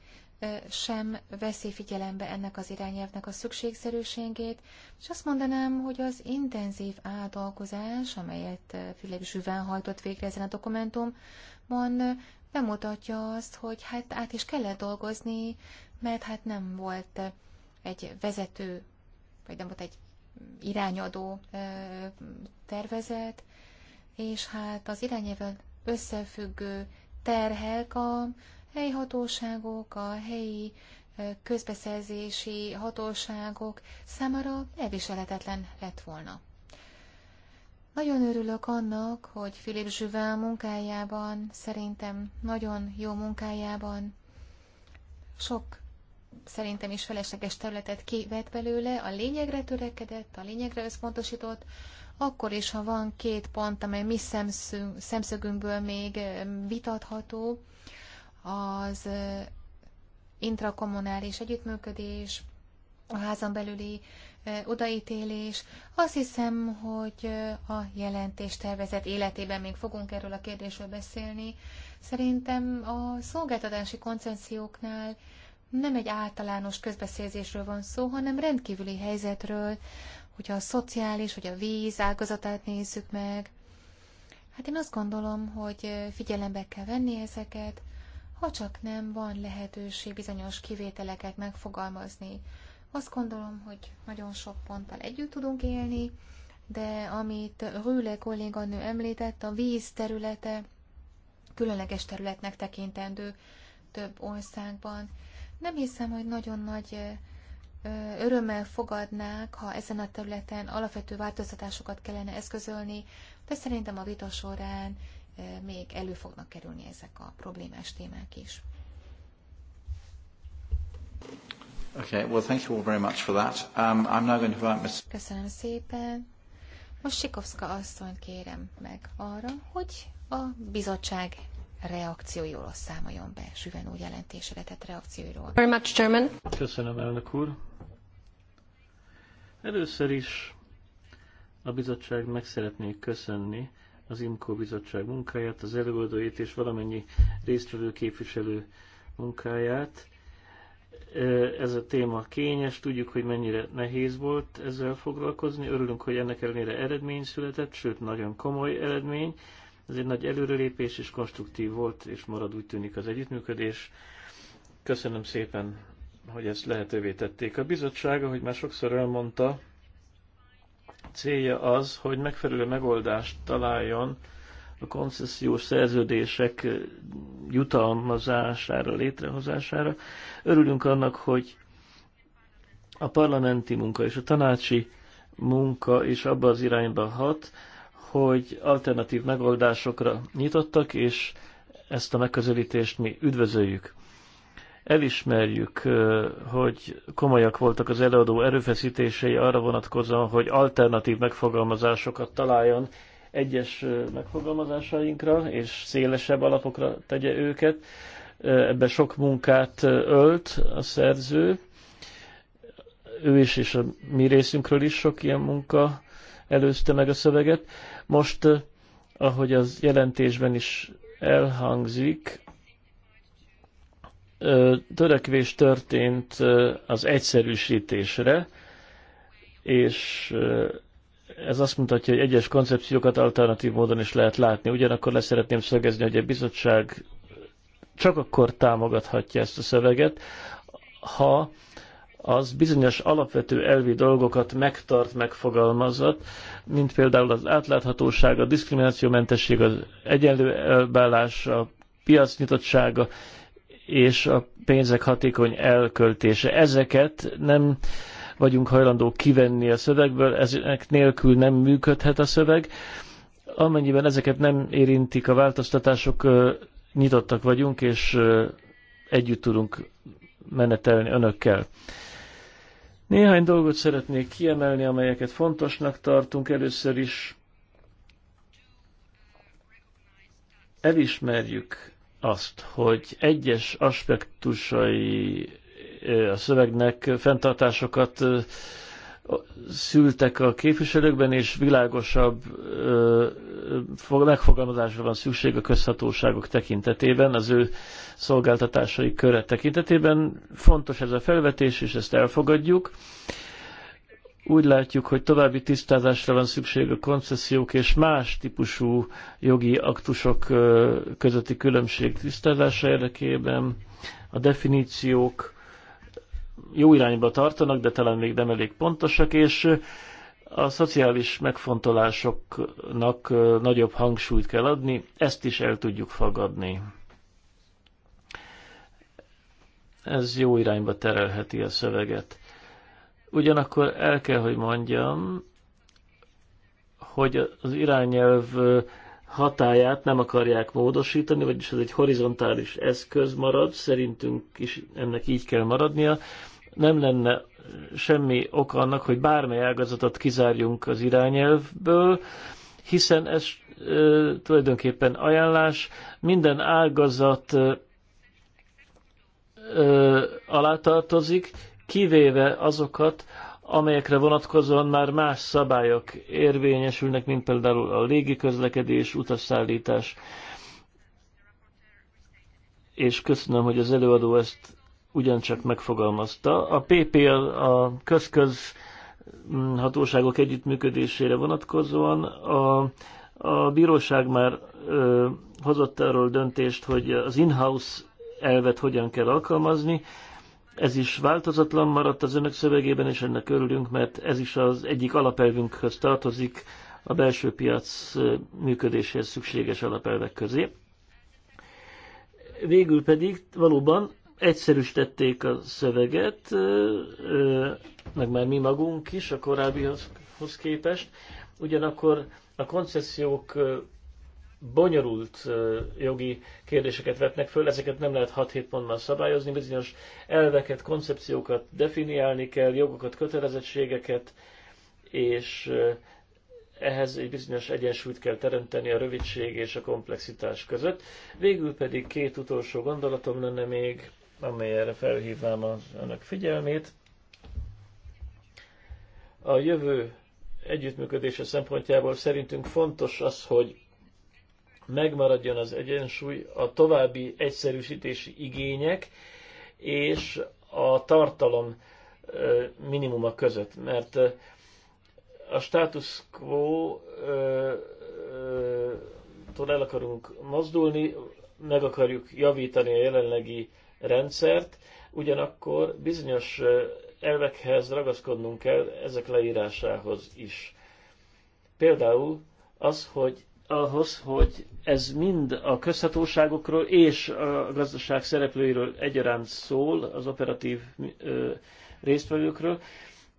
sem veszi figyelembe ennek az irányelvnek a szükségszerűségét, és azt mondanám, hogy az intenzív átdolgozás, amelyet Philip Zsüven hajtott végre ezen a dokumentumban, bemutatja azt, hogy hát át is kellett dolgozni, mert hát nem volt egy vezető, vagy nem volt egy irányadó tervezet, és hát az irányelvvel összefüggő terhek a helyi hatóságok, a helyi közbeszerzési hatóságok számára elviselhetetlen lett volna. Nagyon örülök annak, hogy Filip Zsüvel munkájában, szerintem nagyon jó munkájában sok szerintem is felesleges területet kivett belőle, a lényegre törekedett, a lényegre összpontosított, akkor is, ha van két pont, amely mi szemszögünkből még vitatható, az intrakommunális együttműködés, a házan belüli odaítélés. Azt hiszem, hogy a jelentés tervezet életében még fogunk erről a kérdésről beszélni. Szerintem a szolgáltatási koncepcióknál nem egy általános közbeszélzésről van szó, hanem rendkívüli helyzetről, hogyha a szociális vagy a víz ágazatát nézzük meg. Hát én azt gondolom, hogy figyelembe kell venni ezeket, ha csak nem van lehetőség bizonyos kivételeket megfogalmazni. Azt gondolom, hogy nagyon sok ponttal együtt tudunk élni, de amit Rüle kolléganő említett, a víz területe különleges területnek tekintendő több országban. Nem hiszem, hogy nagyon nagy örömmel fogadnák, ha ezen a területen alapvető változtatásokat kellene eszközölni, de szerintem a vita során még elő fognak kerülni ezek a problémás témák is. Okay, well, thank you all very much for that. Um, I'm now going to invite Ms. Köszönöm szépen. Most Sikovska asszony kérem meg arra, hogy a bizottság reakcióiról számoljon be, Süven új jelentésre tett reakcióiról. Very much, Chairman. Köszönöm, elnök úr. Először is a bizottság meg szeretnék köszönni az IMCO bizottság munkáját, az előadóit és valamennyi résztvevő képviselő munkáját. Ez a téma kényes, tudjuk, hogy mennyire nehéz volt ezzel foglalkozni, örülünk, hogy ennek ellenére eredmény született, sőt, nagyon komoly eredmény. Ez egy nagy előrelépés, és konstruktív volt, és marad úgy tűnik az együttműködés. Köszönöm szépen, hogy ezt lehetővé tették. A bizottság, ahogy már sokszor elmondta, célja az, hogy megfelelő megoldást találjon a koncesziós szerződések jutalmazására, létrehozására. Örülünk annak, hogy a parlamenti munka és a tanácsi munka is abba az irányba hat, hogy alternatív megoldásokra nyitottak, és ezt a megközelítést mi üdvözöljük elismerjük, hogy komolyak voltak az előadó erőfeszítései arra vonatkozóan, hogy alternatív megfogalmazásokat találjon egyes megfogalmazásainkra, és szélesebb alapokra tegye őket. Ebbe sok munkát ölt a szerző, ő is, és a mi részünkről is sok ilyen munka előzte meg a szöveget. Most, ahogy az jelentésben is elhangzik, törekvés történt az egyszerűsítésre, és ez azt mutatja, hogy egyes koncepciókat alternatív módon is lehet látni. Ugyanakkor leszeretném szögezni, hogy a bizottság csak akkor támogathatja ezt a szöveget, ha az bizonyos alapvető elvi dolgokat megtart, megfogalmazott, mint például az átláthatóság, a diszkriminációmentesség, az egyenlő elbálás, a piacnyitottsága, és a pénzek hatékony elköltése. Ezeket nem vagyunk hajlandók kivenni a szövegből, ezek nélkül nem működhet a szöveg. Amennyiben ezeket nem érintik a változtatások, nyitottak vagyunk, és együtt tudunk menetelni önökkel. Néhány dolgot szeretnék kiemelni, amelyeket fontosnak tartunk. Először is elismerjük azt, hogy egyes aspektusai a szövegnek fenntartásokat szültek a képviselőkben, és világosabb megfogalmazásra van szükség a közhatóságok tekintetében, az ő szolgáltatásai köre tekintetében. Fontos ez a felvetés, és ezt elfogadjuk. Úgy látjuk, hogy további tisztázásra van szükség a koncesziók és más típusú jogi aktusok közötti különbség tisztázása érdekében. A definíciók jó irányba tartanak, de talán még nem elég pontosak, és a szociális megfontolásoknak nagyobb hangsúlyt kell adni, ezt is el tudjuk fogadni. Ez jó irányba terelheti a szöveget. Ugyanakkor el kell, hogy mondjam, hogy az irányelv hatáját nem akarják módosítani, vagyis ez egy horizontális eszköz marad, szerintünk is ennek így kell maradnia. Nem lenne semmi oka annak, hogy bármely ágazatot kizárjunk az irányelvből, hiszen ez e, tulajdonképpen ajánlás. Minden ágazat e, alá tartozik, kivéve azokat, amelyekre vonatkozóan már más szabályok érvényesülnek, mint például a légiközlekedés, utasszállítás. És köszönöm, hogy az előadó ezt ugyancsak megfogalmazta. A PP a közköz hatóságok együttműködésére vonatkozóan a, a bíróság már ö, hozott arról döntést, hogy az in-house elvet hogyan kell alkalmazni. Ez is változatlan maradt az önök szövegében, és ennek örülünk, mert ez is az egyik alapelvünkhöz tartozik, a belső piac működéséhez szükséges alapelvek közé. Végül pedig valóban egyszerűsítették a szöveget, meg már mi magunk is a korábbihoz képest, ugyanakkor a koncesziók bonyolult jogi kérdéseket vetnek föl, ezeket nem lehet 6-7 pontban szabályozni, bizonyos elveket, koncepciókat definiálni kell, jogokat, kötelezettségeket, és ehhez egy bizonyos egyensúlyt kell teremteni a rövidség és a komplexitás között. Végül pedig két utolsó gondolatom lenne még, amelyre felhívnám az önök figyelmét. A jövő együttműködése szempontjából szerintünk fontos az, hogy megmaradjon az egyensúly a további egyszerűsítési igények és a tartalom minimuma között, mert a status quo tól el akarunk mozdulni, meg akarjuk javítani a jelenlegi rendszert, ugyanakkor bizonyos elvekhez ragaszkodnunk kell ezek leírásához is. Például az, hogy ahhoz, hogy ez mind a közhatóságokról és a gazdaság szereplőiről egyaránt szól, az operatív ö, résztvevőkről.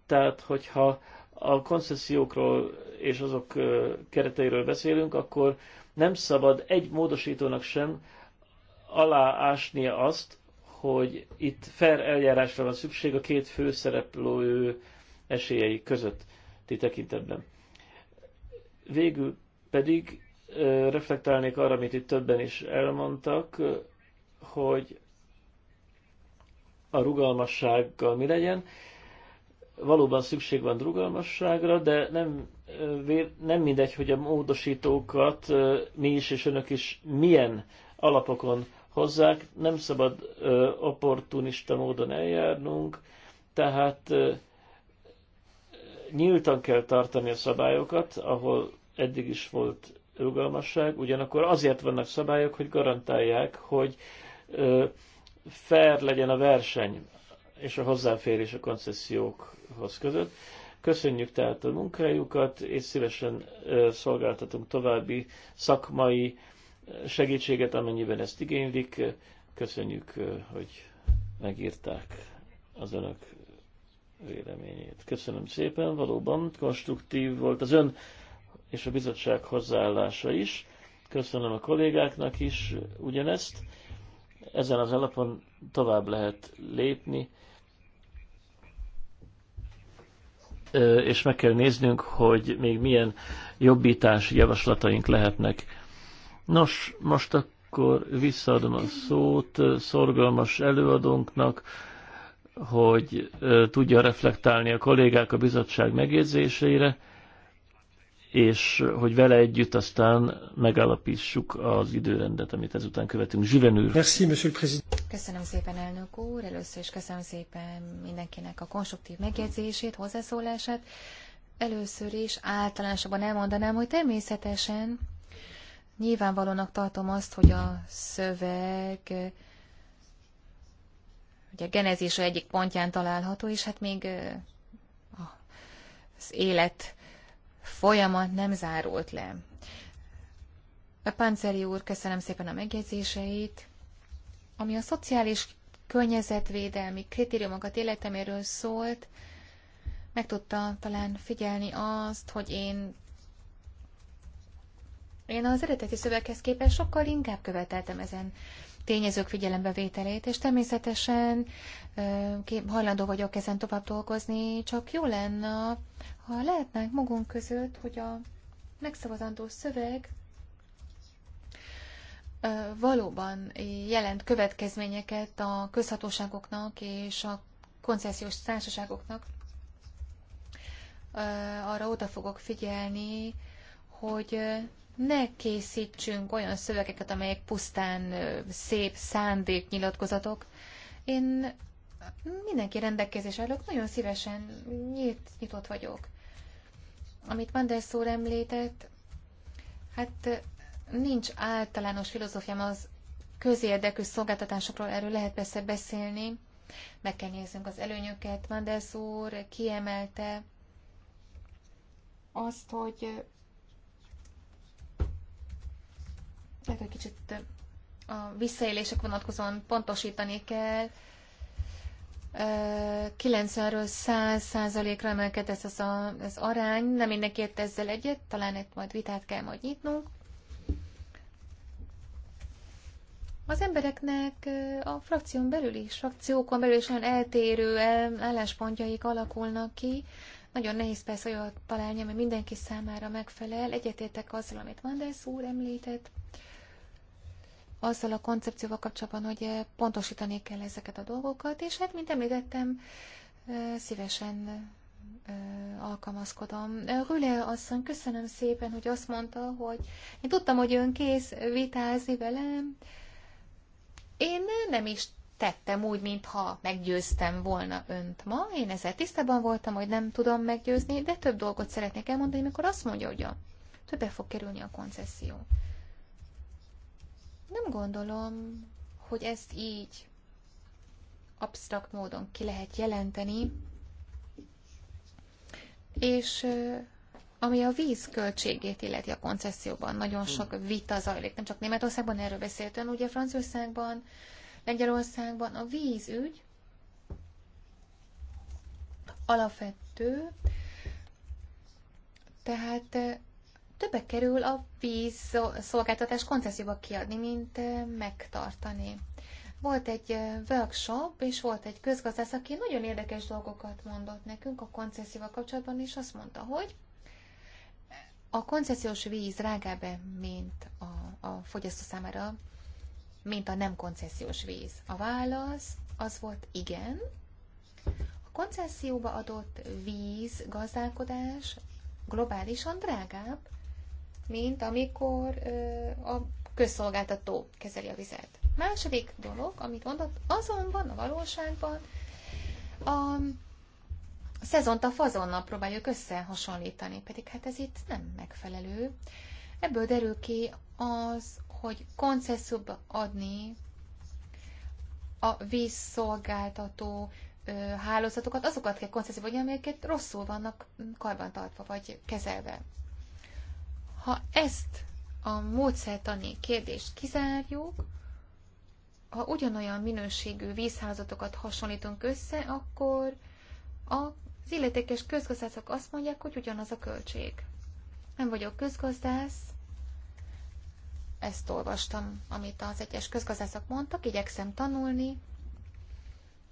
Tehát, hogyha a koncesziókról és azok ö, kereteiről beszélünk, akkor nem szabad egy módosítónak sem aláásnia azt, hogy itt fair eljárásra van szükség a két főszereplő esélyei között, ti tekintetben. Végül pedig reflektálnék arra, amit itt többen is elmondtak, hogy a rugalmassággal mi legyen. Valóban szükség van rugalmasságra, de nem, nem mindegy, hogy a módosítókat mi is és önök is milyen alapokon hozzák. Nem szabad opportunista módon eljárnunk, tehát nyíltan kell tartani a szabályokat, ahol eddig is volt rugalmasság, ugyanakkor azért vannak szabályok, hogy garantálják, hogy ö, fair legyen a verseny és a hozzáférés a koncesziókhoz között. Köszönjük tehát a munkájukat, és szívesen szolgáltatunk további szakmai segítséget, amennyiben ezt igénylik. Köszönjük, hogy megírták az önök véleményét. Köszönöm szépen, valóban konstruktív volt az ön és a bizottság hozzáállása is. Köszönöm a kollégáknak is ugyanezt. Ezen az alapon tovább lehet lépni, és meg kell néznünk, hogy még milyen jobbítási javaslataink lehetnek. Nos, most akkor visszaadom a szót szorgalmas előadónknak, hogy tudja reflektálni a kollégák a bizottság megjegyzéseire és hogy vele együtt aztán megállapítsuk az időrendet, amit ezután követünk. Zsüven úr. Merci, monsieur le président. Köszönöm szépen, elnök úr. Először is köszönöm szépen mindenkinek a konstruktív megjegyzését, hozzászólását. Először is általánosabban elmondanám, hogy természetesen nyilvánvalónak tartom azt, hogy a szöveg ugye a genezés egyik pontján található, és hát még az élet folyamat nem zárult le. A Panceri úr, köszönöm szépen a megjegyzéseit. Ami a szociális környezetvédelmi kritériumokat életeméről szólt, meg tudta talán figyelni azt, hogy én én az eredeti szöveghez képest sokkal inkább követeltem ezen tényezők figyelembevételét, és természetesen hajlandó vagyok ezen tovább dolgozni, csak jó lenne, ha lehetnánk magunk között, hogy a megszavazandó szöveg valóban jelent következményeket a közhatóságoknak és a koncesziós társaságoknak. Arra oda fogok figyelni, hogy ne készítsünk olyan szövegeket, amelyek pusztán szép szándéknyilatkozatok. Én mindenki rendelkezés állok, nagyon szívesen nyit, nyitott vagyok. Amit Manders említett, hát nincs általános filozófiám az közérdekű szolgáltatásokról, erről lehet persze beszélni. Meg kell néznünk az előnyöket. Manders kiemelte azt, hogy Lehet, egy kicsit a visszaélések vonatkozóan pontosítani kell. 90-ről 100 ra emelkedett ez az arány, nem mindenki ért ezzel egyet, talán itt majd vitát kell majd nyitnunk. Az embereknek a frakción belül is, frakciókon belül is olyan eltérő álláspontjaik alakulnak ki. Nagyon nehéz persze olyat találni, ami mindenki számára megfelel. Egyetértek azzal, amit Manders úr említett azzal a koncepcióval kapcsolatban, hogy eh, pontosítani kell ezeket a dolgokat, és hát, mint említettem, eh, szívesen eh, alkalmazkodom. Rüle asszony, köszönöm szépen, hogy azt mondta, hogy én tudtam, hogy ön kész vitázni velem. Én nem is tettem úgy, mintha meggyőztem volna önt ma. Én ezzel tisztában voltam, hogy nem tudom meggyőzni, de több dolgot szeretnék elmondani, amikor azt mondja, hogy a többe fog kerülni a koncesszió. Nem gondolom, hogy ezt így absztrakt módon ki lehet jelenteni. És ami a víz költségét illeti a koncesszióban, nagyon hm. sok vita zajlik, nem csak Németországban, erről beszéltem, ugye Franciaországban, Lengyelországban a vízügy alapvető, tehát Többek kerül a víz szolgáltatás koncesszióba kiadni, mint megtartani. Volt egy workshop, és volt egy közgazdász, aki nagyon érdekes dolgokat mondott nekünk a koncesszióval kapcsolatban, és azt mondta, hogy a koncesziós víz drágább, mint a, a fogyasztó számára, mint a nem koncesziós víz. A válasz az volt igen. A koncesszióba adott víz gazdálkodás globálisan drágább, mint amikor a közszolgáltató kezeli a vizet. Második dolog, amit mondott, azonban a valóságban a szezont a fazonnal próbáljuk összehasonlítani, pedig hát ez itt nem megfelelő. Ebből derül ki az, hogy konceszióba adni a vízszolgáltató ö, hálózatokat, azokat kell koncesszióba adni, amelyeket rosszul vannak karbantartva vagy kezelve. Ha ezt a módszertani kérdést kizárjuk, ha ugyanolyan minőségű vízházatokat hasonlítunk össze, akkor az illetékes közgazdászok azt mondják, hogy ugyanaz a költség. Nem vagyok közgazdász, ezt olvastam, amit az egyes közgazdászok mondtak, igyekszem tanulni,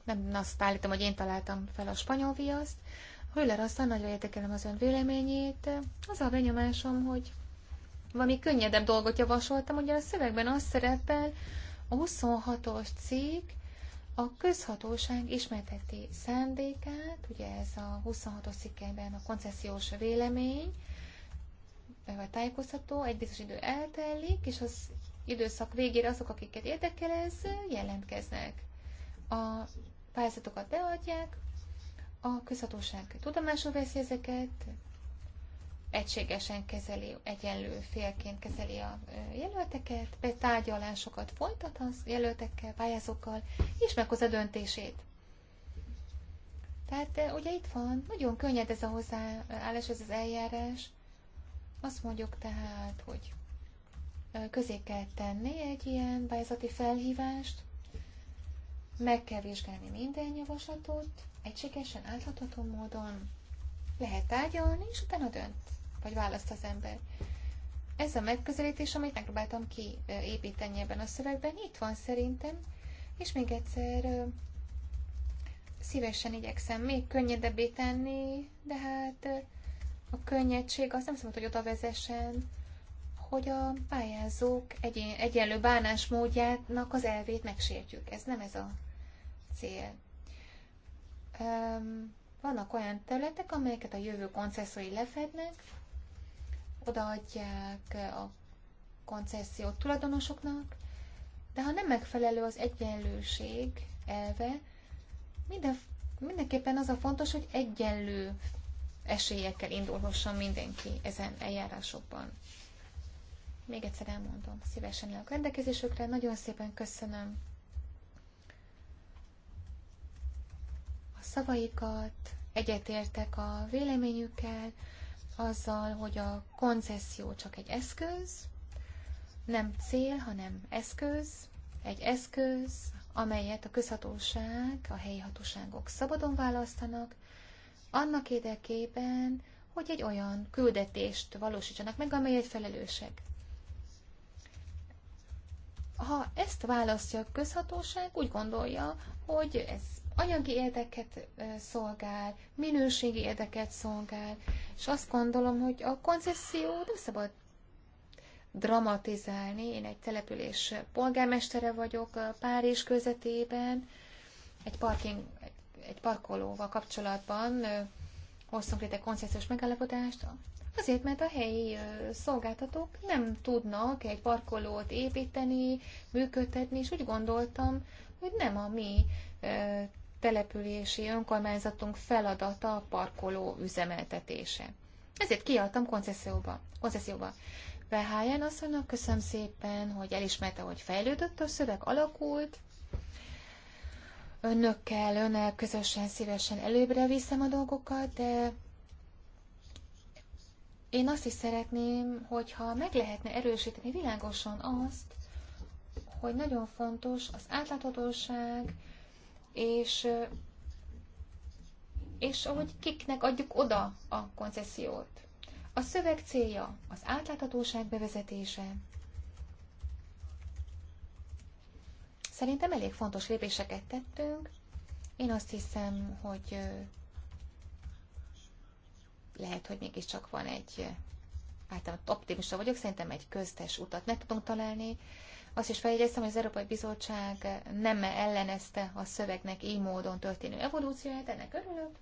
nem azt állítom, hogy én találtam fel a spanyol viaszt, Hüller aztán nagyra értékelem az ön véleményét. Az a benyomásom, hogy valami könnyedebb dolgot javasoltam, ugye a szövegben az szerepel, a 26-os cikk a közhatóság ismerteti szándékát, ugye ez a 26-os cikkelyben a koncesziós vélemény, vagy tájékoztató, egy bizonyos idő eltelik, és az időszak végére azok, akiket érdekel ez, jelentkeznek. A pályázatokat beadják, a közhatóság tudomásul veszi ezeket, egységesen kezeli, egyenlő félként kezeli a jelölteket, tárgyalásokat folytat az jelöltekkel, pályázókkal, és meghozza döntését. Tehát ugye itt van, nagyon könnyed ez a hozzáállás, ez az eljárás. Azt mondjuk tehát, hogy közé kell tenni egy ilyen pályázati felhívást, meg kell vizsgálni minden javaslatot, egységesen, átlátható módon lehet tárgyalni, és utána dönt, vagy választ az ember. Ez a megközelítés, amit megpróbáltam kiépíteni ebben a szövegben, itt van szerintem, és még egyszer szívesen igyekszem még könnyedebbé tenni, de hát a könnyedség azt nem szabad, hogy oda vezessen, hogy a pályázók egyen, egyenlő bánásmódjának az elvét megsértjük. Ez nem ez a cél vannak olyan területek, amelyeket a jövő koncesziói lefednek, odaadják a koncesziót tulajdonosoknak, de ha nem megfelelő az egyenlőség elve, minden, mindenképpen az a fontos, hogy egyenlő esélyekkel indulhasson mindenki ezen eljárásokban. Még egyszer elmondom, szívesen a rendelkezésükre, nagyon szépen köszönöm szavaikat, egyetértek a véleményükkel, azzal, hogy a koncesszió csak egy eszköz, nem cél, hanem eszköz, egy eszköz, amelyet a közhatóság, a helyi hatóságok szabadon választanak, annak érdekében, hogy egy olyan küldetést valósítsanak meg, amelyet felelősek. Ha ezt választja a közhatóság, úgy gondolja, hogy ez anyagi érdeket szolgál, minőségi érdeket szolgál, és azt gondolom, hogy a koncesszió nem szabad dramatizálni. Én egy település polgármestere vagyok Párizs közetében, egy, parking, egy parkolóval kapcsolatban hoztunk létre koncesziós megállapodást, Azért, mert a helyi szolgáltatók nem tudnak egy parkolót építeni, működtetni, és úgy gondoltam, hogy nem a mi települési önkormányzatunk feladata a parkoló üzemeltetése. Ezért kiadtam konceszióba. koncesszióba. azt mondom, köszönöm szépen, hogy elismerte, hogy fejlődött a szöveg, alakult. Önökkel, önnel közösen szívesen előbbre viszem a dolgokat, de én azt is szeretném, hogyha meg lehetne erősíteni világosan azt, hogy nagyon fontos az átláthatóság, és, és hogy kiknek adjuk oda a koncesziót. A szöveg célja az átláthatóság bevezetése. Szerintem elég fontos lépéseket tettünk. Én azt hiszem, hogy lehet, hogy mégiscsak van egy, általában optimista vagyok, szerintem egy köztes utat meg tudunk találni, azt is feljegyeztem, hogy az Európai Bizottság nem ellenezte a szövegnek így módon történő evolúcióját, ennek örülök.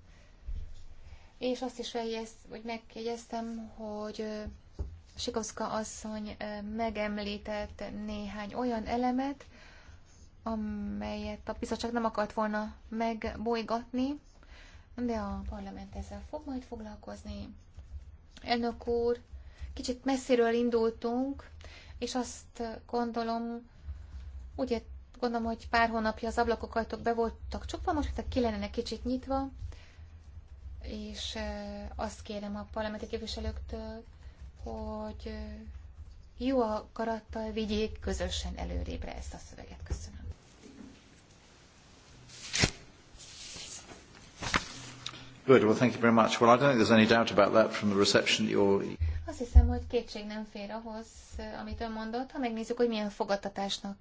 És azt is feljegyeztem, hogy megjegyeztem, hogy Sikovszka asszony megemlített néhány olyan elemet, amelyet a bizottság nem akart volna megbolygatni, de a parlament ezzel fog majd foglalkozni. Elnök úr, kicsit messziről indultunk, és azt gondolom, ugye gondolom, hogy pár hónapja az ablakok ajtók be voltak csukva, most tehát ki lenne kicsit nyitva, és azt kérem a parlamenti képviselőktől, hogy jó akarattal vigyék közösen előrébre ezt a szöveget. Köszönöm. Good. Well, thank you very much. Well, I don't think there's any doubt about that from the reception that you're... Azt hiszem, hogy kétség nem fér ahhoz, amit ön mondott, ha megnézzük, hogy milyen fogadtatásnak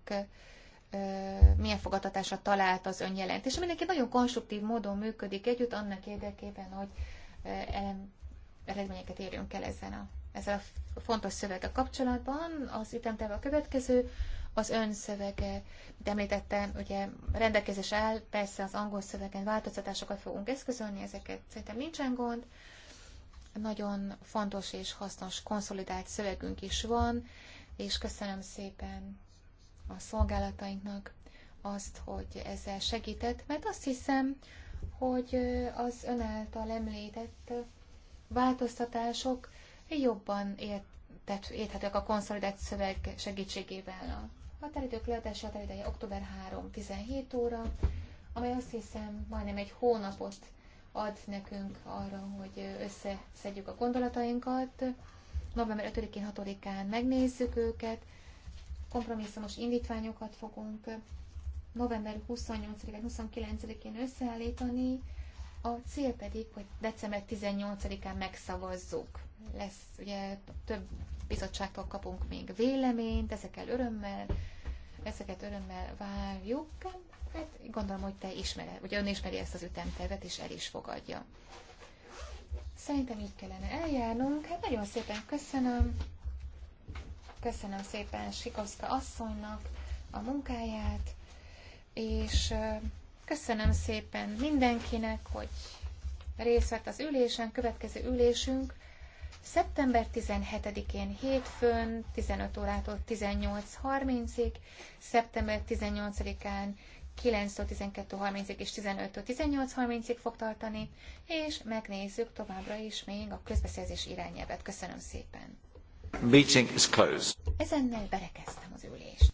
milyen fogadtatásra talált az önjelentés. Mindenki nagyon konstruktív módon működik együtt annak érdekében, hogy eredményeket érjünk el ezen a, ezzel a fontos szöveggel kapcsolatban. Az ütemtelve a következő, az ön szövege, mint említettem, ugye rendelkezés áll, persze az angol szövegen változtatásokat fogunk eszközölni, ezeket szerintem nincsen gond. Nagyon fontos és hasznos konszolidált szövegünk is van, és köszönöm szépen a szolgálatainknak azt, hogy ezzel segített, mert azt hiszem, hogy az ön által említett változtatások jobban ért, tehát érthetők a konszolidált szöveg segítségével. A határidők leadása határideje október 3-17 óra, amely azt hiszem majdnem egy hónapot ad nekünk arra, hogy összeszedjük a gondolatainkat. November 5-én, 6-án megnézzük őket, kompromisszumos indítványokat fogunk november 28-án, 29-én összeállítani, a cél pedig, hogy december 18-án megszavazzuk. Lesz ugye több bizottságtól kapunk még véleményt, ezekkel örömmel, ezeket örömmel várjuk. Hát gondolom, hogy te ismered, vagy ön ismeri ezt az ütemtervet, és el is fogadja. Szerintem így kellene eljárnunk. Hát nagyon szépen köszönöm. Köszönöm szépen Sikoszka asszonynak a munkáját, és köszönöm szépen mindenkinek, hogy részt vett az ülésen, következő ülésünk szeptember 17-én hétfőn 15 órától 18.30-ig, szeptember 18-án 9 12.30-ig és 15 18.30-ig fog tartani, és megnézzük továbbra is még a közbeszerzés irányelvet. Köszönöm szépen! Meeting is closed. Ezennel berekeztem az ülést.